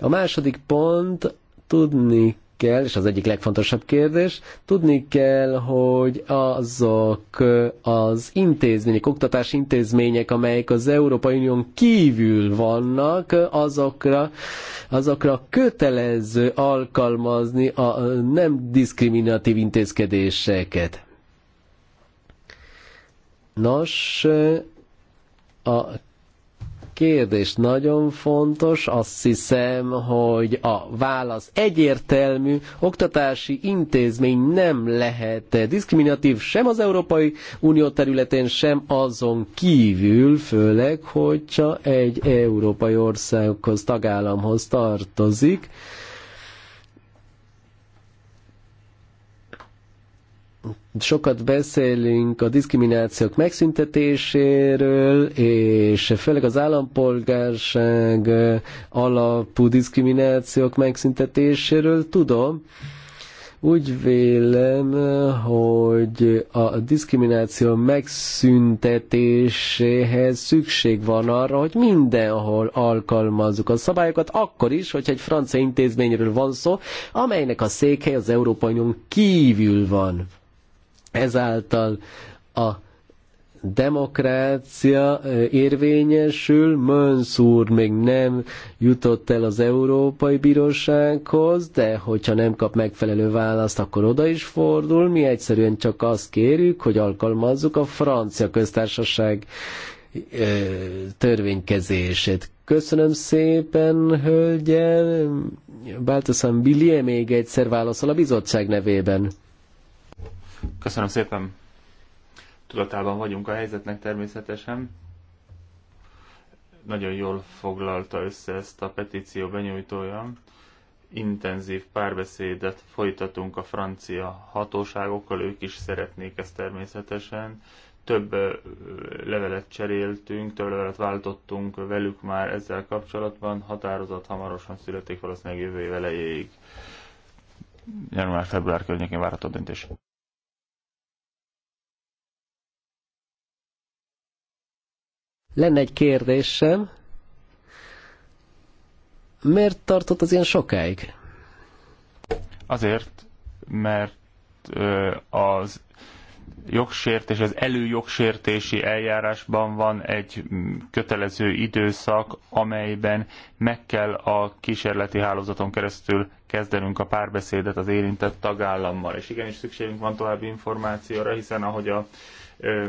A második pont tudni kell, és az egyik legfontosabb kérdés, tudni kell, hogy azok az intézmények, oktatási intézmények, amelyek az Európai Unión kívül vannak, azokra, azokra kötelező alkalmazni a nem diszkriminatív intézkedéseket. Nos, a kérdés nagyon fontos, azt hiszem, hogy a válasz egyértelmű, oktatási intézmény nem lehet diszkriminatív sem az Európai Unió területén, sem azon kívül, főleg, hogyha egy európai országhoz, tagállamhoz tartozik. sokat beszélünk a diszkriminációk megszüntetéséről, és főleg az állampolgárság alapú diszkriminációk megszüntetéséről. Tudom, úgy vélem, hogy a diszkrimináció megszüntetéséhez szükség van arra, hogy mindenhol alkalmazzuk a szabályokat, akkor is, hogyha egy francia intézményről van szó, amelynek a székhely az Európai Unión kívül van. Ezáltal a demokrácia érvényesül, Mönszúr még nem jutott el az Európai Bírósághoz, de hogyha nem kap megfelelő választ, akkor oda is fordul. Mi egyszerűen csak azt kérjük, hogy alkalmazzuk a francia köztársaság törvénykezését. Köszönöm szépen, hölgyem. Báltaszan Billie még egyszer válaszol a bizottság nevében. Köszönöm szépen. Tudatában vagyunk a helyzetnek természetesen. Nagyon jól foglalta össze ezt a petíció benyújtója. Intenzív párbeszédet folytatunk a francia hatóságokkal, ők is szeretnék ezt természetesen. Több levelet cseréltünk, több levelet váltottunk velük már ezzel kapcsolatban. Határozat hamarosan születik valószínűleg jövő év elejéig január-február környékén várható döntés. Lenne egy kérdésem. Miért tartott az ilyen sokáig? Azért, mert ö, az jogsértés, az előjogsértési eljárásban van egy mm, kötelező időszak, amelyben meg kell a kísérleti hálózaton keresztül kezdenünk a párbeszédet az érintett tagállammal. És igenis szükségünk van további információra, hiszen ahogy a ö,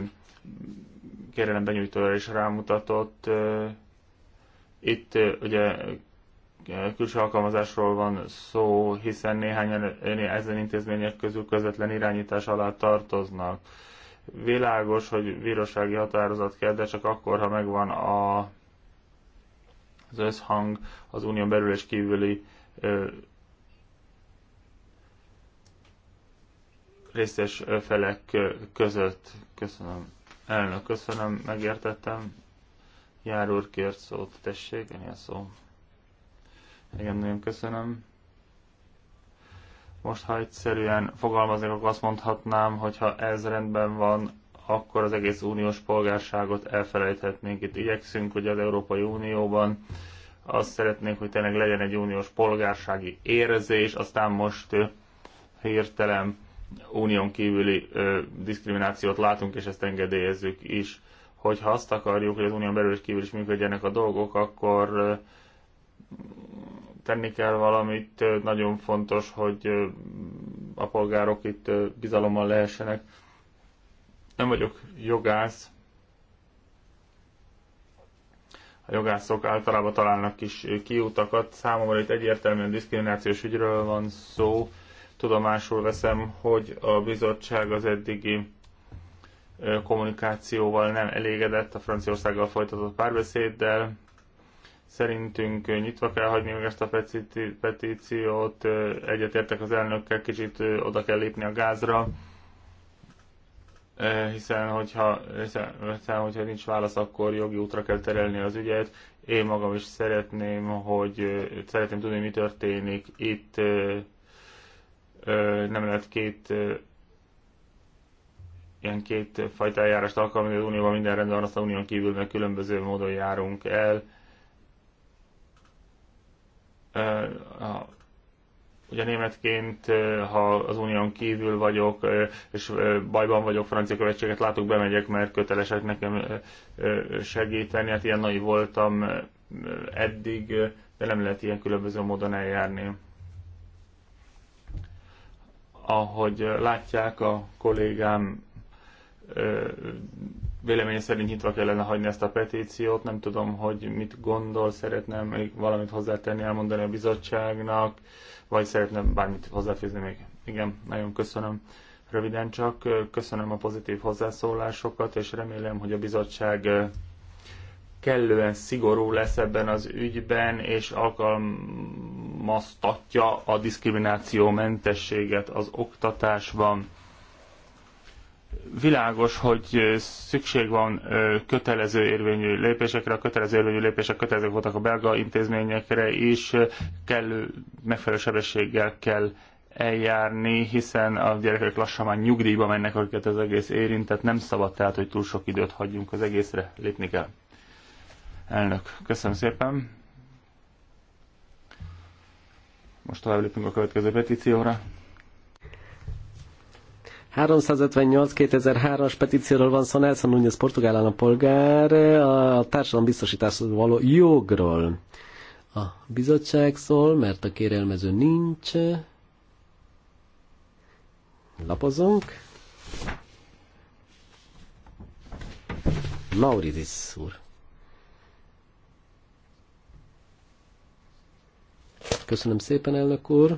kérelem benyújtóra is rámutatott. Itt ugye külső alkalmazásról van szó, hiszen néhány ezen intézmények közül közvetlen irányítás alá tartoznak. Világos, hogy bírósági határozat kell, de csak akkor, ha megvan a, az összhang az unión belül és kívüli ö, részes felek között. Köszönöm. Elnök, köszönöm, megértettem. Jár úr kért szót, tessék, ennyi a szó. Igen, nagyon köszönöm. Most, ha egyszerűen fogalmaznék, akkor azt mondhatnám, hogy ha ez rendben van, akkor az egész uniós polgárságot elfelejthetnénk. Itt igyekszünk, hogy az Európai Unióban azt szeretnénk, hogy tényleg legyen egy uniós polgársági érzés, aztán most hirtelen unión kívüli ö, diszkriminációt látunk, és ezt engedélyezzük is. Hogyha azt akarjuk, hogy az unión belül is kívül is működjenek a dolgok, akkor ö, tenni kell valamit. Ö, nagyon fontos, hogy ö, a polgárok itt ö, bizalommal lehessenek. Nem vagyok jogász. A jogászok általában találnak kis kiutakat. Számomra itt egyértelműen diszkriminációs ügyről van szó tudomásul veszem, hogy a bizottság az eddigi kommunikációval nem elégedett a Franciaországgal folytatott párbeszéddel. Szerintünk nyitva kell hagyni meg ezt a petíciót, egyetértek az elnökkel, kicsit oda kell lépni a gázra, hiszen hogyha, hiszen, hogyha nincs válasz, akkor jogi útra kell terelni az ügyet. Én magam is szeretném, hogy szeretném tudni, mi történik itt nem lehet két ilyen két fajta eljárást alkalmazni, az Unióban minden rendben van, aztán Unión kívül meg különböző módon járunk el. Ugye németként, ha az Unión kívül vagyok, és bajban vagyok, francia követséget látok, bemegyek, mert kötelesek nekem segíteni. Hát ilyen nagy voltam eddig, de nem lehet ilyen különböző módon eljárni ahogy látják, a kollégám véleménye szerint nyitva kellene hagyni ezt a petíciót. Nem tudom, hogy mit gondol, szeretne még valamit hozzátenni, elmondani a bizottságnak, vagy szeretne bármit hozzáfűzni még. Igen, nagyon köszönöm. Röviden csak köszönöm a pozitív hozzászólásokat, és remélem, hogy a bizottság kellően szigorú lesz ebben az ügyben, és alkalmaztatja a diszkrimináció mentességet az oktatásban. Világos, hogy szükség van kötelező érvényű lépésekre, a kötelező érvényű lépések kötelezők voltak a belga intézményekre is, kellő megfelelő sebességgel kell eljárni, hiszen a gyerekek lassan már nyugdíjba mennek, akiket az egész érintett, nem szabad tehát, hogy túl sok időt hagyjunk az egészre, lépni kell. Elnök, köszönöm szépen. Most tovább lépünk a következő petícióra. 358-2003-as petícióról van szó, Nelson Núñez portugál állampolgár a biztosításhoz való jogról. A bizottság szól, mert a kérelmező nincs. Lapozunk. Mauridis úr. Köszönöm szépen, elnök úr.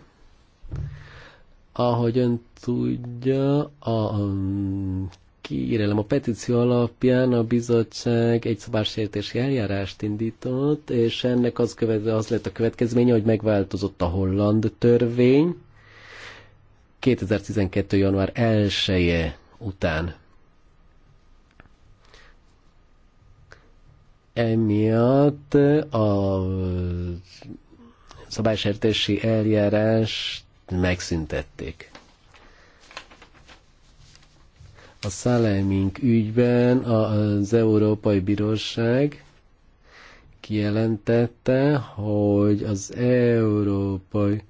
Ahogy ön tudja, a um, kiírelem a petíció alapján a bizottság egy szabásértési eljárást indított, és ennek az, követ, az lett a következménye, hogy megváltozott a holland törvény 2012. január 1 -e után. Emiatt a szabálysértési eljárást megszüntették. A Szálemink ügyben az Európai Bíróság kijelentette, hogy az Európai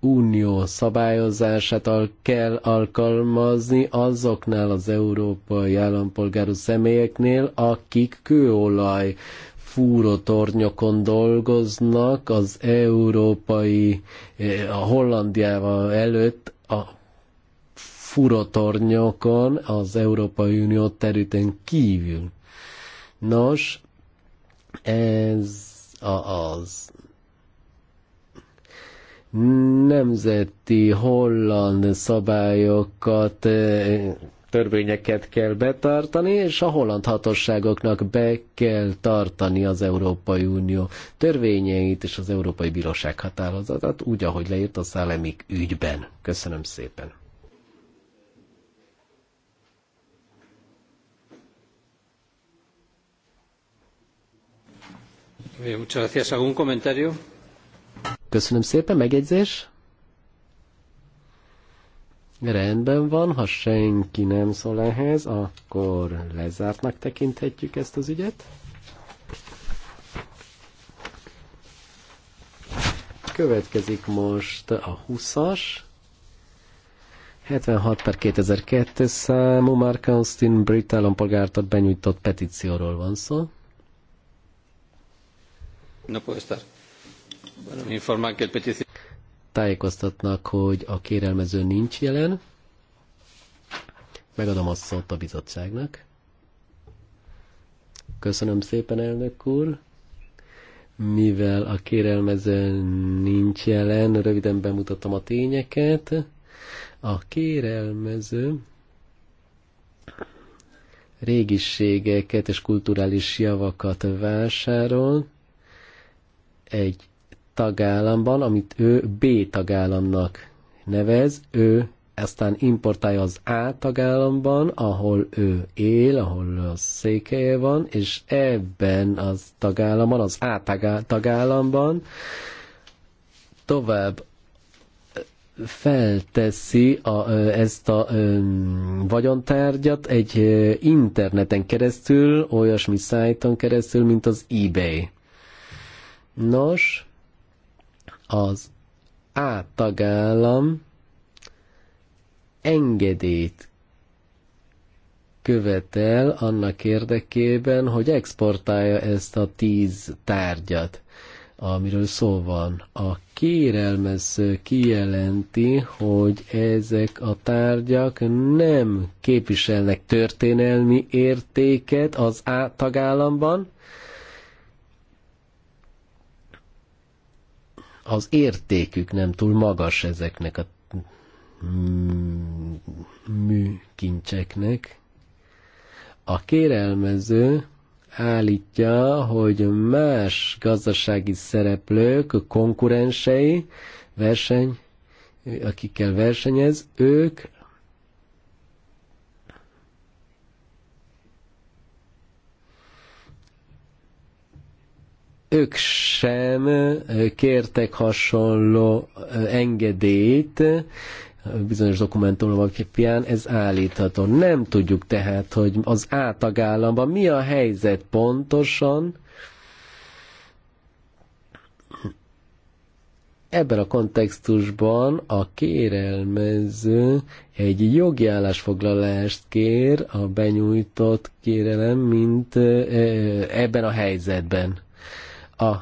Unió szabályozását kell alkalmazni azoknál az európai állampolgárú személyeknél, akik kőolaj fúrótornyokon dolgoznak az európai, eh, a Hollandiával előtt a fúrótornyokon az Európai Unió területén kívül. Nos, ez a, az nemzeti holland szabályokat eh, törvényeket kell betartani, és a holland hatóságoknak be kell tartani az Európai Unió törvényeit és az Európai Bíróság határozatát, úgy, ahogy leírt a Szálemik ügyben. Köszönöm szépen. Köszönöm szépen, megjegyzés? Rendben van, ha senki nem szól ehhez, akkor lezártnak tekinthetjük ezt az ügyet. Következik most a 20-as. 76 per 2002 számú Mark Austin brit állampolgártól benyújtott petícióról van szó. No puedo estar. Bueno, me informan que el petición tájékoztatnak, hogy a kérelmező nincs jelen. Megadom a szót a bizottságnak. Köszönöm szépen, elnök úr. Mivel a kérelmező nincs jelen, röviden bemutatom a tényeket. A kérelmező régiségeket és kulturális javakat vásárol, egy tagállamban, amit ő B tagállamnak nevez, ő aztán importálja az A tagállamban, ahol ő él, ahol a székeje van, és ebben az tagállamban, az A tagállamban tovább felteszi a, ezt a um, vagyontárgyat egy interneten keresztül, olyasmi szájton keresztül, mint az eBay. Nos, az A tagállam engedélyt követel annak érdekében, hogy exportálja ezt a tíz tárgyat, amiről szó van. A kérelmező kijelenti, hogy ezek a tárgyak nem képviselnek történelmi értéket az A tagállamban, az értékük nem túl magas ezeknek a műkincseknek. A kérelmező állítja, hogy más gazdasági szereplők, konkurensei, verseny, akikkel versenyez, ők ők sem kértek hasonló engedélyt, bizonyos dokumentumok alapján ez állítható. Nem tudjuk tehát, hogy az átagállamban mi a helyzet pontosan, ebben a kontextusban a kérelmező egy jogi állásfoglalást kér a benyújtott kérelem, mint ebben a helyzetben. A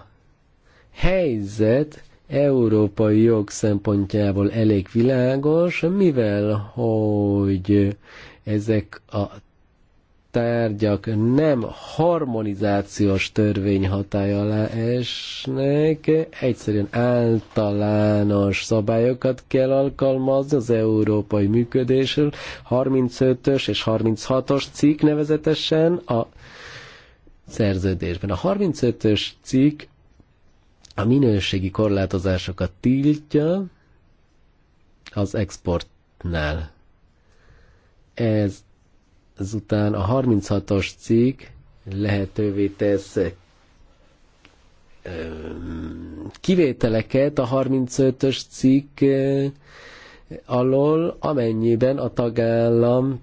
helyzet európai jog szempontjából elég világos, mivel hogy ezek a tárgyak nem harmonizációs törvény hatája alá esnek, egyszerűen általános szabályokat kell alkalmazni az európai működésről, 35-ös és 36-os cikk nevezetesen a szerződésben. A 35-ös cikk a minőségi korlátozásokat tiltja az exportnál. Ez ezután a 36-os cikk lehetővé tesz kivételeket a 35-ös cikk alól, amennyiben a tagállam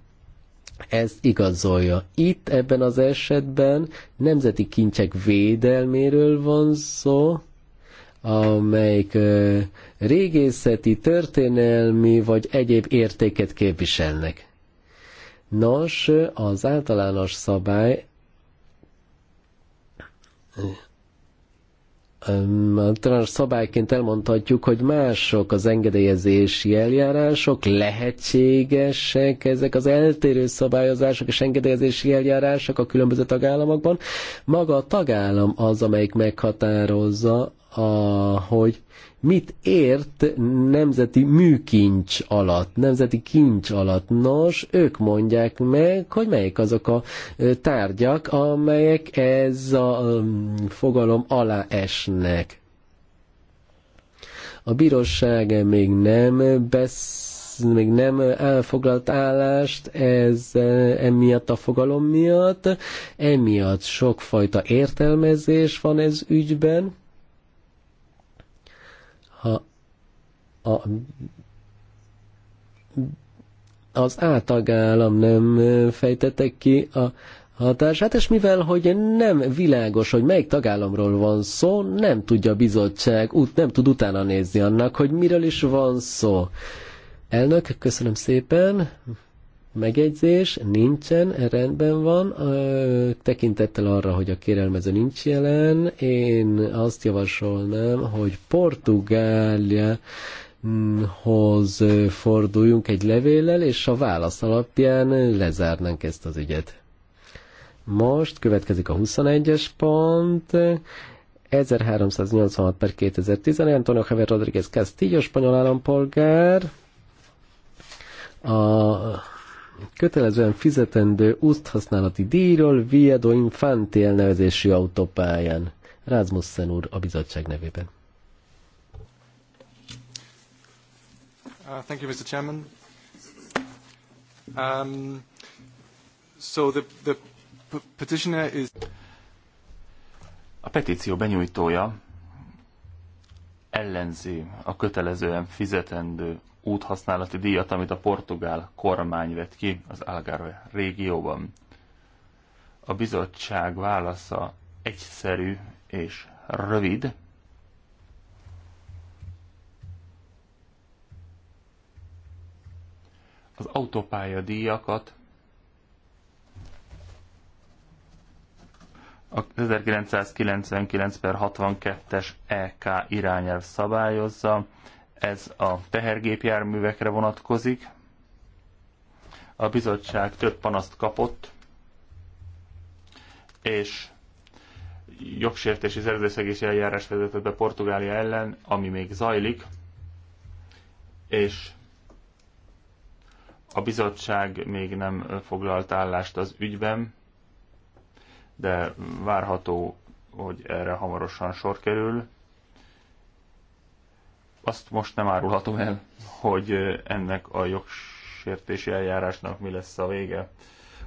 ezt igazolja. Itt ebben az esetben nemzeti kincsek védelméről van szó, amelyik régészeti, történelmi vagy egyéb értéket képviselnek. Nos, az általános szabály általános szabályként elmondhatjuk, hogy mások az engedélyezési eljárások, lehetségesek ezek az eltérő szabályozások és engedélyezési eljárások a különböző tagállamokban. Maga a tagállam az, amelyik meghatározza, a, hogy mit ért nemzeti műkincs alatt, nemzeti kincs alatt. Nos, ők mondják meg, hogy melyik azok a tárgyak, amelyek ez a fogalom alá esnek. A bíróság még nem beszél, még nem elfoglalt állást ez emiatt a fogalom miatt, emiatt sokfajta értelmezés van ez ügyben, a, az átagállam nem fejtette ki a hatását, és mivel hogy nem világos, hogy melyik tagállamról van szó, nem tudja a bizottság, út, nem tud utána nézni annak, hogy miről is van szó. Elnök, köszönöm szépen. Megjegyzés nincsen, rendben van, tekintettel arra, hogy a kérelmező nincs jelen, én azt javasolnám, hogy Portugália hoz forduljunk egy levéllel, és a válasz alapján lezárnánk ezt az ügyet. Most következik a 21-es pont. 1386 per 2010, Antonio Javier Rodríguez Castillo, spanyol állampolgár, a kötelezően fizetendő úszthasználati díjról Via do Infante elnevezésű autópályán. Rázmussen úr a bizottság nevében. Uh, thank you, Mr. Chairman. Um, so the, the petitioner is... A petíció benyújtója ellenzi a kötelezően fizetendő úthasználati díjat, amit a portugál kormány vett ki az Algarve régióban. A bizottság válasza egyszerű és rövid, az autópálya díjakat a 1999 62-es EK irányelv szabályozza, ez a tehergépjárművekre vonatkozik. A bizottság több panaszt kapott, és jogsértési szerzőszegési eljárás vezetett be Portugália ellen, ami még zajlik, és a bizottság még nem foglalt állást az ügyben, de várható, hogy erre hamarosan sor kerül. Azt most nem árulhatom el, hogy ennek a jogsértési eljárásnak mi lesz a vége.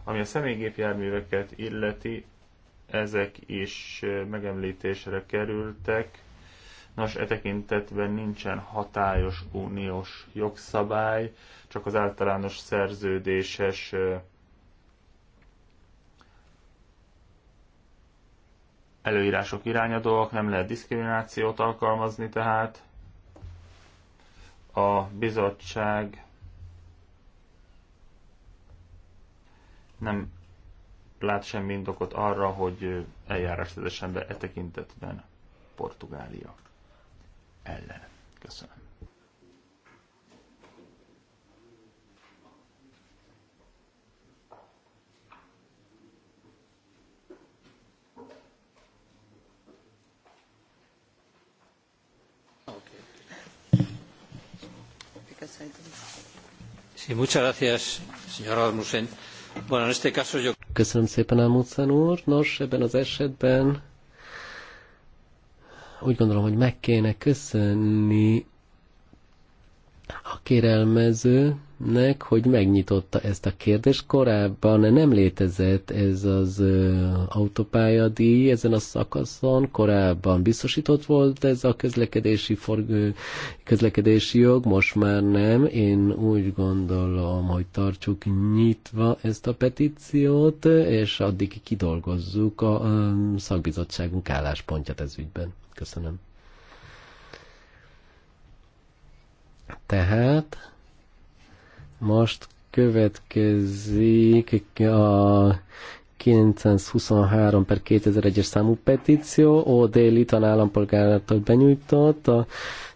Ami a személygépjárműveket illeti, ezek is megemlítésre kerültek. Nos, e tekintetben nincsen hatályos uniós jogszabály, csak az általános szerződéses előírások irányadóak, nem lehet diszkriminációt alkalmazni tehát. A bizottság nem lát semmi indokot arra, hogy eljárás be e tekintetben Portugália ellen. Köszönöm. Köszönöm szépen, Almusen úr. Nos, ebben az esetben úgy gondolom, hogy meg kéne köszönni a kérelmezőnek, hogy megnyitotta ezt a kérdést. Korábban nem létezett ez az ö, autópályadíj ezen a szakaszon, korábban biztosított volt ez a közlekedési, forgő, közlekedési jog, most már nem. Én úgy gondolom, hogy tartsuk nyitva ezt a petíciót, és addig kidolgozzuk a ö, szakbizottságunk álláspontját ez ügyben. Köszönöm. Tehát most következik a 923 per 2001-es számú petíció, ó, déli állampolgárától benyújtott a,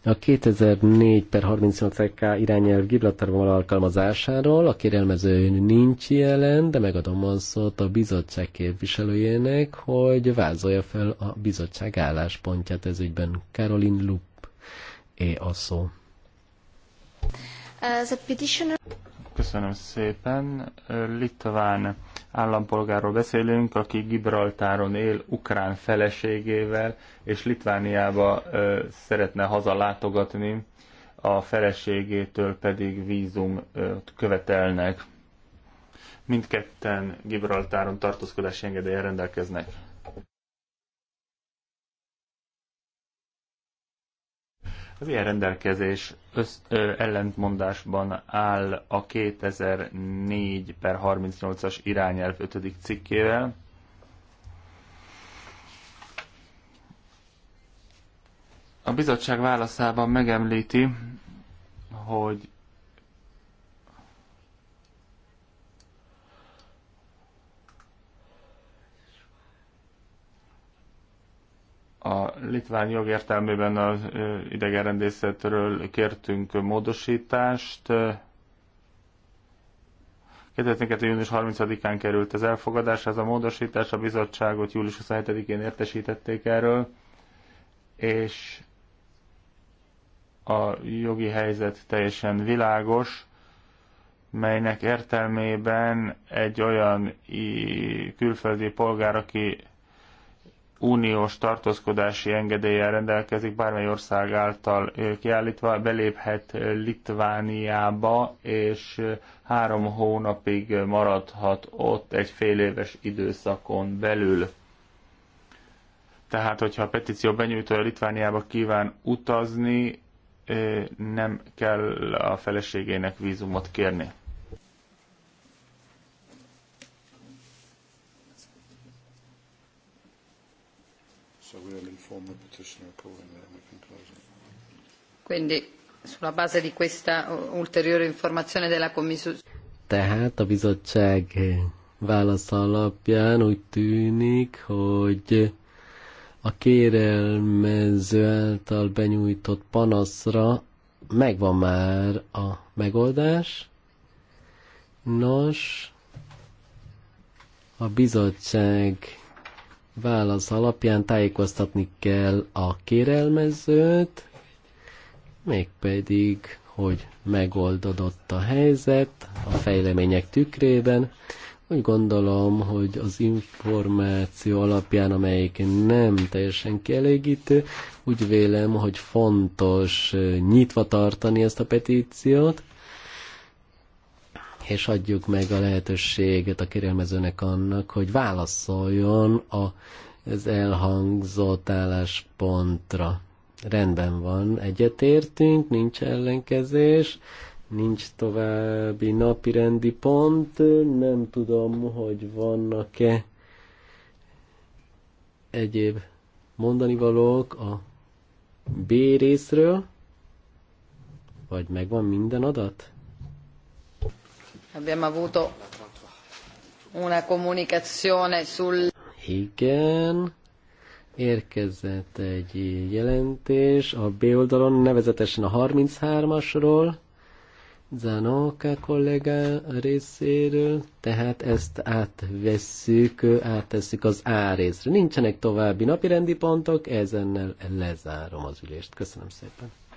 a 2004 per 38 e K irányelv Gibraltarban alkalmazásáról. A kérelmező nincs jelen, de megadom a szót a bizottság képviselőjének, hogy vázolja fel a bizottság álláspontját ez ügyben. Caroline Lupp é a szó. Uh, Köszönöm szépen. Litván állampolgárról beszélünk, aki Gibraltáron él ukrán feleségével, és Litvániába szeretne hazalátogatni, a feleségétől pedig vízum követelnek. Mindketten Gibraltáron tartózkodási engedélyen rendelkeznek. Az ilyen rendelkezés össz, ö, ellentmondásban áll a 2004 per 38-as irányelv 5. cikkével, A bizottság válaszában megemlíti, hogy A litván jog értelmében az idegenrendészetről kértünk módosítást. 2002. június 30-án került az elfogadás, ez a módosítás, a bizottságot július 27-én értesítették erről, és a jogi helyzet teljesen világos, melynek értelmében egy olyan külföldi polgár, aki uniós tartózkodási engedéllyel rendelkezik, bármely ország által kiállítva, beléphet Litvániába, és három hónapig maradhat ott egy fél éves időszakon belül. Tehát, hogyha a petíció benyújtója Litvániába kíván utazni, eh, nem kell a feleségének vízumot kérni. So we'll inform the petitioner and then we can close it. Quindi sulla base di questa ulteriore informazione della Commissione. Tehát a bizottság válasz alapján úgy tűnik, hogy a kérelmező által benyújtott panaszra megvan már a megoldás. Nos, a bizottság válasz alapján tájékoztatni kell a kérelmezőt, mégpedig, hogy megoldodott a helyzet a fejlemények tükrében. Úgy gondolom, hogy az információ alapján, amelyik nem teljesen kielégítő, úgy vélem, hogy fontos nyitva tartani ezt a petíciót, és adjuk meg a lehetőséget a kérelmezőnek annak, hogy válaszoljon az elhangzott álláspontra. Rendben van, egyetértünk, nincs ellenkezés, nincs további napi rendi pont, nem tudom, hogy vannak-e egyéb mondani valók a B részről, vagy megvan minden adat? Abbiamo avuto una comunicazione sul... Igen, érkezett egy jelentés a B oldalon, nevezetesen a 33-asról, Zanóka kollega részéről, tehát ezt átvesszük, átteszik az A részre. Nincsenek további napirendi pontok, ezennel lezárom az ülést. Köszönöm szépen.